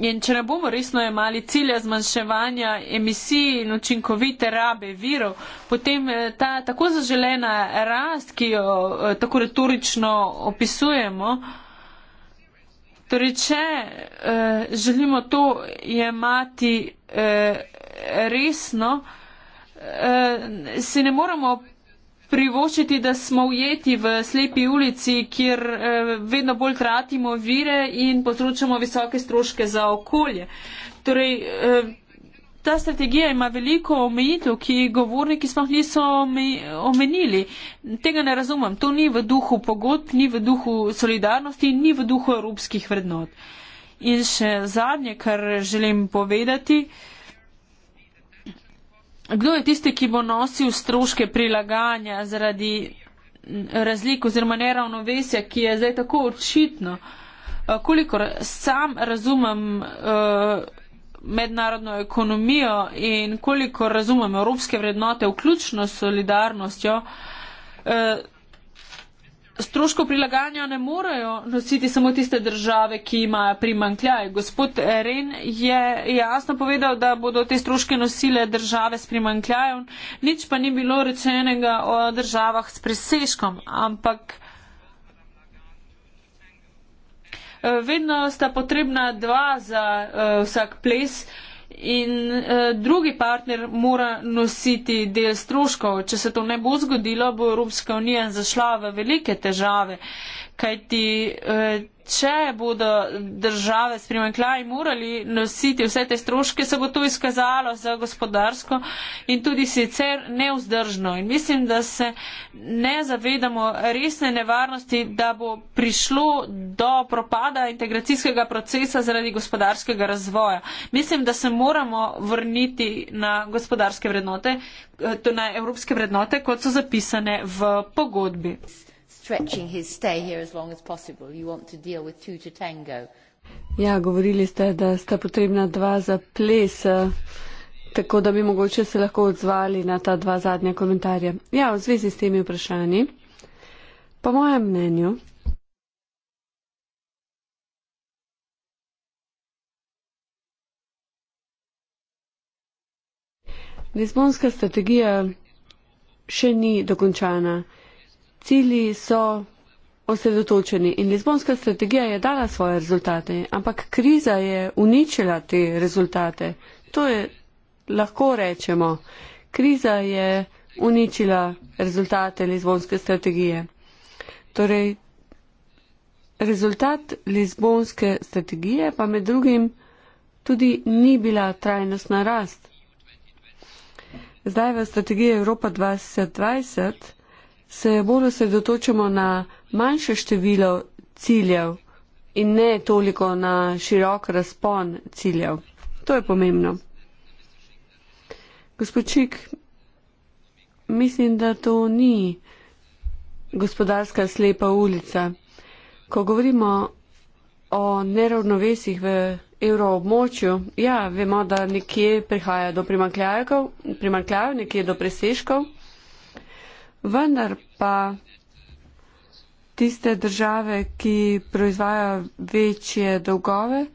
In če ne bomo resno imeli cilja zmanjševanja emisij in učinkovite rabe virov, potem eh, ta tako zaželena rast, ki jo eh, tako retorično opisujemo, torej če eh, želimo to jemati eh, resno, eh, si ne moramo privoščiti, da smo ujeti v slepi ulici, kjer eh, vedno bolj tratimo vire in potručamo visoke stroške za okolje. Torej, eh, ta strategija ima veliko omejitev, ki govorniki smo niso omenili. Tega ne razumem. To ni v duhu pogod, ni v duhu solidarnosti, ni v duhu evropskih vrednot. In še zadnje, kar želim povedati, Kdo je tisti, ki bo nosil stroške prilagajanja zaradi razlik oziroma neravnovesja, ki je zdaj tako očitno? Eh, kolikor sam razumem eh, mednarodno ekonomijo in kolikor razumem evropske vrednote, vključno s solidarnostjo, eh, Stroškov prilagajanja ne morejo nositi samo tiste države, ki imajo primankljaj. Gospod Ren je jasno povedal, da bodo te stroške nosile države s primankljajem, nič pa ni bilo rečenega o državah s preseškom, ampak eh, vedno sta potrebna dva za uh, vsak ples. Uh, in uh, drugi partner mora nositi del stroškov. Če se to ne bo zgodilo, bo Evropska unija zašla v velike težave, kajti uh, če bodo države s primankljaji morali nositi vse te stroške, se bo to izkazalo za gospodarsko in tudi sicer neuzdržno. In mislim, da se ne zavedamo resne nevarnosti, da bo prišlo do propada integracijskega procesa zaradi gospodarskega razvoja. Mislim, da se moramo vrniti na gospodarske vrednote, na evropske vrednote, kot so zapisane v pogodbi stretching his stay here as long as possible. You want to deal with two to tango. Ja, govorili ste, da sta potrebna dva za ples, eh, tako da bi mogoče se lahko odzvali na ta dva zadnja komentarja. Ja, v zvezi s temi vprašanji, po mojem mnenju. Lizbonska strategija še ni dokončana cilji so osredotočeni in Lizbonska strategija je dala svoje rezultate, ampak kriza je uničila te rezultate. To je lahko rečemo. Kriza je uničila rezultate Lizbonske strategije. Torej, rezultat Lizbonske strategije pa med drugim tudi ni bila trajnostna rast. Zdaj v strategiji Evropa 2020 se bolj osredotočamo na manjše število ciljev in ne toliko na širok razpon ciljev. To je pomembno. Gospod Čik, mislim, da to ni gospodarska slepa ulica. Ko govorimo o neravnovesih v evroobmočju, ja, vemo, da nekje prihaja do primankljajev, nekje do preseškov vendar pa tiste države, ki proizvaja večje dolgove,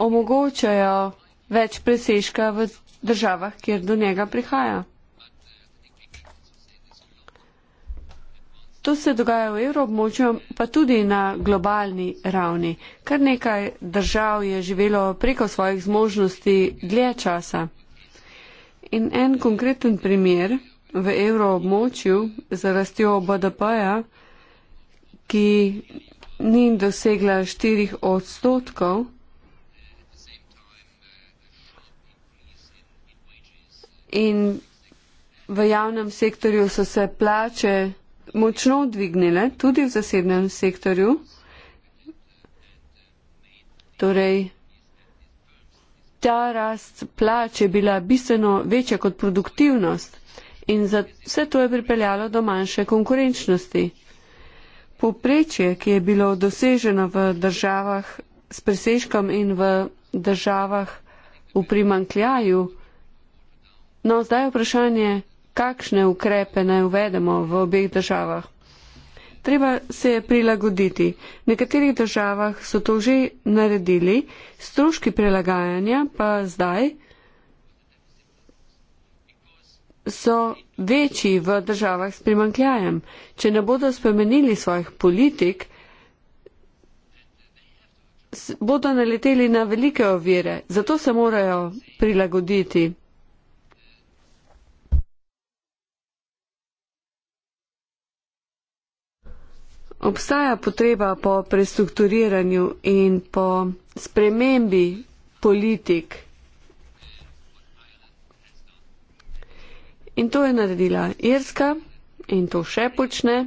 omogočajo več presežka v državah, kjer do njega prihaja. To se dogaja v evroobmočju, pa tudi na globalni ravni. Kar nekaj držav je živelo preko svojih zmožnosti dlje časa. In en konkreten primer v evroobmočju za rastjo BDP-ja, ki ni dosegla 4 odstotkov. In v javnem sektorju so se plače močno dvignile, tudi v zasebnem sektorju. Torej, ta rast plač je bila bistveno večja kot produktivnost in vse to je pripeljalo do manjše konkurenčnosti. Poprečje, ki je bilo doseženo v državah s presežkom in v državah v primankljaju, no zdaj je vprašanje, kakšne ukrepe naj uvedemo v obeh državah. Treba se je prilagoditi. V nekaterih državah so to že naredili, stroški prilagajanja pa zdaj so večji v državah s primankljajem. Če ne bodo spremenili svojih politik, bodo naleteli na velike ovire. Zato se morajo prilagoditi. Obstaja potreba po prestrukturiranju in po spremembi politik. In to je naredila Irska in to še počne.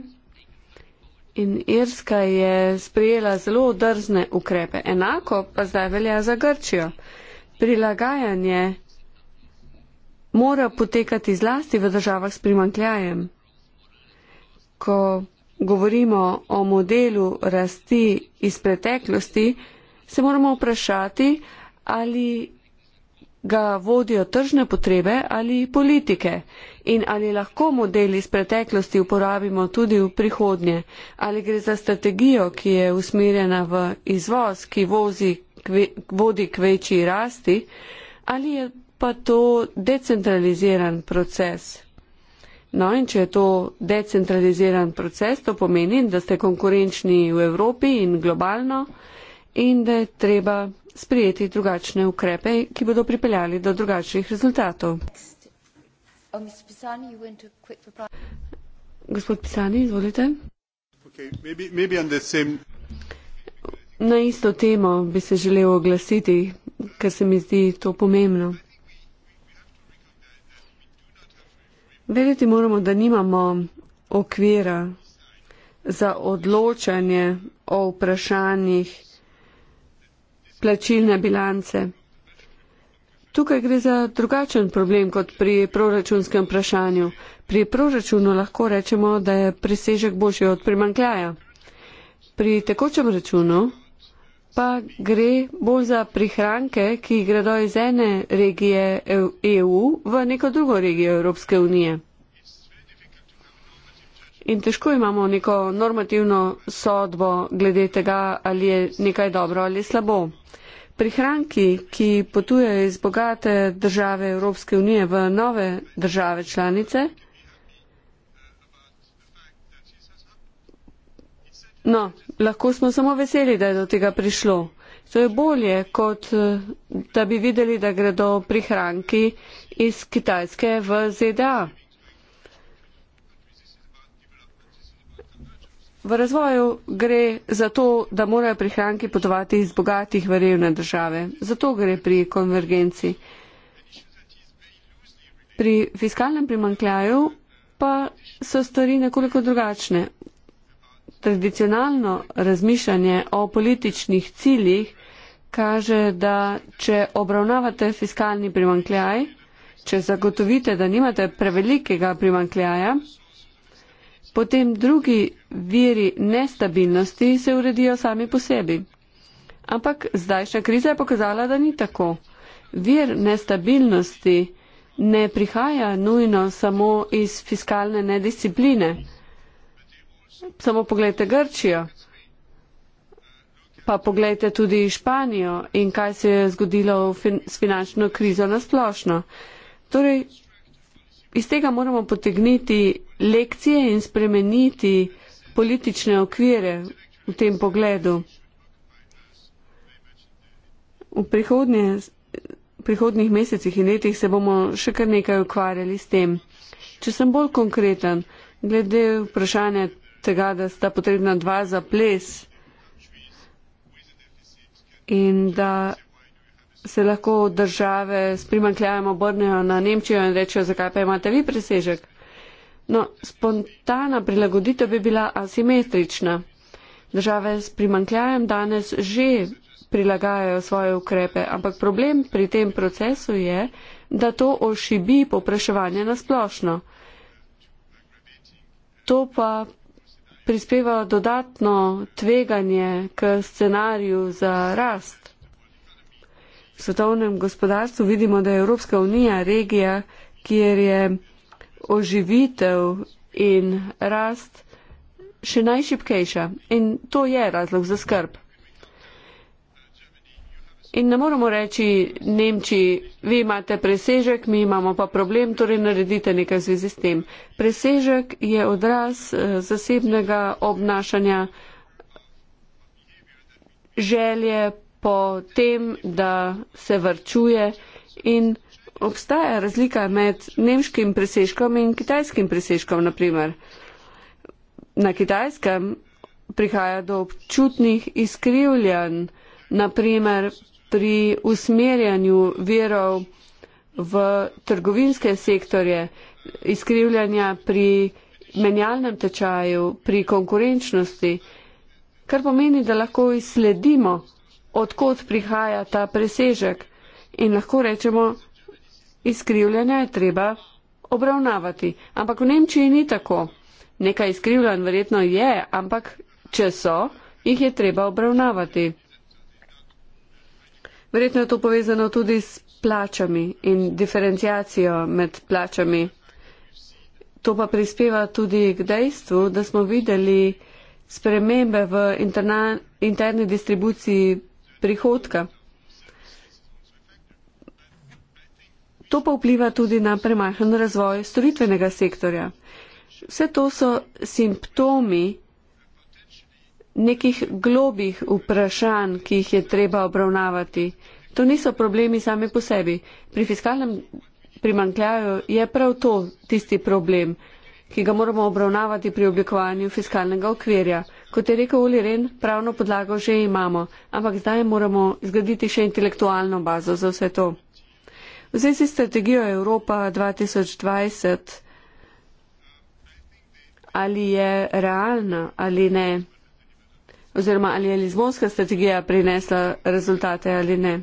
In Irska je sprejela zelo drzne ukrepe. Enako pa zdaj velja za Grčijo. Prilagajanje mora potekati zlasti v državah s primankljajem. Ko govorimo o modelu rasti iz preteklosti, se moramo vprašati, ali ga vodijo tržne potrebe ali politike in ali lahko model iz preteklosti uporabimo tudi v prihodnje, ali gre za strategijo, ki je usmerjena v izvoz, ki vozi, vodi k večji rasti, ali je pa to decentraliziran proces. No in če je to decentraliziran proces, to pomeni, da ste konkurenčni v Evropi in globalno in da je treba sprijeti drugačne ukrepe, ki bodo pripeljali do drugačnih rezultatov. Gospod Pisani, izvolite. Na isto temo bi se želel oglasiti, ker se mi zdi to pomembno. Vedeti moramo, da nimamo okvira za odločanje o vprašanjih plačilne bilance. Tukaj gre za drugačen problem kot pri proračunskem vprašanju. Pri proračunu lahko rečemo, da je presežek boljši od primankljaja. Pri tekočem računu pa gre bolj za prihranke, ki gredo iz ene regije EU v neko drugo regijo Evropske unije in težko imamo neko normativno sodbo glede tega, ali je nekaj dobro ali slabo. Prihranki, ki potujejo iz bogate države Evropske unije v nove države članice, no, lahko smo samo veseli, da je do tega prišlo. To je bolje, kot da bi videli, da gredo prihranki iz Kitajske v ZDA. V razvoju gre za to, da morajo prihranki potovati iz bogatih v revne države. Zato gre pri konvergenci. Pri fiskalnem primankljaju pa so stvari nekoliko drugačne. Tradicionalno razmišljanje o političnih ciljih kaže, da če obravnavate fiskalni primankljaj, če zagotovite, da nimate prevelikega primankljaja, potem drugi viri nestabilnosti se uredijo sami po sebi. Ampak zdajšnja kriza je pokazala, da ni tako. Vir nestabilnosti ne prihaja nujno samo iz fiskalne nediscipline. Samo pogledajte Grčijo, pa pogledajte tudi Španijo in kaj se je zgodilo fin s finančno krizo nasplošno. Torej, iz tega moramo potegniti lekcije in spremeniti politične okvire v tem pogledu. V prihodnje, prihodnih mesecih in letih se bomo še kar nekaj ukvarjali s tem. Če sem bolj konkreten, glede vprašanja tega, da sta potrebna dva za ples in da se lahko države s primankljajem obrnejo na Nemčijo in rečejo, zakaj pa imate vi presežek. No, spontana prilagoditev bi bila asimetrična. Države s primankljajem danes že prilagajajo svoje ukrepe, ampak problem pri tem procesu je, da to ošibi popraševanje na splošno. To pa prispeva dodatno tveganje k scenariju za rast svetovnem gospodarstvu vidimo, da je Evropska unija regija, kjer je oživitev in rast še najšipkejša. In to je razlog za skrb. In ne moremo reči Nemčiji, vi imate presežek, mi imamo pa problem, torej naredite nekaj v zvezi s tem. Presežek je odraz eh, zasebnega obnašanja, želje, po tem, da se vrčuje in obstaja razlika med nemškim presežkom in kitajskim presežkom, naprimer. Na kitajskem prihaja do občutnih izkrivljanj, naprimer pri usmerjanju verov v trgovinske sektorje, izkrivljanja pri menjalnem tečaju, pri konkurenčnosti, kar pomeni, da lahko izsledimo odkot prihaja ta presežek in lahko rečemo, izkrivljanja je treba obravnavati. Ampak v Nemčiji ni tako. Nekaj izkrivljanj verjetno je, ampak če so, jih je treba obravnavati. Verjetno je to povezano tudi s plačami in diferencijacijo med plačami. To pa prispeva tudi k dejstvu, da smo videli spremembe v interna, interni distribuciji prihodka. To pa vpliva tudi na premahen razvoj storitvenega sektorja. Vse to so simptomi nekih globih vprašanj, ki jih je treba obravnavati. To niso problemi same po sebi. Pri fiskalnem primankljaju je prav to tisti problem, ki ga moramo obravnavati pri oblikovanju fiskalnega okvirja. Kot je rekel Uli Ren, pravno podlago že imamo, ampak zdaj moramo zgraditi še intelektualno bazo za vse to. V zvezi s strategijo Evropa 2020, ali je realna ali ne, oziroma ali je Lizbonska strategija prinesla rezultate ali ne.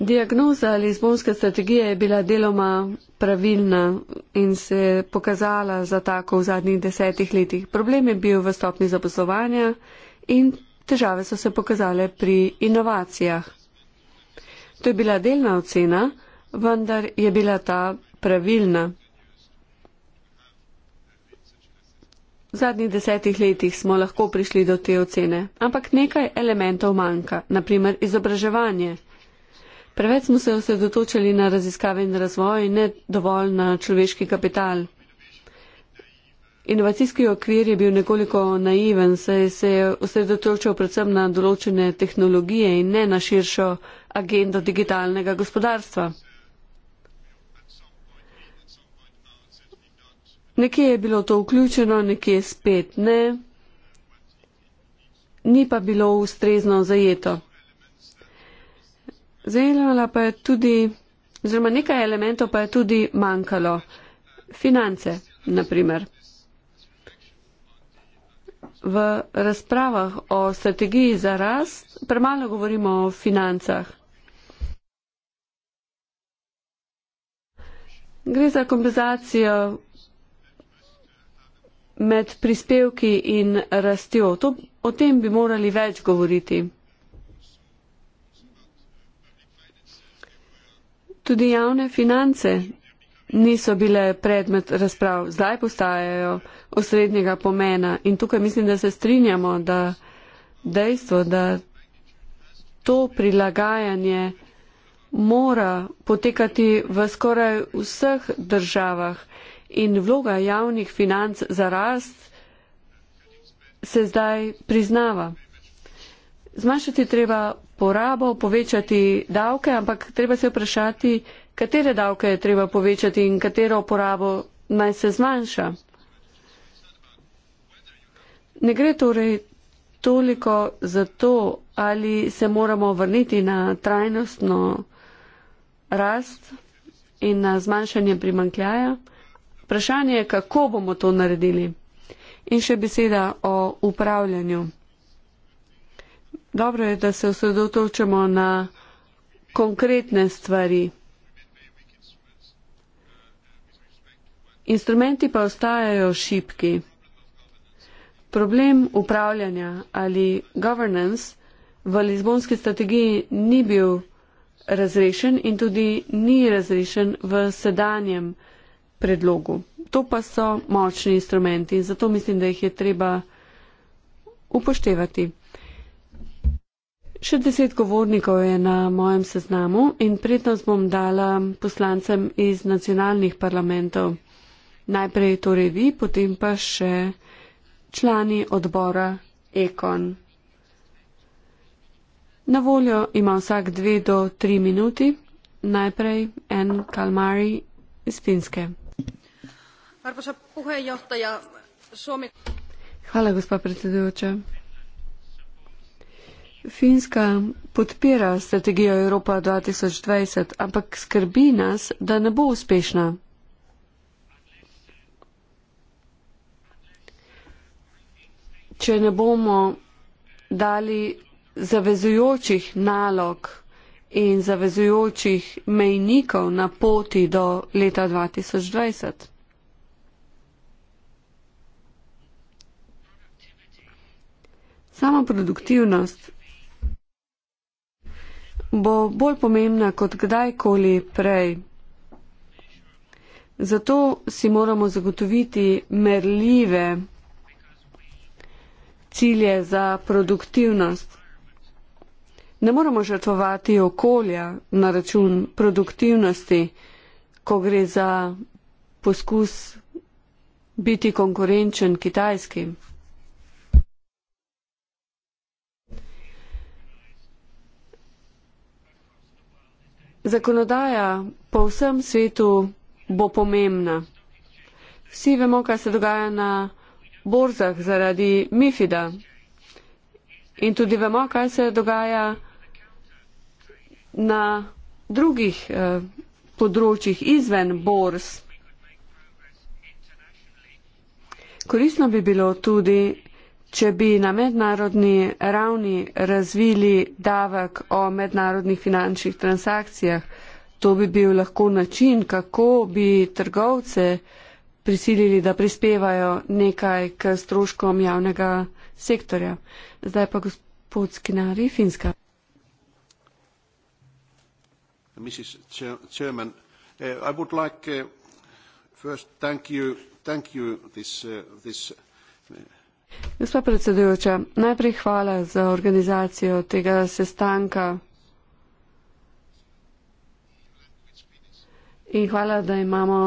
Diagnoza Lizbonske strategije je bila deloma pravilna in se je pokazala za tako v zadnjih desetih letih. Problem je bil v stopni zaposlovanja in težave so se pokazale pri inovacijah. To je bila delna ocena, vendar je bila ta pravilna. V zadnjih desetih letih smo lahko prišli do te ocene, ampak nekaj elementov manjka, naprimer izobraževanje. Preveč smo se osredotočili na raziskave in razvoj, ne dovolj na človeški kapital. Inovacijski okvir je bil nekoliko naiven, saj se je osredotočal predvsem na določene tehnologije in ne na širšo agendo digitalnega gospodarstva. Nekje je bilo to vključeno, nekje spet ne, ni pa bilo ustrezno zajeto. Zanimala pa je tudi, oziroma nekaj elementov pa je tudi manjkalo. Finance, naprimer. V razpravah o strategiji za rast premalo govorimo o financah. Gre za kompenzacijo med prispevki in rastjo. To, o tem bi morali več govoriti. Tudi javne finance niso bile predmet razprav, zdaj postajajo osrednjega pomena in tukaj mislim, da se strinjamo, da dejstvo, da to prilagajanje mora potekati v skoraj vseh državah in vloga javnih financ za rast se zdaj priznava zmanjšati treba porabo, povečati davke, ampak treba se vprašati, katere davke je treba povečati in katero porabo naj se zmanjša. Ne gre torej toliko za to, ali se moramo vrniti na trajnostno rast in na zmanjšanje primankljaja. Vprašanje je, kako bomo to naredili. In še beseda o upravljanju. Dobro je, da se osredotočamo na konkretne stvari. Instrumenti pa ostajajo šipki. Problem upravljanja ali governance v Lizbonski strategiji ni bil razrešen in tudi ni razrešen v sedanjem predlogu. To pa so močni instrumenti in zato mislim, da jih je treba upoštevati. Še deset govornikov je na mojem seznamu in prednost bom dala poslancem iz nacionalnih parlamentov. Najprej torej vi, potem pa še člani odbora Ekon. Na voljo ima vsak dve do tri minuti. Najprej en kalmari iz Finske. Hvala, gospa predsedujoča. Finska podpira strategijo Evropa 2020, ampak skrbi nas, da ne bo uspešna. Če ne bomo dali zavezujočih nalog in zavezujočih mejnikov na poti do leta 2020. Sama produktivnost bo bolj pomembna kot kdajkoli prej. Zato si moramo zagotoviti merljive cilje za produktivnost. Ne moramo žrtvovati okolja na račun produktivnosti, ko gre za poskus biti konkurenčen kitajskim. Zakonodaja po vsem svetu bo pomembna. Vsi vemo, kaj se dogaja na borzah zaradi Mifida. In tudi vemo, kaj se dogaja na drugih eh, področjih izven borz. Korisno bi bilo tudi, Če bi na mednarodni ravni razvili davek o mednarodnih finančnih transakcijah, to bi bil lahko način, kako bi trgovce prisilili, da prispevajo nekaj k stroškom javnega sektorja. Zdaj pa gospod Skinari, Finska. Mrs. Chairman, uh, I would like uh, first thank you, thank you this, uh, this uh, Gospa predsedujoča, najprej hvala za organizacijo tega sestanka. In hvala, da imamo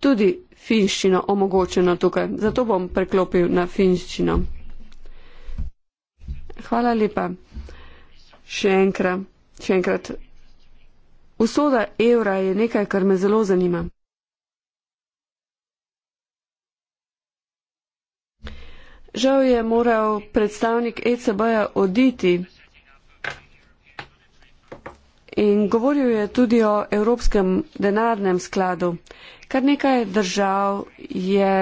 tudi finščino omogočeno tukaj. Zato bom preklopil na finščino. Hvala lepa. Še enkrat, še enkrat. Usoda evra je nekaj, kar me zelo zanima. Žal je moral predstavnik ECB-ja oditi. In govoril je tudi o Evropskem denarnem skladu. Kar nekaj držav je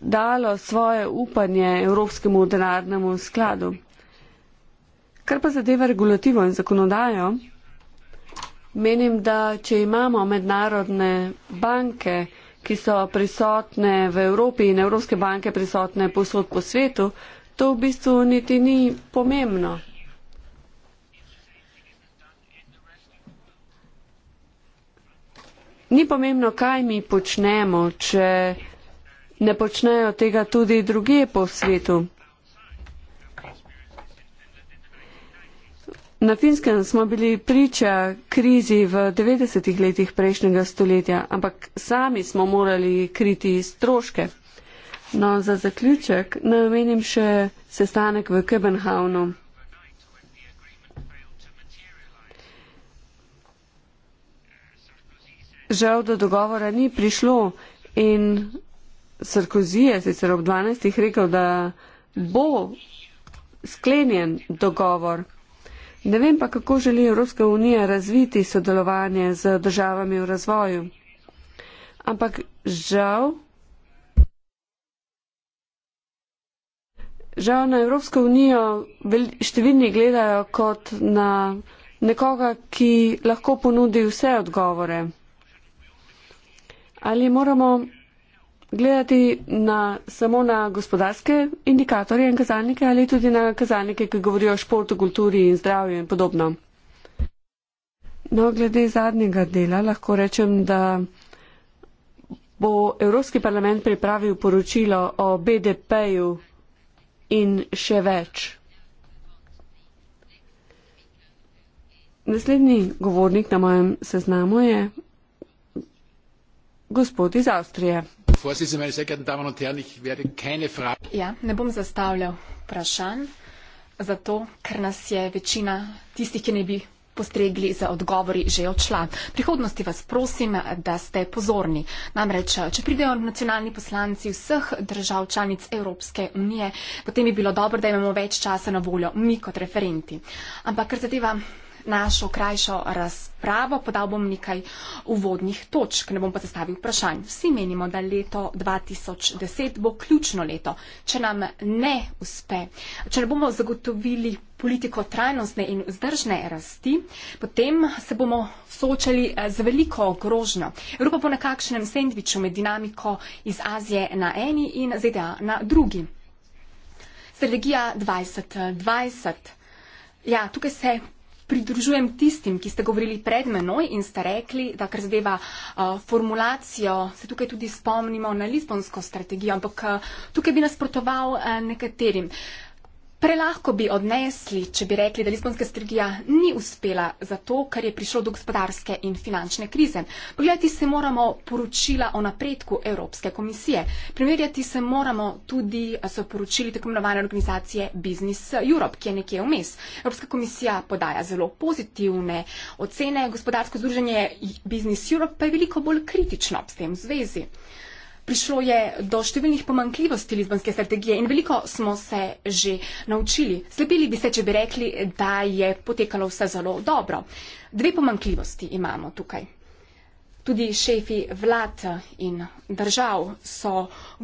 dalo svoje upanje Evropskemu denarnemu skladu. Kar pa zadeva regulativo in zakonodajo, menim, da če imamo mednarodne banke, ki so prisotne v Evropi in Evropske banke prisotne posod po svetu, to v bistvu niti ni pomembno. Ni pomembno, kaj mi počnemo, če ne počnejo tega tudi druge po svetu. Na finskem smo bili priča krizi v 90-ih letih prejšnjega stoletja, ampak sami smo morali kriti stroške. No, za zaključek namenim še sestanek v Kebenhavnu. Žal do dogovora ni prišlo in Sarkozy je sicer ob 12. rekel, da bo sklenjen dogovor. Ne vem pa, kako želi Evropska unija razviti sodelovanje z državami v razvoju. Ampak žal, žal na Evropsko unijo številni gledajo kot na nekoga, ki lahko ponudi vse odgovore. Ali moramo gledati na, samo na gospodarske indikatorje in kazalnike ali tudi na kazalnike, ki govorijo o športu, kulturi in zdravju in podobno. No, glede zadnjega dela lahko rečem, da bo Evropski parlament pripravil poročilo o BDP-ju in še več. Naslednji govornik na mojem seznamu je gospod iz Avstrije vorsitzende meine sehr geehrten damen und herren ich werde keine frage ja ne bom zastavljal vprašanj zato ker nas je večina tistih ki ne bi postregli za odgovori že odšla. Prihodnosti vas prosim, da ste pozorni. Namreč, če pridejo nacionalni poslanci vseh držav članic Evropske unije, potem bi bilo dobro, da imamo več časa na voljo mi kot referenti. Ampak, ker zadeva našo krajšo razpravo, podal bom nekaj uvodnih točk, ne bom pa zastavil vprašanj. Vsi menimo, da leto 2010 bo ključno leto. Če nam ne uspe, če ne bomo zagotovili politiko trajnostne in vzdržne rasti, potem se bomo soočali eh, z veliko grožnjo. Evropa bo na kakšnem sendviču med dinamiko iz Azije na eni in ZDA na drugi. Strategija 2020. Ja, tukaj se pridružujem tistim, ki ste govorili pred menoj in ste rekli, da kar zadeva formulacijo, se tukaj tudi spomnimo na lisbonsko strategijo, ampak tukaj bi nasprotoval nekaterim. Prelahko bi odnesli, če bi rekli, da Lisbonska strategija ni uspela zato, ker je prišlo do gospodarske in finančne krize. Pogledati se moramo poročila o napredku Evropske komisije. Primerjati se moramo tudi s poročili tako imenovane organizacije Business Europe, ki je nekje vmes. Evropska komisija podaja zelo pozitivne ocene, gospodarsko združenje Business Europe pa je veliko bolj kritično s tem zvezi. Uh, prišlo je do številnih pomankljivosti Lizbonske strategije in veliko smo se že naučili. Slepili bi se, če bi rekli, da je potekalo vse zelo dobro. Dve pomankljivosti imamo tukaj. Tudi šefi vlad in držav so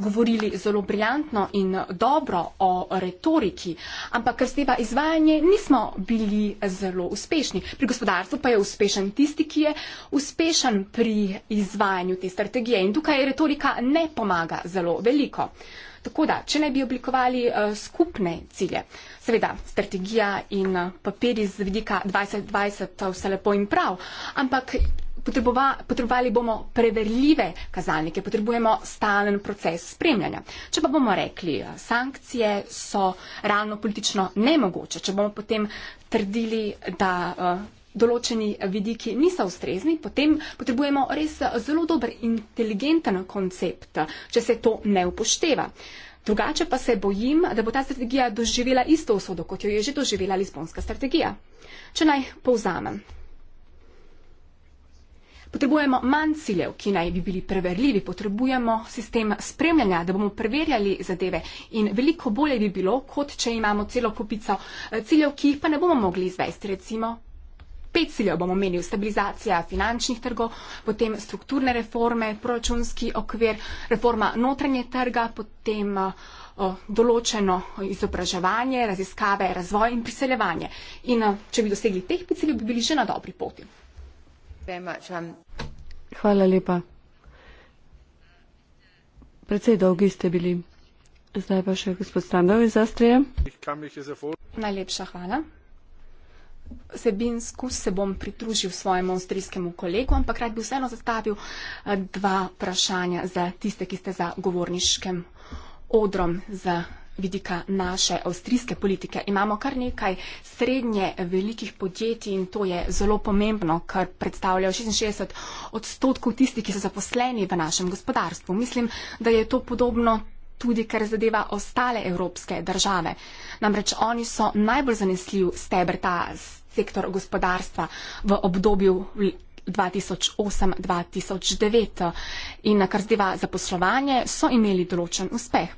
govorili zelo briljantno in dobro o retoriki, ampak ker steva izvajanje nismo bili zelo uspešni. Pri gospodarstvu pa je uspešen tisti, ki je uspešen pri izvajanju te strategije in tukaj retorika ne pomaga zelo veliko. Tako da, če ne bi oblikovali uh, skupne cilje, seveda strategija in papiri z vidika 2020 vse lepo in prav, ampak potrebova, potrebovali bomo preverljive kazalnike, potrebujemo stalen proces spremljanja. Če pa bomo rekli, eh, sankcije so realno politično nemogoče, če bomo potem trdili, da eh, določeni vidiki niso ustrezni, potem potrebujemo res eh, zelo dober, inteligenten koncept, če se to ne upošteva. Drugače pa se bojim, da bo ta strategija doživela isto usodo, kot jo je že doživela Lisbonska strategija. Če naj povzamem. Potrebujemo manj ciljev, ki naj bi bili preverljivi, potrebujemo sistem spremljanja, da bomo preverjali zadeve in veliko bolje bi bilo, kot če imamo celo kupico eh, ciljev, ki jih pa ne bomo mogli izvesti, recimo. Pet ciljev bomo menili, stabilizacija finančnih trgov, potem strukturne reforme, proračunski okvir, reforma notranje trga, potem o, eh, eh, določeno izobraževanje, raziskave, razvoj in priseljevanje. In o, če bi dosegli teh pet ciljev, bi bili že na dobri poti. Um, hvala lepa. Predvsej dolgi ste bili. Zdaj pa še gospod Standov iz Astrije. Najlepša hvala. Sebinsko se bom pridružil svojemu avstrijskemu kolegu, ampak rad bi vseeno zastavil eh, dva vprašanja za tiste, ki ste za govorniškem odrom za vidika naše avstrijske politike. Imamo kar nekaj srednje velikih podjetij in to je zelo pomembno, kar predstavlja 66 odstotkov tistih, ki so zaposleni v našem gospodarstvu. Mislim, da je to podobno tudi, kar zadeva ostale evropske države. Namreč oni so najbolj zanesljiv stebr ta sektor gospodarstva v obdobju 2008-2009 in kar zdeva zaposlovanje, so imeli določen uspeh.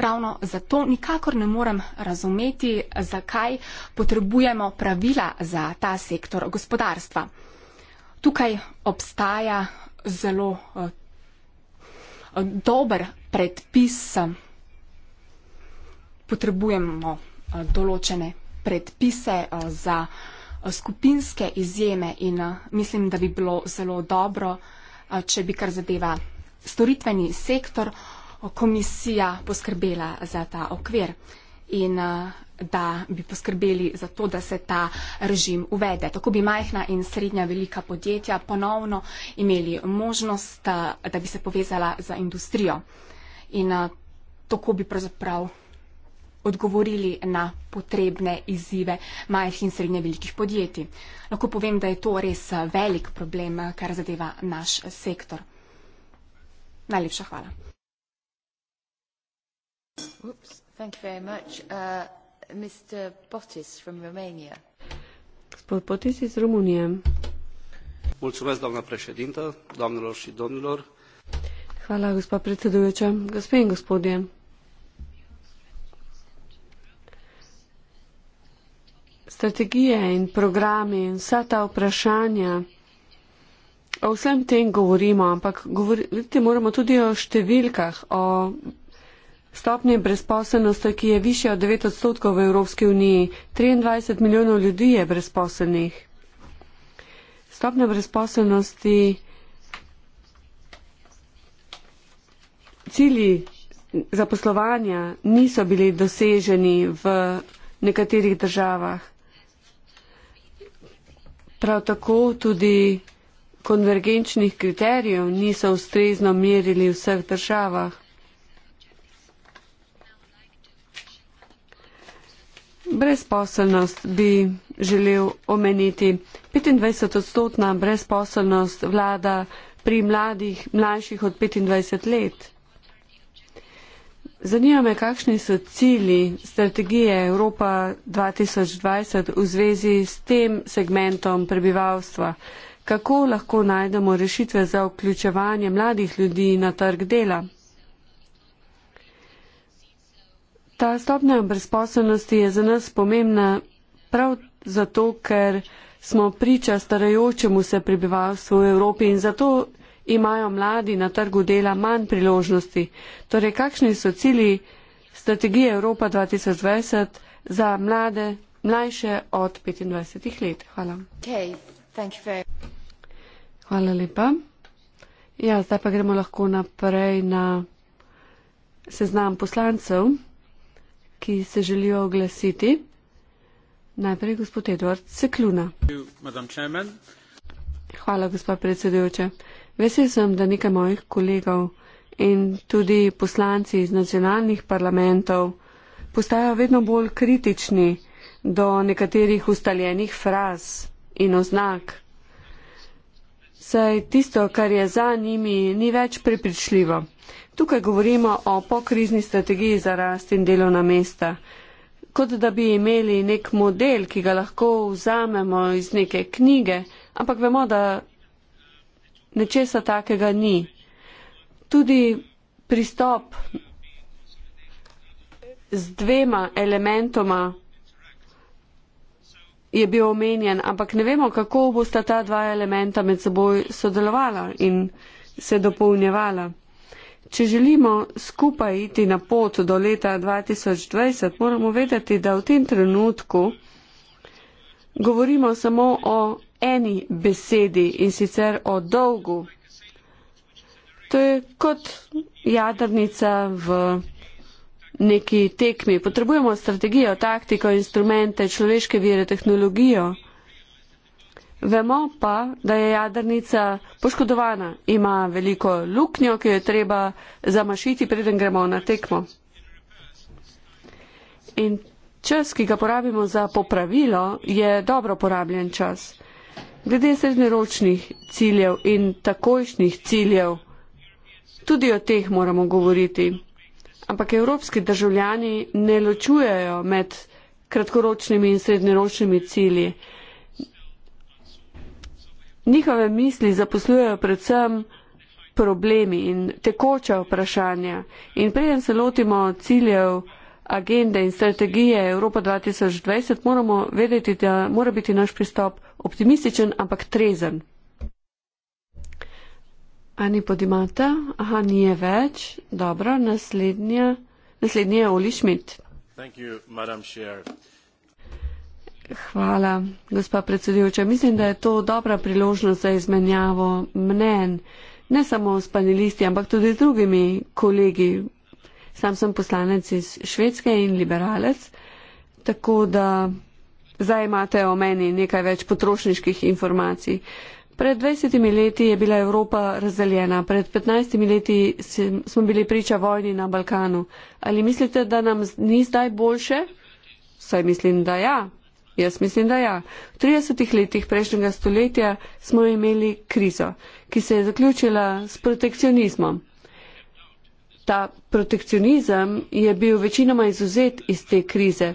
Ravno zato nikakor ne morem razumeti, zakaj potrebujemo pravila za ta sektor gospodarstva. Tukaj obstaja zelo eh, dober predpis, potrebujemo eh, določene predpise eh, za gospodarstvo. Eh, skupinske izjeme in eh, mislim, da bi bilo zelo dobro, eh, če bi kar zadeva storitveni sektor, komisija poskrbela za ta okvir in da bi poskrbeli za to, da se ta režim uvede. Tako bi majhna in srednja velika podjetja ponovno imeli možnost, da bi se povezala za industrijo. In tako bi pravzaprav odgovorili na potrebne izzive malih in srednje velikih podjetij. Lahko povem, da je to res eh, velik problem, eh, kar zadeva naš sektor. Najlepša hvala. Ups, thank you very much. Uh, Mr. Botis from Romania. Gospod Botis iz Romunije. Mulțumesc, doamna președintă, doamnelor și domnilor. Hvala, gospod predsedujoča. Gospe in gospodje. strategije in programi in vsa ta vprašanja. O vsem tem govorimo, ampak govoriti moramo tudi o številkah, o stopnje brezposelnosti, ki je više od 9 odstotkov v Evropski uniji. 23 milijonov ljudi je brezposelnih. Stopnja brezposelnosti, cilji zaposlovanja niso bili doseženi v nekaterih državah. Prav tako tudi konvergenčnih kriterijev niso ustrezno merili v vseh državah. Brezposelnost bi želel omeniti. 25 odstotna brezposelnost vlada pri mladih, mlajših od 25 let. Zanima me, kakšni so cilji strategije Evropa 2020 v zvezi s tem segmentom prebivalstva. Kako lahko najdemo rešitve za vključevanje mladih ljudi na trg dela? Ta stopnja brezposobnosti je za nas pomembna prav zato, ker smo priča starajočemu se prebivalstvu v Evropi in zato imajo mladi na trgu dela manj priložnosti. Torej, kakšni so cilji strategije Evropa 2020 za mlade, mlajše od 25 let? Hvala. Okay. Hvala lepa. Ja, zdaj pa gremo lahko naprej na seznam poslancev, ki se želijo oglasiti. Najprej gospod Edward Sekluna. Hvala, gospod predsedujoče. Vesel sem, da nekaj mojih kolegov in tudi poslanci iz nacionalnih parlamentov postajajo vedno bolj kritični do nekaterih ustaljenih fraz in oznak. Saj tisto, kar je za njimi, ni več prepričljivo. Tukaj govorimo o pokrizni strategiji za rast in delovna mesta. Kot da bi imeli nek model, ki ga lahko vzamemo iz neke knjige, ampak vemo, da nečesa takega ni. Tudi pristop z dvema elementoma je bil omenjen, ampak ne vemo, kako bosta ta dva elementa med seboj sodelovala in se dopolnjevala. Če želimo skupaj iti na pot do leta 2020, moramo vedeti, da v tem trenutku govorimo samo o eni besedi in sicer o dolgu. To je kot jadrnica v neki tekmi. Potrebujemo strategijo, taktiko, instrumente, človeške vire, tehnologijo. Vemo pa, da je jadrnica poškodovana, ima veliko luknjo, ki jo je treba zamašiti, preden gremo na tekmo. In čas, ki ga porabimo za popravilo, je dobro porabljen čas glede srednjeročnih ciljev in takojšnjih ciljev, tudi o teh moramo govoriti. Ampak evropski državljani ne ločujejo med kratkoročnimi in srednjeročnimi cilji. Njihove misli zaposlujejo predvsem problemi in tekoča vprašanja. In preden se lotimo ciljev agende in strategije Evropa 2020, moramo vedeti, da mora biti naš pristop optimističen, ampak trezen. Ani podimata, aha, ni je več. Dobro, naslednja, naslednji je Oli Schmidt. Thank you, madam chair. Hvala, gospa predsedujoča. Mislim, da je to dobra priložnost za izmenjavo mnen, ne samo s panelisti, ampak tudi z drugimi kolegi. Sam sem poslanec iz Švedske in liberalec, tako da Zdaj imate o meni nekaj več potrošniških informacij. Pred 20 leti je bila Evropa razdeljena, pred 15 leti smo bili priča vojni na Balkanu. Ali mislite, da nam ni zdaj boljše? Saj mislim, da ja. Jaz mislim, da ja. V 30 letih prejšnjega stoletja smo imeli krizo, ki se je zaključila s protekcionizmom. Ta protekcionizem je bil večinoma izuzet iz te krize,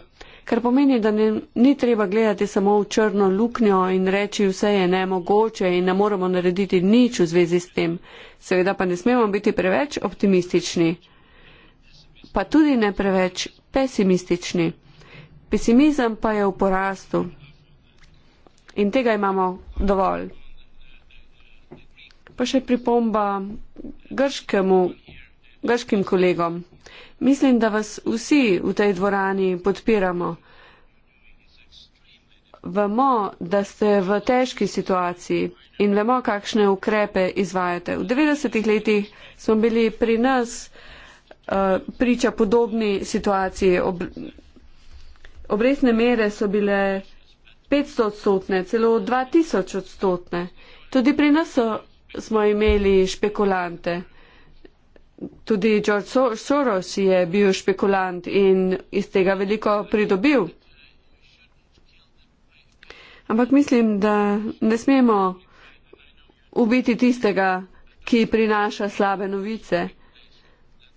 kar pomeni, da ne, ni treba gledati samo v črno luknjo in reči vse je nemogoče in ne moremo narediti nič v zvezi s tem. Seveda pa ne smemo biti preveč optimistični, pa tudi ne preveč pesimistični. Pesimizem pa je v porastu in tega imamo dovolj. Pa še pripomba grškemu, grškim kolegom. Mislim, da vas vsi v tej dvorani podpiramo. Vemo, da ste v težki situaciji in vemo, kakšne ukrepe izvajate. V 90-ih letih smo bili pri nas uh, priča podobni situaciji. Ob, obresne mere so bile 500 odstotne, celo 2000 odstotne. Tudi pri nas so, smo imeli špekulante tudi George Soros je bil špekulant in iz tega veliko pridobil. Ampak mislim, da ne smemo ubiti tistega, ki prinaša slabe novice.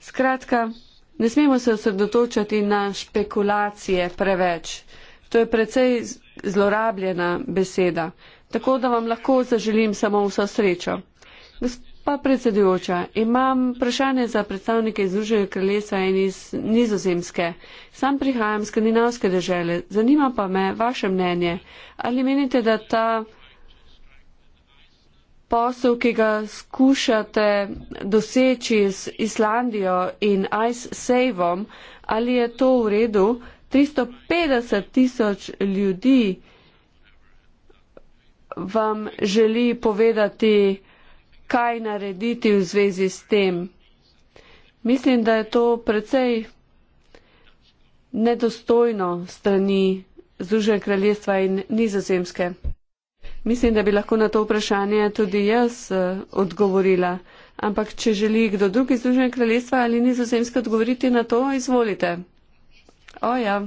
Skratka, ne smemo se osredotočati na špekulacije preveč. To je precej zlorabljena beseda. Tako da vam lahko zaželim samo vso srečo. Gosp Pa predsedujoča, imam vprašanje za predstavnike Združenja kraljestva in iz nizozemske. Sam prihajam iz skandinavske države. Zanima pa me vaše mnenje. Ali menite, da ta posel, ki ga skušate doseči z Islandijo in Ice Saveom, ali je to v redu? 350 tisoč ljudi vam želi povedati, kaj narediti v zvezi s tem. Mislim, da je to precej nedostojno strani Združenja kraljestva in nizozemske. Mislim, da bi lahko na to vprašanje tudi jaz eh, odgovorila. Ampak, če želi kdo drug iz Združenja kraljestva ali nizozemske odgovoriti na to, izvolite. O ja,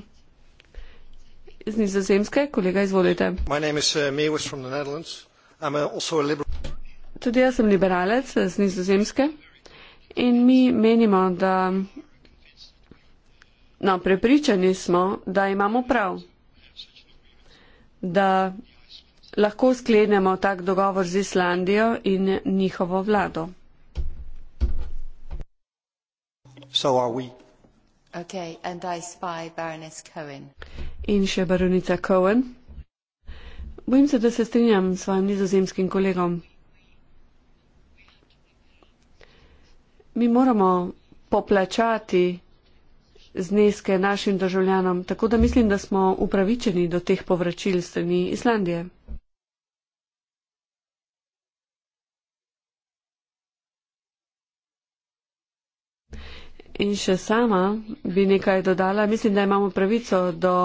iz nizozemske, kolega, izvolite. Tudi jaz sem liberalec z nizozemske in mi menimo, da no, prepričani smo, da imamo prav, da lahko sklenemo tak dogovor z Islandijo in njihovo vlado. So okay, and I spy Cohen. In še baronica Cohen. Bojim se, da se strinjam s svojim nizozemskim kolegom. mi moramo poplačati zneske našim državljanom, tako da mislim, da smo upravičeni do teh povračil strani Islandije. In še sama bi nekaj dodala, mislim, da imamo pravico do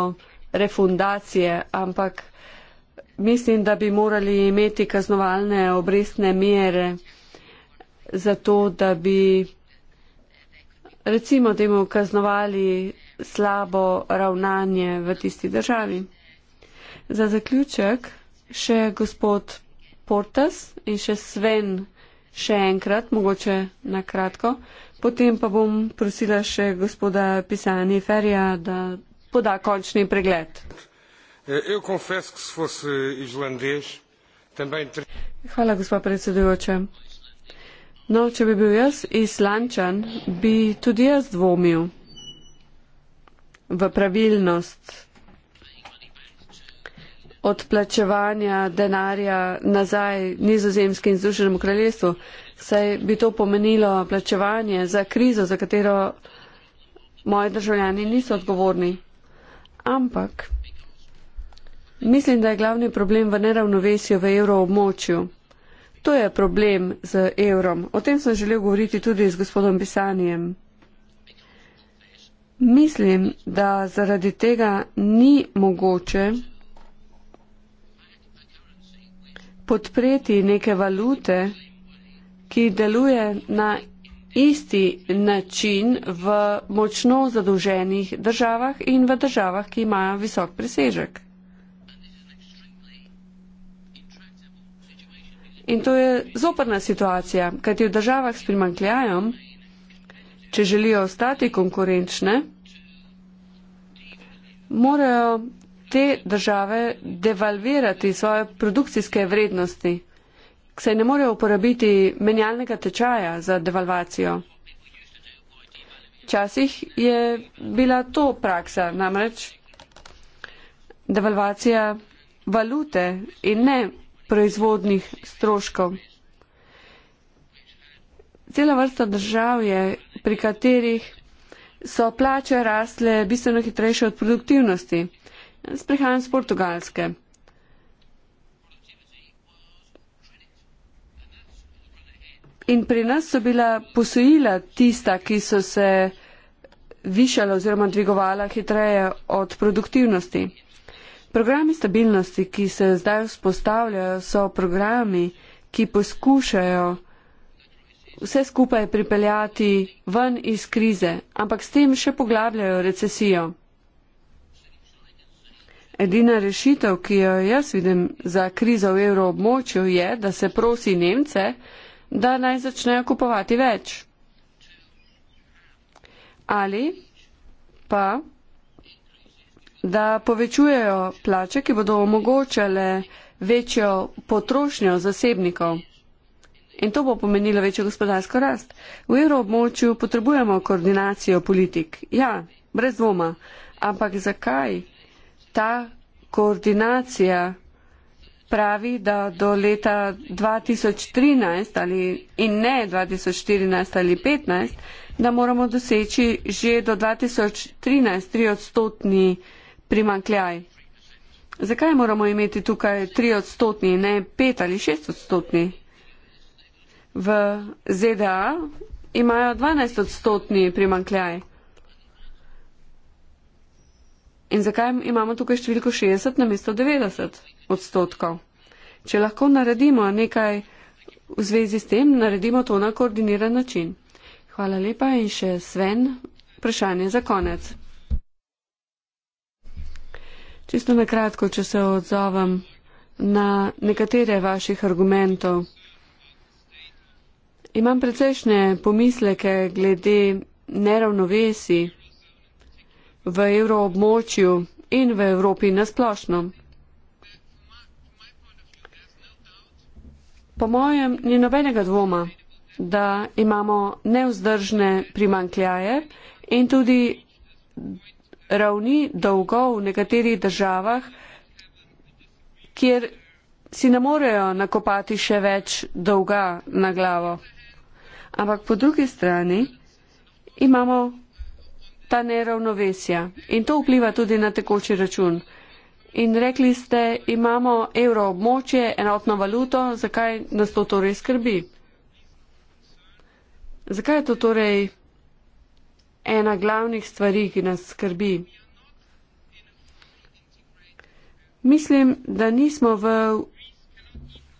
refundacije, ampak mislim, da bi morali imeti kaznovalne obrestne mere za to, da bi recimo temu kaznovali slabo ravnanje v tisti državi. Za zaključek še gospod Portas in še Sven še enkrat, mogoče na kratko, potem pa bom prosila še gospoda Pisani Ferja, da poda končni pregled. Eh, Hvala, gospod predsedujoče. No, če bi bil jaz islančan, bi tudi jaz dvomil v pravilnost odplačevanja denarja nazaj nizozemskim združenemu kraljestvu, saj bi to pomenilo plačevanje za krizo, za katero moji državljani niso odgovorni. Ampak mislim, da je glavni problem v neravnovesju v evroobmočju. To je problem z evrom. O tem sem želel govoriti tudi z gospodom Pisanjem. Mislim, da zaradi tega ni mogoče podpreti neke valute, ki deluje na isti način v močno zadolženih državah in v državah, ki imajo visok presežek. In to je zoprna situacija, kajti v državah s primankljajem, če želijo ostati konkurenčne, morajo te države devalvirati svoje produkcijske vrednosti, saj ne morejo uporabiti menjalnega tečaja za devalvacijo. Včasih je bila to praksa, namreč devalvacija valute in ne proizvodnih stroškov. Cela vrsta držav je, pri katerih so plače rasle bistveno hitrejše od produktivnosti. Jaz prihajam z Portugalske. In pri nas so bila posojila tista, ki so se višala oziroma dvigovala hitreje od produktivnosti. Programi stabilnosti, ki se zdaj vzpostavljajo, so programi, ki poskušajo vse skupaj pripeljati ven iz krize, ampak s tem še poglabljajo recesijo. Edina rešitev, ki jo jaz vidim za krizo v evroobmočju, je, da se prosi Nemce, da naj začnejo kupovati več. Ali pa da povečujejo plače, ki bodo omogočale večjo potrošnjo zasebnikov. In to bo pomenilo večjo gospodarsko rast. V evroobmočju potrebujemo koordinacijo politik. Ja, brez dvoma. Ampak zakaj ta koordinacija pravi, da do leta 2013 ali, in ne 2014 ali 2015, da moramo doseči že do 2013 triodstotni odstotni primankljaj. Zakaj moramo imeti tukaj tri odstotni, ne pet ali šest odstotni? V ZDA imajo 12 odstotni primankljaj. In zakaj imamo tukaj številko 60 na mesto 90 odstotkov? Če lahko naredimo nekaj v zvezi s tem, naredimo to na koordiniran način. Hvala lepa in še Sven, vprašanje za konec. Čisto na kratko, če se odzovem na nekatere vaših argumentov. Imam precejšnje pomisleke glede neravnovesi v evroobmočju in v Evropi nasplošno. Po mojem ni nobenega dvoma, da imamo neuzdržne primankljaje in tudi ravni dolgov v nekaterih državah, kjer si ne morejo nakopati še več dolga na glavo. Ampak po drugi strani imamo ta neravnovesja in to vpliva tudi na tekoči račun. In rekli ste, imamo evro območje, enotno valuto, zakaj nas to torej skrbi? Zakaj je to torej ena glavnih stvari, ki nas skrbi. Mislim, da nismo v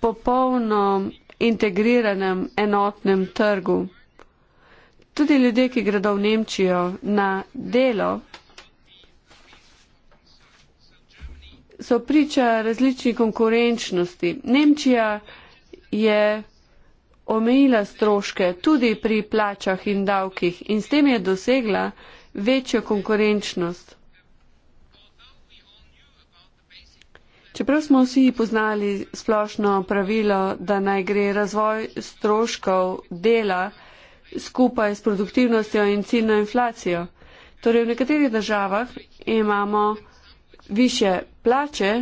popolno integriranem enotnem trgu. Tudi ljudje, ki gredo v Nemčijo na delo, so priča različni konkurenčnosti. Nemčija je omejila stroške tudi pri plačah in davkih in s tem je dosegla večjo konkurenčnost. Čeprav smo vsi poznali splošno pravilo, da naj gre razvoj stroškov dela skupaj s produktivnostjo in ciljno inflacijo. Torej v nekaterih državah imamo više plače,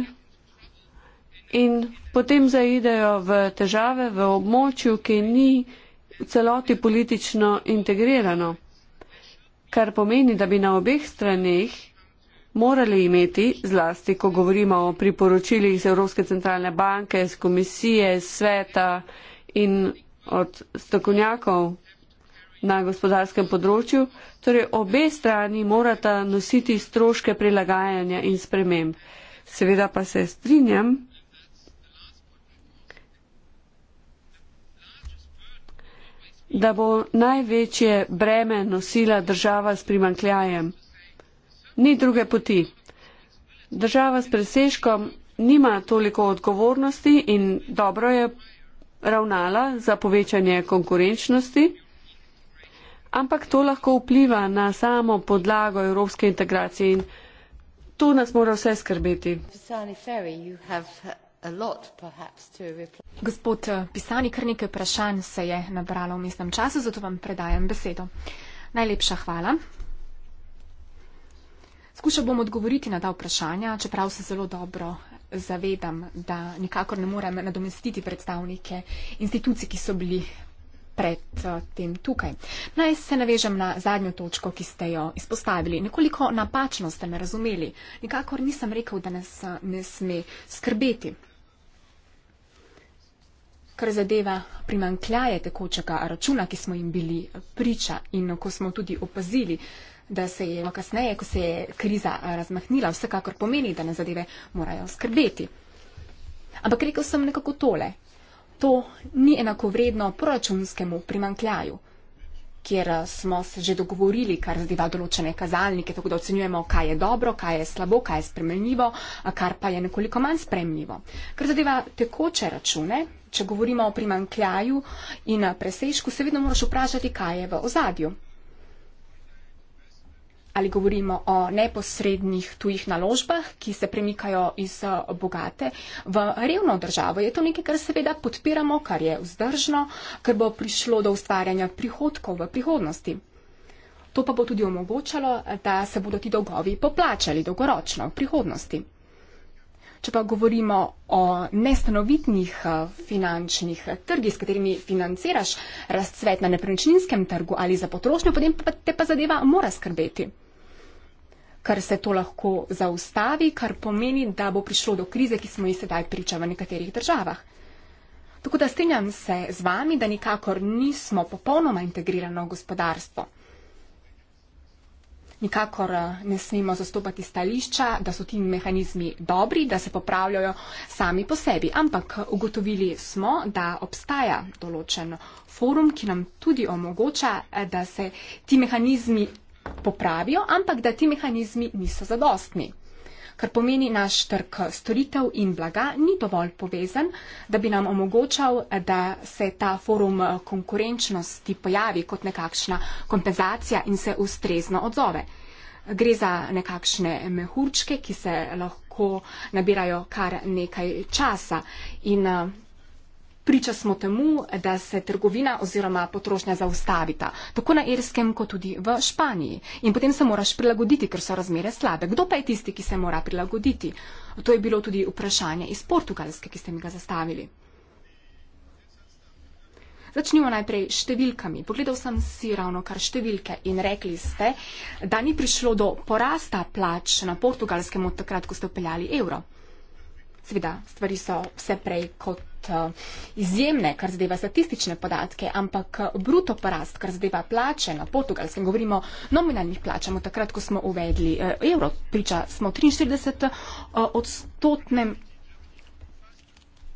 in potem zaidejo v težave v območju, ki ni celoti politično integrirano. Kar pomeni, da bi na obeh stranih morali imeti, zlasti, ko govorimo o priporočilih z Evropske centralne banke, z komisije, z sveta in od strokovnjakov na gospodarskem področju, torej obe strani morata nositi stroške prilagajanja in sprememb. Seveda pa se strinjam, da bo največje breme nosila država s primankljajem. Ni druge poti. Država s presežkom nima toliko odgovornosti in dobro je ravnala za povečanje konkurenčnosti, ampak to lahko vpliva na samo podlago evropske integracije in to nas mora vse skrbeti. Gospod eh, Pisani, kar nekaj vprašanj se je nabralo v mestnem času, zato vam predajam besedo. Najlepša hvala. Skušal bom odgovoriti na ta vprašanja, čeprav se zelo dobro zavedam, da nikakor ne morem nadomestiti predstavnike institucij, ki so bili pred eh, tem tukaj. Naj se navežem na zadnjo točko, ki ste jo izpostavili. Nekoliko napačno ste me razumeli. Nikakor nisem rekel, da nas eh, ne sme skrbeti kar zadeva primankljaje tekočega računa, ki smo jim bili priča in ko smo tudi opazili, da se je kasneje, ko se je kriza razmahnila, vsekakor pomeni, da na zadeve morajo skrbeti. Ampak rekel sem nekako tole. To ni enako vredno proračunskemu primankljaju, kjer smo se že dogovorili, kar zadeva določene kazalnike, tako da ocenjujemo, kaj je dobro, kaj je slabo, kaj je spremenljivo, a kar pa je nekoliko manj spremenljivo. Kar zadeva tekoče račune, če govorimo o primankljaju in presežku, se vedno moraš vprašati, kaj je v ozadju. Ali govorimo o neposrednih tujih naložbah, ki se premikajo iz bogate v revno državo. Je to nekaj, kar seveda podpiramo, kar je vzdržno, ker bo prišlo do ustvarjanja prihodkov v prihodnosti. To pa bo tudi omogočalo, da se bodo ti dolgovi poplačali dolgoročno v prihodnosti. Če pa govorimo o nestanovitnih eh, finančnih eh, trgih, s katerimi financiraš razcvet na nepremičninskem trgu ali za potrošnjo, potem pa te pa zadeva mora skrbeti. Ker se to lahko zaustavi, kar pomeni, da bo prišlo do krize, ki smo ji sedaj priča v nekaterih državah. Tako da strinjam se z vami, da nikakor nismo popolnoma integrirano gospodarstvo nikakor eh, ne smemo zastopati stališča, da so ti mehanizmi dobri, da se popravljajo sami po sebi. Ampak ugotovili smo, da obstaja določen forum, ki nam tudi omogoča, eh, da se ti mehanizmi popravijo, ampak da ti mehanizmi niso zadostni kar pomeni naš trg eh, storitev in blaga ni dovolj povezan, da bi nam omogočal, eh, da se ta forum eh, konkurenčnosti pojavi kot nekakšna kompenzacija in se ustrezno odzove. Gre za nekakšne mehurčke, ki se lahko nabirajo kar nekaj časa in priča smo temu, da se trgovina oziroma potrošnja zaustavita, tako na Irskem, kot tudi v Španiji. In potem se moraš prilagoditi, ker so razmere slabe. Kdo pa je tisti, ki se mora prilagoditi? To je bilo tudi vprašanje iz Portugalske, ki ste mi ga zastavili. Začnimo najprej s številkami. Pogledal sem si ravno kar številke in rekli ste, da ni prišlo do porasta plač na portugalskem od takrat, ko ste upeljali evro. Seveda, stvari so vse prej kot Eh, izjemne, kar zadeva statistične podatke, ampak eh, bruto porast, kar zadeva plače na portugalskem, govorimo nominalnih plačam, takrat, ko smo uvedli eh, evro, priča smo 43 odstotnem.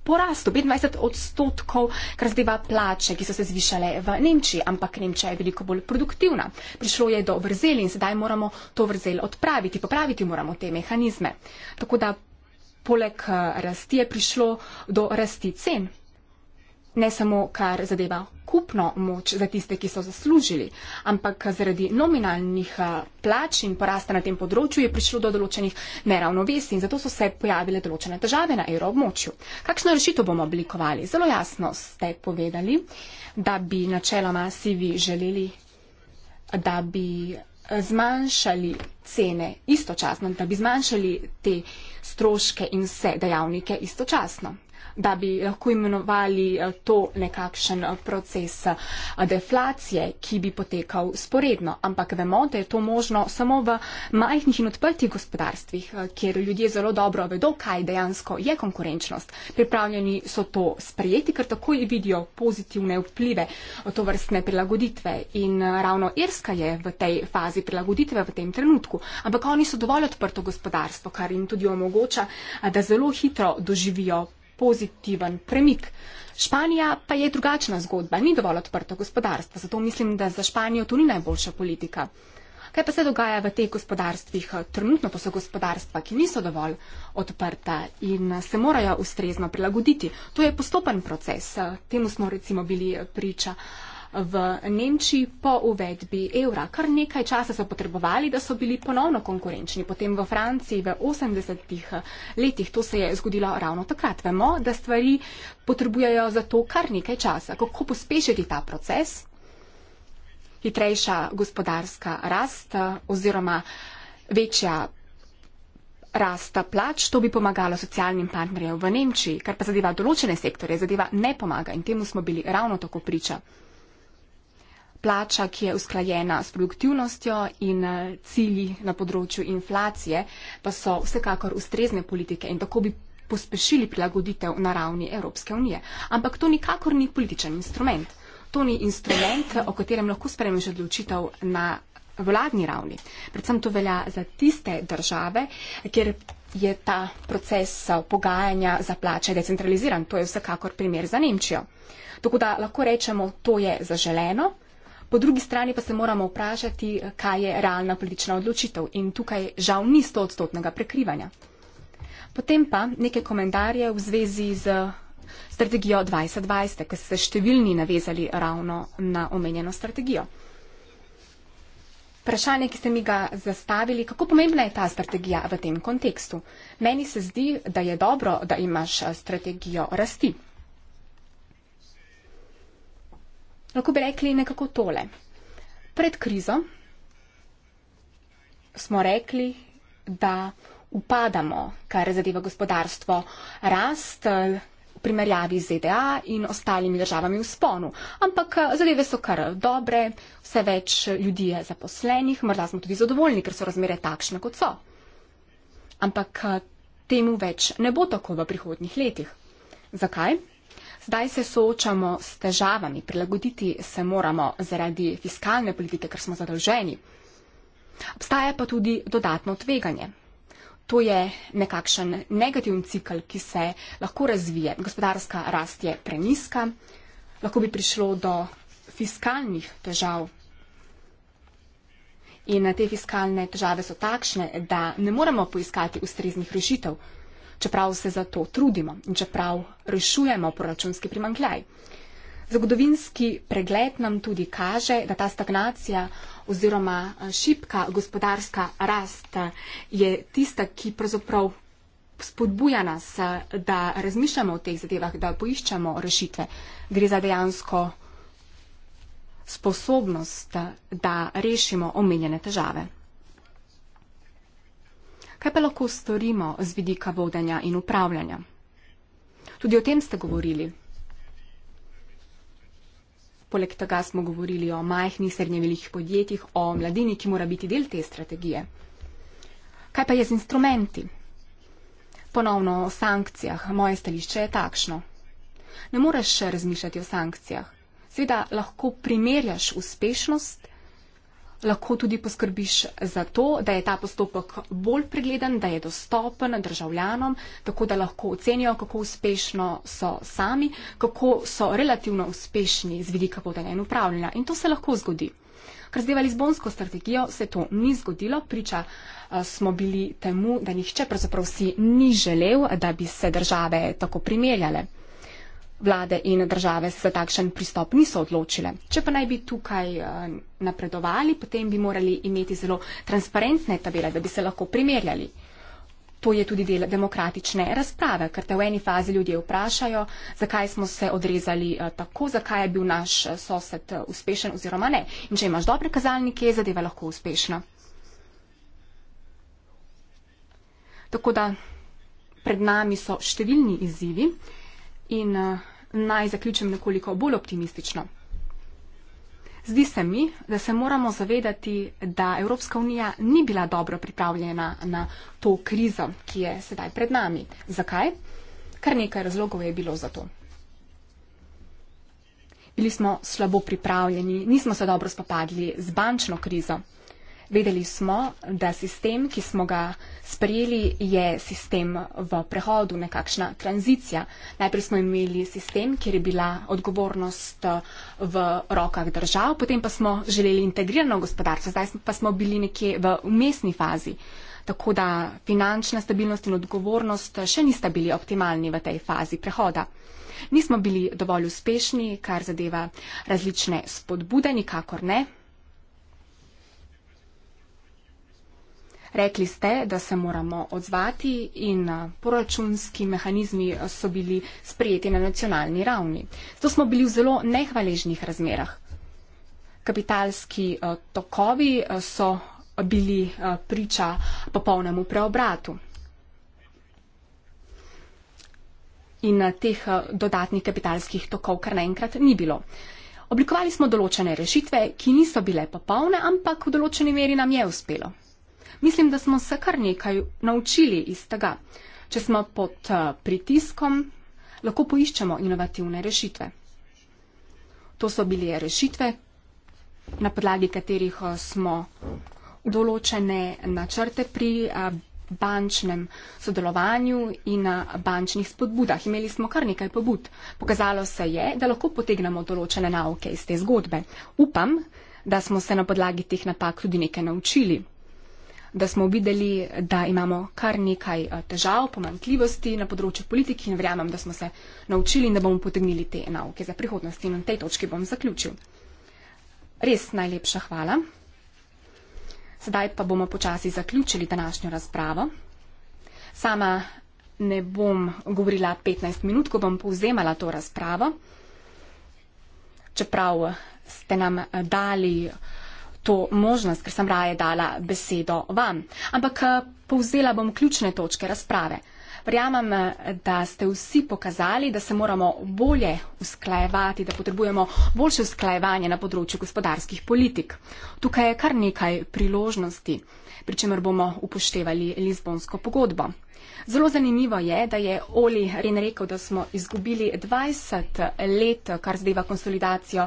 Porastu 25 odstotkov, kar zdeva plače, ki so se zvišale v Nemčiji, ampak Nemčija je veliko bolj produktivna. Prišlo je do vrzeli in sedaj moramo to vrzel odpraviti, popraviti moramo te mehanizme. Tako da poleg eh, rasti je prišlo do rasti cen. Ne samo, kar zadeva kupno moč za tiste, ki so zaslužili, ampak zaradi nominalnih eh, plač in porasta na tem področju je prišlo do določenih neravnovesij in zato so se pojavile določene težave na evroobmočju. Kakšno rešitev bomo oblikovali? Zelo jasno ste povedali, da bi načeloma si vi želeli, da bi zmanjšali cene istočasno, da bi zmanjšali te stroške in vse dejavnike istočasno da bi lahko imenovali eh, to nekakšen eh, proces eh, deflacije, ki bi potekal sporedno. Ampak vemo, da je to možno samo v majhnih in odprtih gospodarstvih, kjer ljudje zelo dobro vedo, kaj dejansko je konkurenčnost. Pripravljeni so to sprejeti, ker takoj vidijo pozitivne vplive to vrstne prilagoditve. In ravno Irska je v tej fazi prilagoditve v tem trenutku. Ampak oni so dovolj odprto gospodarstvo, kar jim tudi omogoča, da zelo hitro doživijo pozitiven premik. Španija pa je drugačna zgodba, ni dovolj odprto gospodarstvo, zato mislim, da za Španijo to ni najboljša politika. Kaj pa se dogaja v teh gospodarstvih? Trenutno pa so gospodarstva, ki niso dovolj odprta in se morajo ustrezno prilagoditi. To je postopen proces, temu smo recimo bili priča. Uh, v Nemčiji po uvedbi evra. Kar nekaj časa so potrebovali, da so bili ponovno konkurenčni. Potem v Franciji v 80-ih letih to se je zgodilo ravno takrat. Vemo, da stvari potrebujejo za to kar nekaj časa. Kako pospešiti ta proces? Hitrejša gospodarska rast eh, oziroma večja rasta plač, to bi pomagalo socialnim partnerjem v Nemčiji, kar pa zadeva določene sektorje, zadeva ne pomaga in temu smo bili ravno tako priča plača, ki je usklajena s produktivnostjo in eh, cilji na področju inflacije, pa so vsekakor ustrezne politike in tako bi pospešili prilagoditev na ravni Evropske unije. Ampak to nikakor ni političen instrument. To ni instrument, o katerem lahko spremljaš odločitev na vladni ravni. Predvsem to velja za tiste države, kjer je ta proces eh, pogajanja za plače decentraliziran. To je vsekakor primer za Nemčijo. Tako da lahko rečemo, to je zaželeno. Po drugi strani pa se moramo vprašati, kaj je realna politična odločitev in tukaj žal ni stotstotnega prekrivanja. Potem pa nekaj komentarje v zvezi z strategijo 2020, ker se številni navezali ravno na omenjeno strategijo. Vprašanje, ki ste mi ga zastavili, kako pomembna je ta strategija v tem kontekstu? Meni se zdi, da je dobro, da imaš eh, strategijo rasti. lahko bi rekli nekako tole. Pred krizo smo rekli, da upadamo, kar zadeva gospodarstvo, rast v primerjavi z ZDA in ostalimi državami v sponu. Ampak eh, zadeve so kar dobre, vse več ljudi je zaposlenih, morda smo tudi zadovoljni, ker so razmere takšne, kot so. Ampak eh, temu več ne bo tako v prihodnjih letih. Zakaj? Zdaj se soočamo s težavami, prilagoditi se moramo zaradi fiskalne politike, ker smo zadolženi. Obstaja pa tudi dodatno tveganje. To je nekakšen negativen cikl, ki se lahko razvije. Gospodarska rast je preniska, lahko bi prišlo do fiskalnih težav. In te fiskalne težave so takšne, da ne moremo poiskati ustreznih rešitev čeprav se za to trudimo in čeprav rešujemo proračunski primankljaj. Zagodovinski pregled nam tudi kaže, da ta stagnacija oziroma eh, šipka gospodarska rast eh, je tista, ki pravzaprav spodbuja nas, eh, da razmišljamo o teh zadevah, da poiščamo rešitve. Gre za dejansko sposobnost, da rešimo omenjene težave. Kaj pa lahko storimo z vidika vodenja in upravljanja? Tudi o tem ste govorili. Poleg tega smo govorili o majhnih srednjevelikih podjetjih, o mladini, ki mora biti del te strategije. Kaj pa je z instrumenti? Ponovno o sankcijah. Moje stališče je takšno. Ne moreš razmišljati o sankcijah. Seveda lahko primerjaš uspešnost lahko tudi poskrbiš za to, da je ta postopek bolj pregleden, da je dostopen državljanom, tako da lahko ocenijo, kako uspešno so sami, kako so relativno uspešni z vidika vodenja in upravljanja. In to se lahko zgodi. Ker z devalizbonsko strategijo se to ni zgodilo, priča smo bili temu, da nihče pravzaprav si ni želel, da bi se države tako primerjale vlade in države se za takšen pristop niso odločile. Če pa naj bi tukaj eh, napredovali, potem bi morali imeti zelo transparentne tabele, da bi se lahko primerjali. To je tudi del demokratične razprave, ker te v eni fazi ljudje vprašajo, zakaj smo se odrezali eh, tako, zakaj je bil naš eh, sosed uspešen oziroma ne. In če imaš dobre kazalnike, je zadeva lahko uspešna. Tako da pred nami so številni izzivi in uh, naj zaključim nekoliko bolj optimistično. Zdi se mi, da se moramo zavedati, da Evropska unija ni bila dobro pripravljena na to krizo, ki je sedaj pred nami. Zakaj? Kar nekaj razlogov je bilo za to. Bili smo slabo pripravljeni, nismo se dobro spopadli z bančno krizo. Vedeli smo, da sistem, ki smo ga sprejeli, je sistem v prehodu, nekakšna tranzicija. Najprej smo imeli sistem, kjer je bila odgovornost eh, v rokah držav, potem pa smo želeli integrirano gospodarstvo, zdaj pa smo bili nekje v umestni fazi. Tako da finančna stabilnost in odgovornost eh, še nista bili optimalni v tej fazi prehoda. Nismo bili dovolj uspešni, kar zadeva različne spodbude, nikakor ne. Rekli ste, da se moramo odzvati in proračunski mehanizmi so bili sprijeti na nacionalni ravni. To smo bili v zelo nehvaležnih razmerah. Kapitalski tokovi so bili priča popolnemu preobratu. In teh dodatnih kapitalskih tokov kar naenkrat ni bilo. Oblikovali smo določene rešitve, ki niso bile popolne, ampak v določeni meri nam je uspelo. Mislim, da smo se kar nekaj naučili iz tega. Če smo pod eh, pritiskom, lahko poiščemo inovativne rešitve. To so bile rešitve, na podlagi katerih eh, smo določene načrte pri eh, bančnem sodelovanju in na bančnih spodbudah. Imeli smo kar nekaj pobud. Pokazalo se je, da lahko potegnemo določene nauke iz te zgodbe. Upam, da smo se na podlagi teh napak tudi nekaj naučili da smo videli, da imamo kar nekaj eh, težav, pomankljivosti na področju politiki in verjamem, da smo se naučili in da bomo potegnili te nauke za prihodnost. In na tej točki bom zaključil. Res najlepša hvala. Sedaj pa bomo počasi zaključili današnjo razpravo. Sama ne bom govorila 15 minut, ko bom povzemala to razpravo. Čeprav ste nam eh, dali to možnost, ker sem raje dala besedo vam. Ampak eh, povzela bom ključne točke razprave. Verjamem, eh, da ste vsi pokazali, da se moramo bolje usklajevati, da potrebujemo boljše usklajevanje na področju gospodarskih politik. Tukaj je kar nekaj priložnosti, pri čemer bomo upoštevali Lizbonsko pogodbo. Zelo zanimivo je, da je Oli Ren rekel, da smo izgubili 20 let, kar zdeva konsolidacijo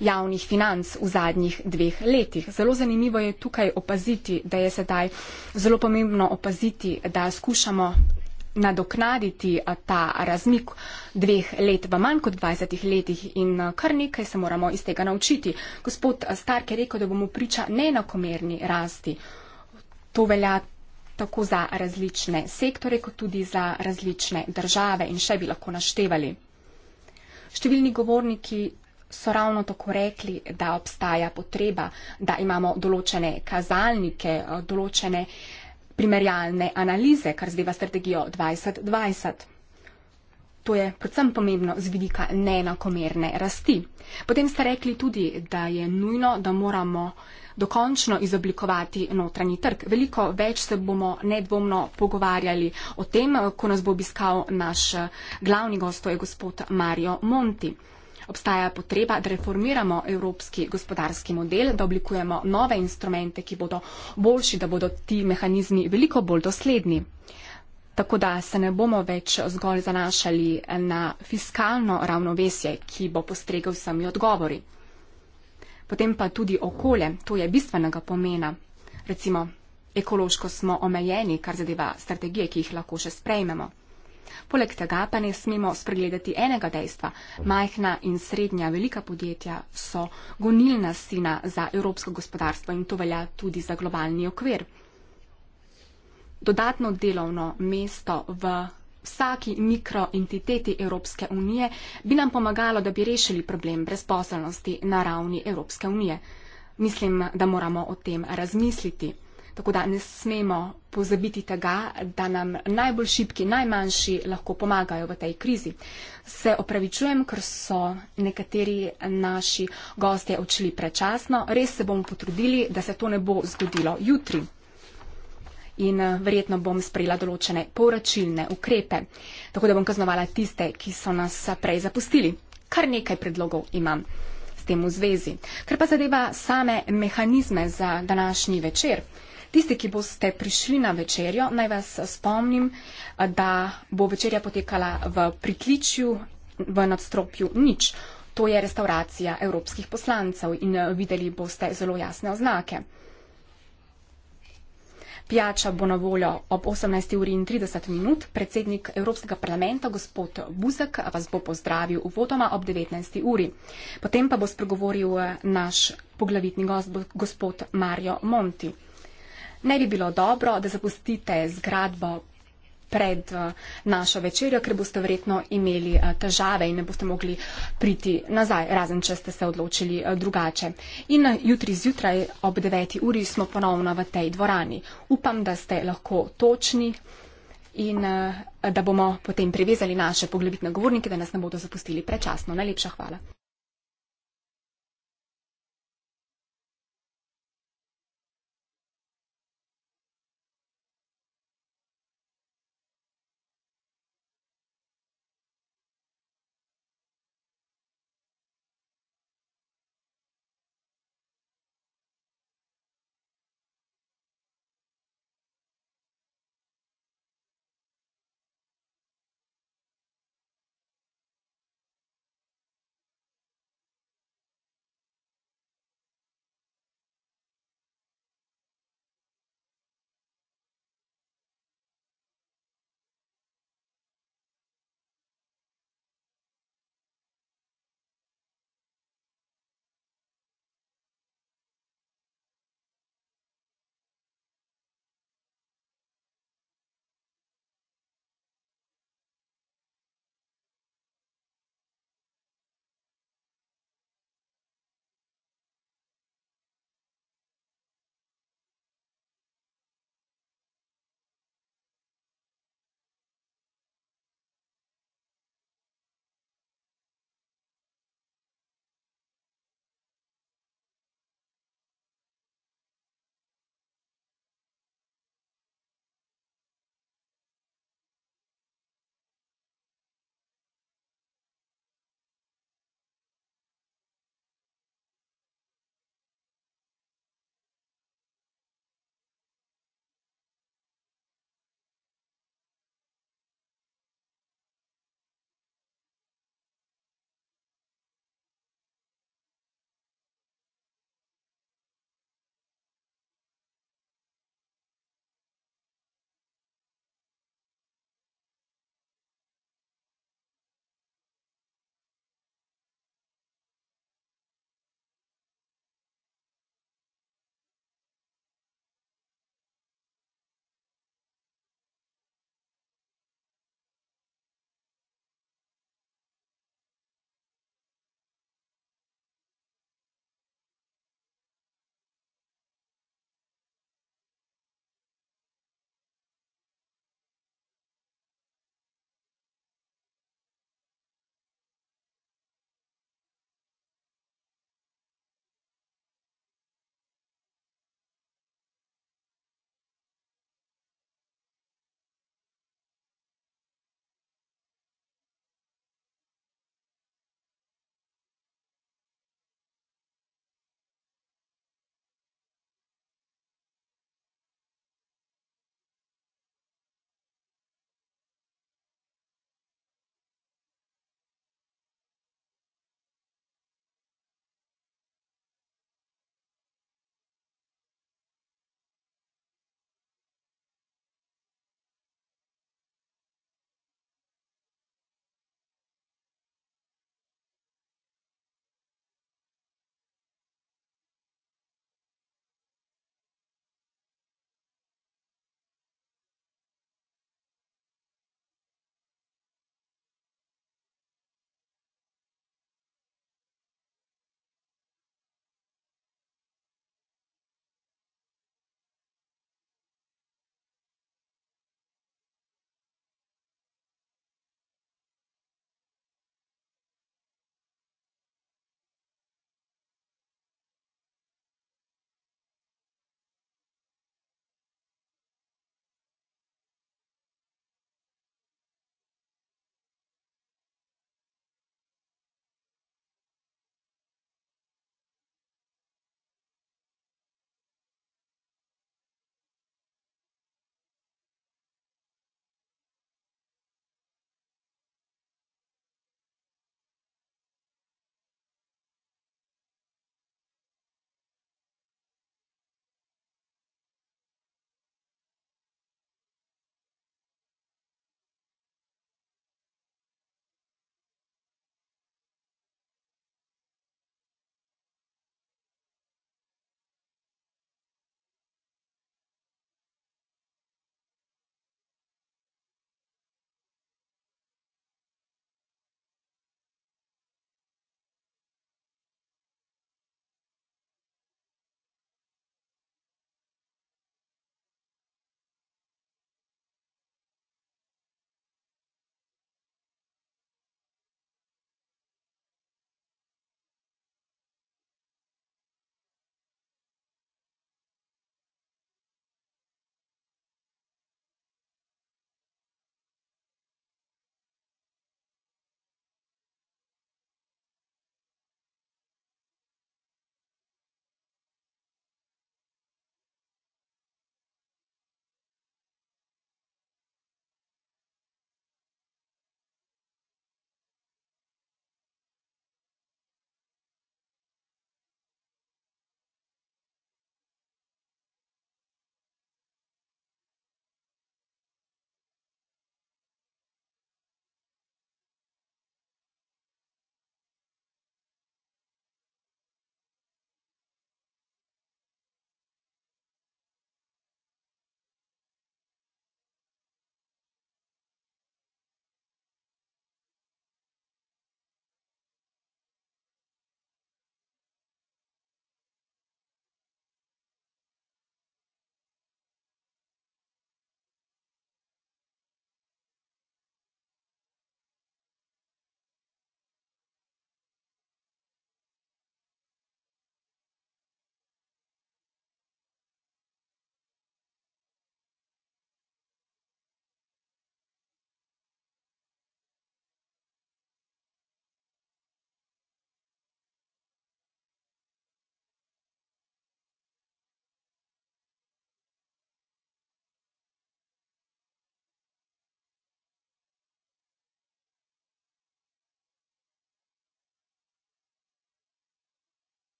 javnih financ v zadnjih dveh letih. Zelo zanimivo je tukaj opaziti, da je sedaj zelo pomembno opaziti, da skušamo nadoknaditi ta razmik dveh let v manj kot 20 letih in kar nekaj se moramo iz tega naučiti. Gospod Stark je rekel, da bomo priča neenakomerni rasti. To velja tako za različne sektore, kot tudi za različne države in še bi lahko naštevali. Številni govorniki so ravno tako rekli, da obstaja potreba, da imamo določene kazalnike, eh, določene primerjalne analize, kar zdeva strategijo 2020. To je predvsem pomembno z vidika neenakomerne rasti. Potem ste rekli tudi, da je nujno, da moramo dokončno izoblikovati notranji trg. Veliko več se bomo nedvomno pogovarjali o tem, ko nas bo obiskal naš eh, glavni gost, to je gospod Mario Monti obstaja potreba, da reformiramo evropski gospodarski model, da oblikujemo nove instrumente, ki bodo boljši, da bodo ti mehanizmi veliko bolj dosledni. Tako da se ne bomo več zgolj zanašali na fiskalno ravnovesje, ki bo postregel sami odgovori. Potem pa tudi okolje, to je bistvenega pomena. Recimo, ekološko smo omejeni, kar zadeva strategije, ki jih lahko še sprejmemo. Poleg tega pa ne smemo spregledati enega dejstva. Majhna in srednja velika podjetja so gonilna sina za evropsko gospodarstvo in to velja tudi za globalni okvir. Dodatno delovno mesto v vsaki mikroentiteti Evropske unije bi nam pomagalo, da bi rešili problem brezposelnosti na ravni Evropske unije. Mislim, da moramo o tem razmisliti. Tako da ne smemo pozabiti tega, da nam najbolj šipki, najmanjši lahko pomagajo v tej krizi. Se opravičujem, ker so nekateri naši gostje odšli prečasno. Res se bomo potrudili, da se to ne bo zgodilo jutri. In eh, verjetno bom sprejela določene poračilne ukrepe, tako da bom kaznovala tiste, ki so nas eh, prej zapustili. Kar nekaj predlogov imam s tem v zvezi. Ker pa zadeva same mehanizme za današnji večer. Tisti, ki boste prišli na večerjo, naj vas spomnim, da bo večerja potekala v pritličju v nadstropju nič. To je restauracija evropskih poslancev in eh, videli boste zelo jasne oznake. Pijača bo na voljo ob 18.30 minut. Predsednik Evropskega parlamenta, gospod Buzek, vas bo pozdravil v vodoma ob 19. uri. Potem pa bo spregovoril eh, naš poglavitni gost, gospod Mario Monti ne bi bilo dobro, da zapustite zgradbo pred eh, našo večerjo, ker boste verjetno imeli eh, težave in ne boste mogli priti nazaj, razen če ste se odločili eh, drugače. In jutri zjutraj ob 9. uri smo ponovno v tej dvorani. Upam, da ste lahko točni in da bomo potem privezali naše poglobitne govornike, da nas ne bodo zapustili prečasno. Najlepša hvala.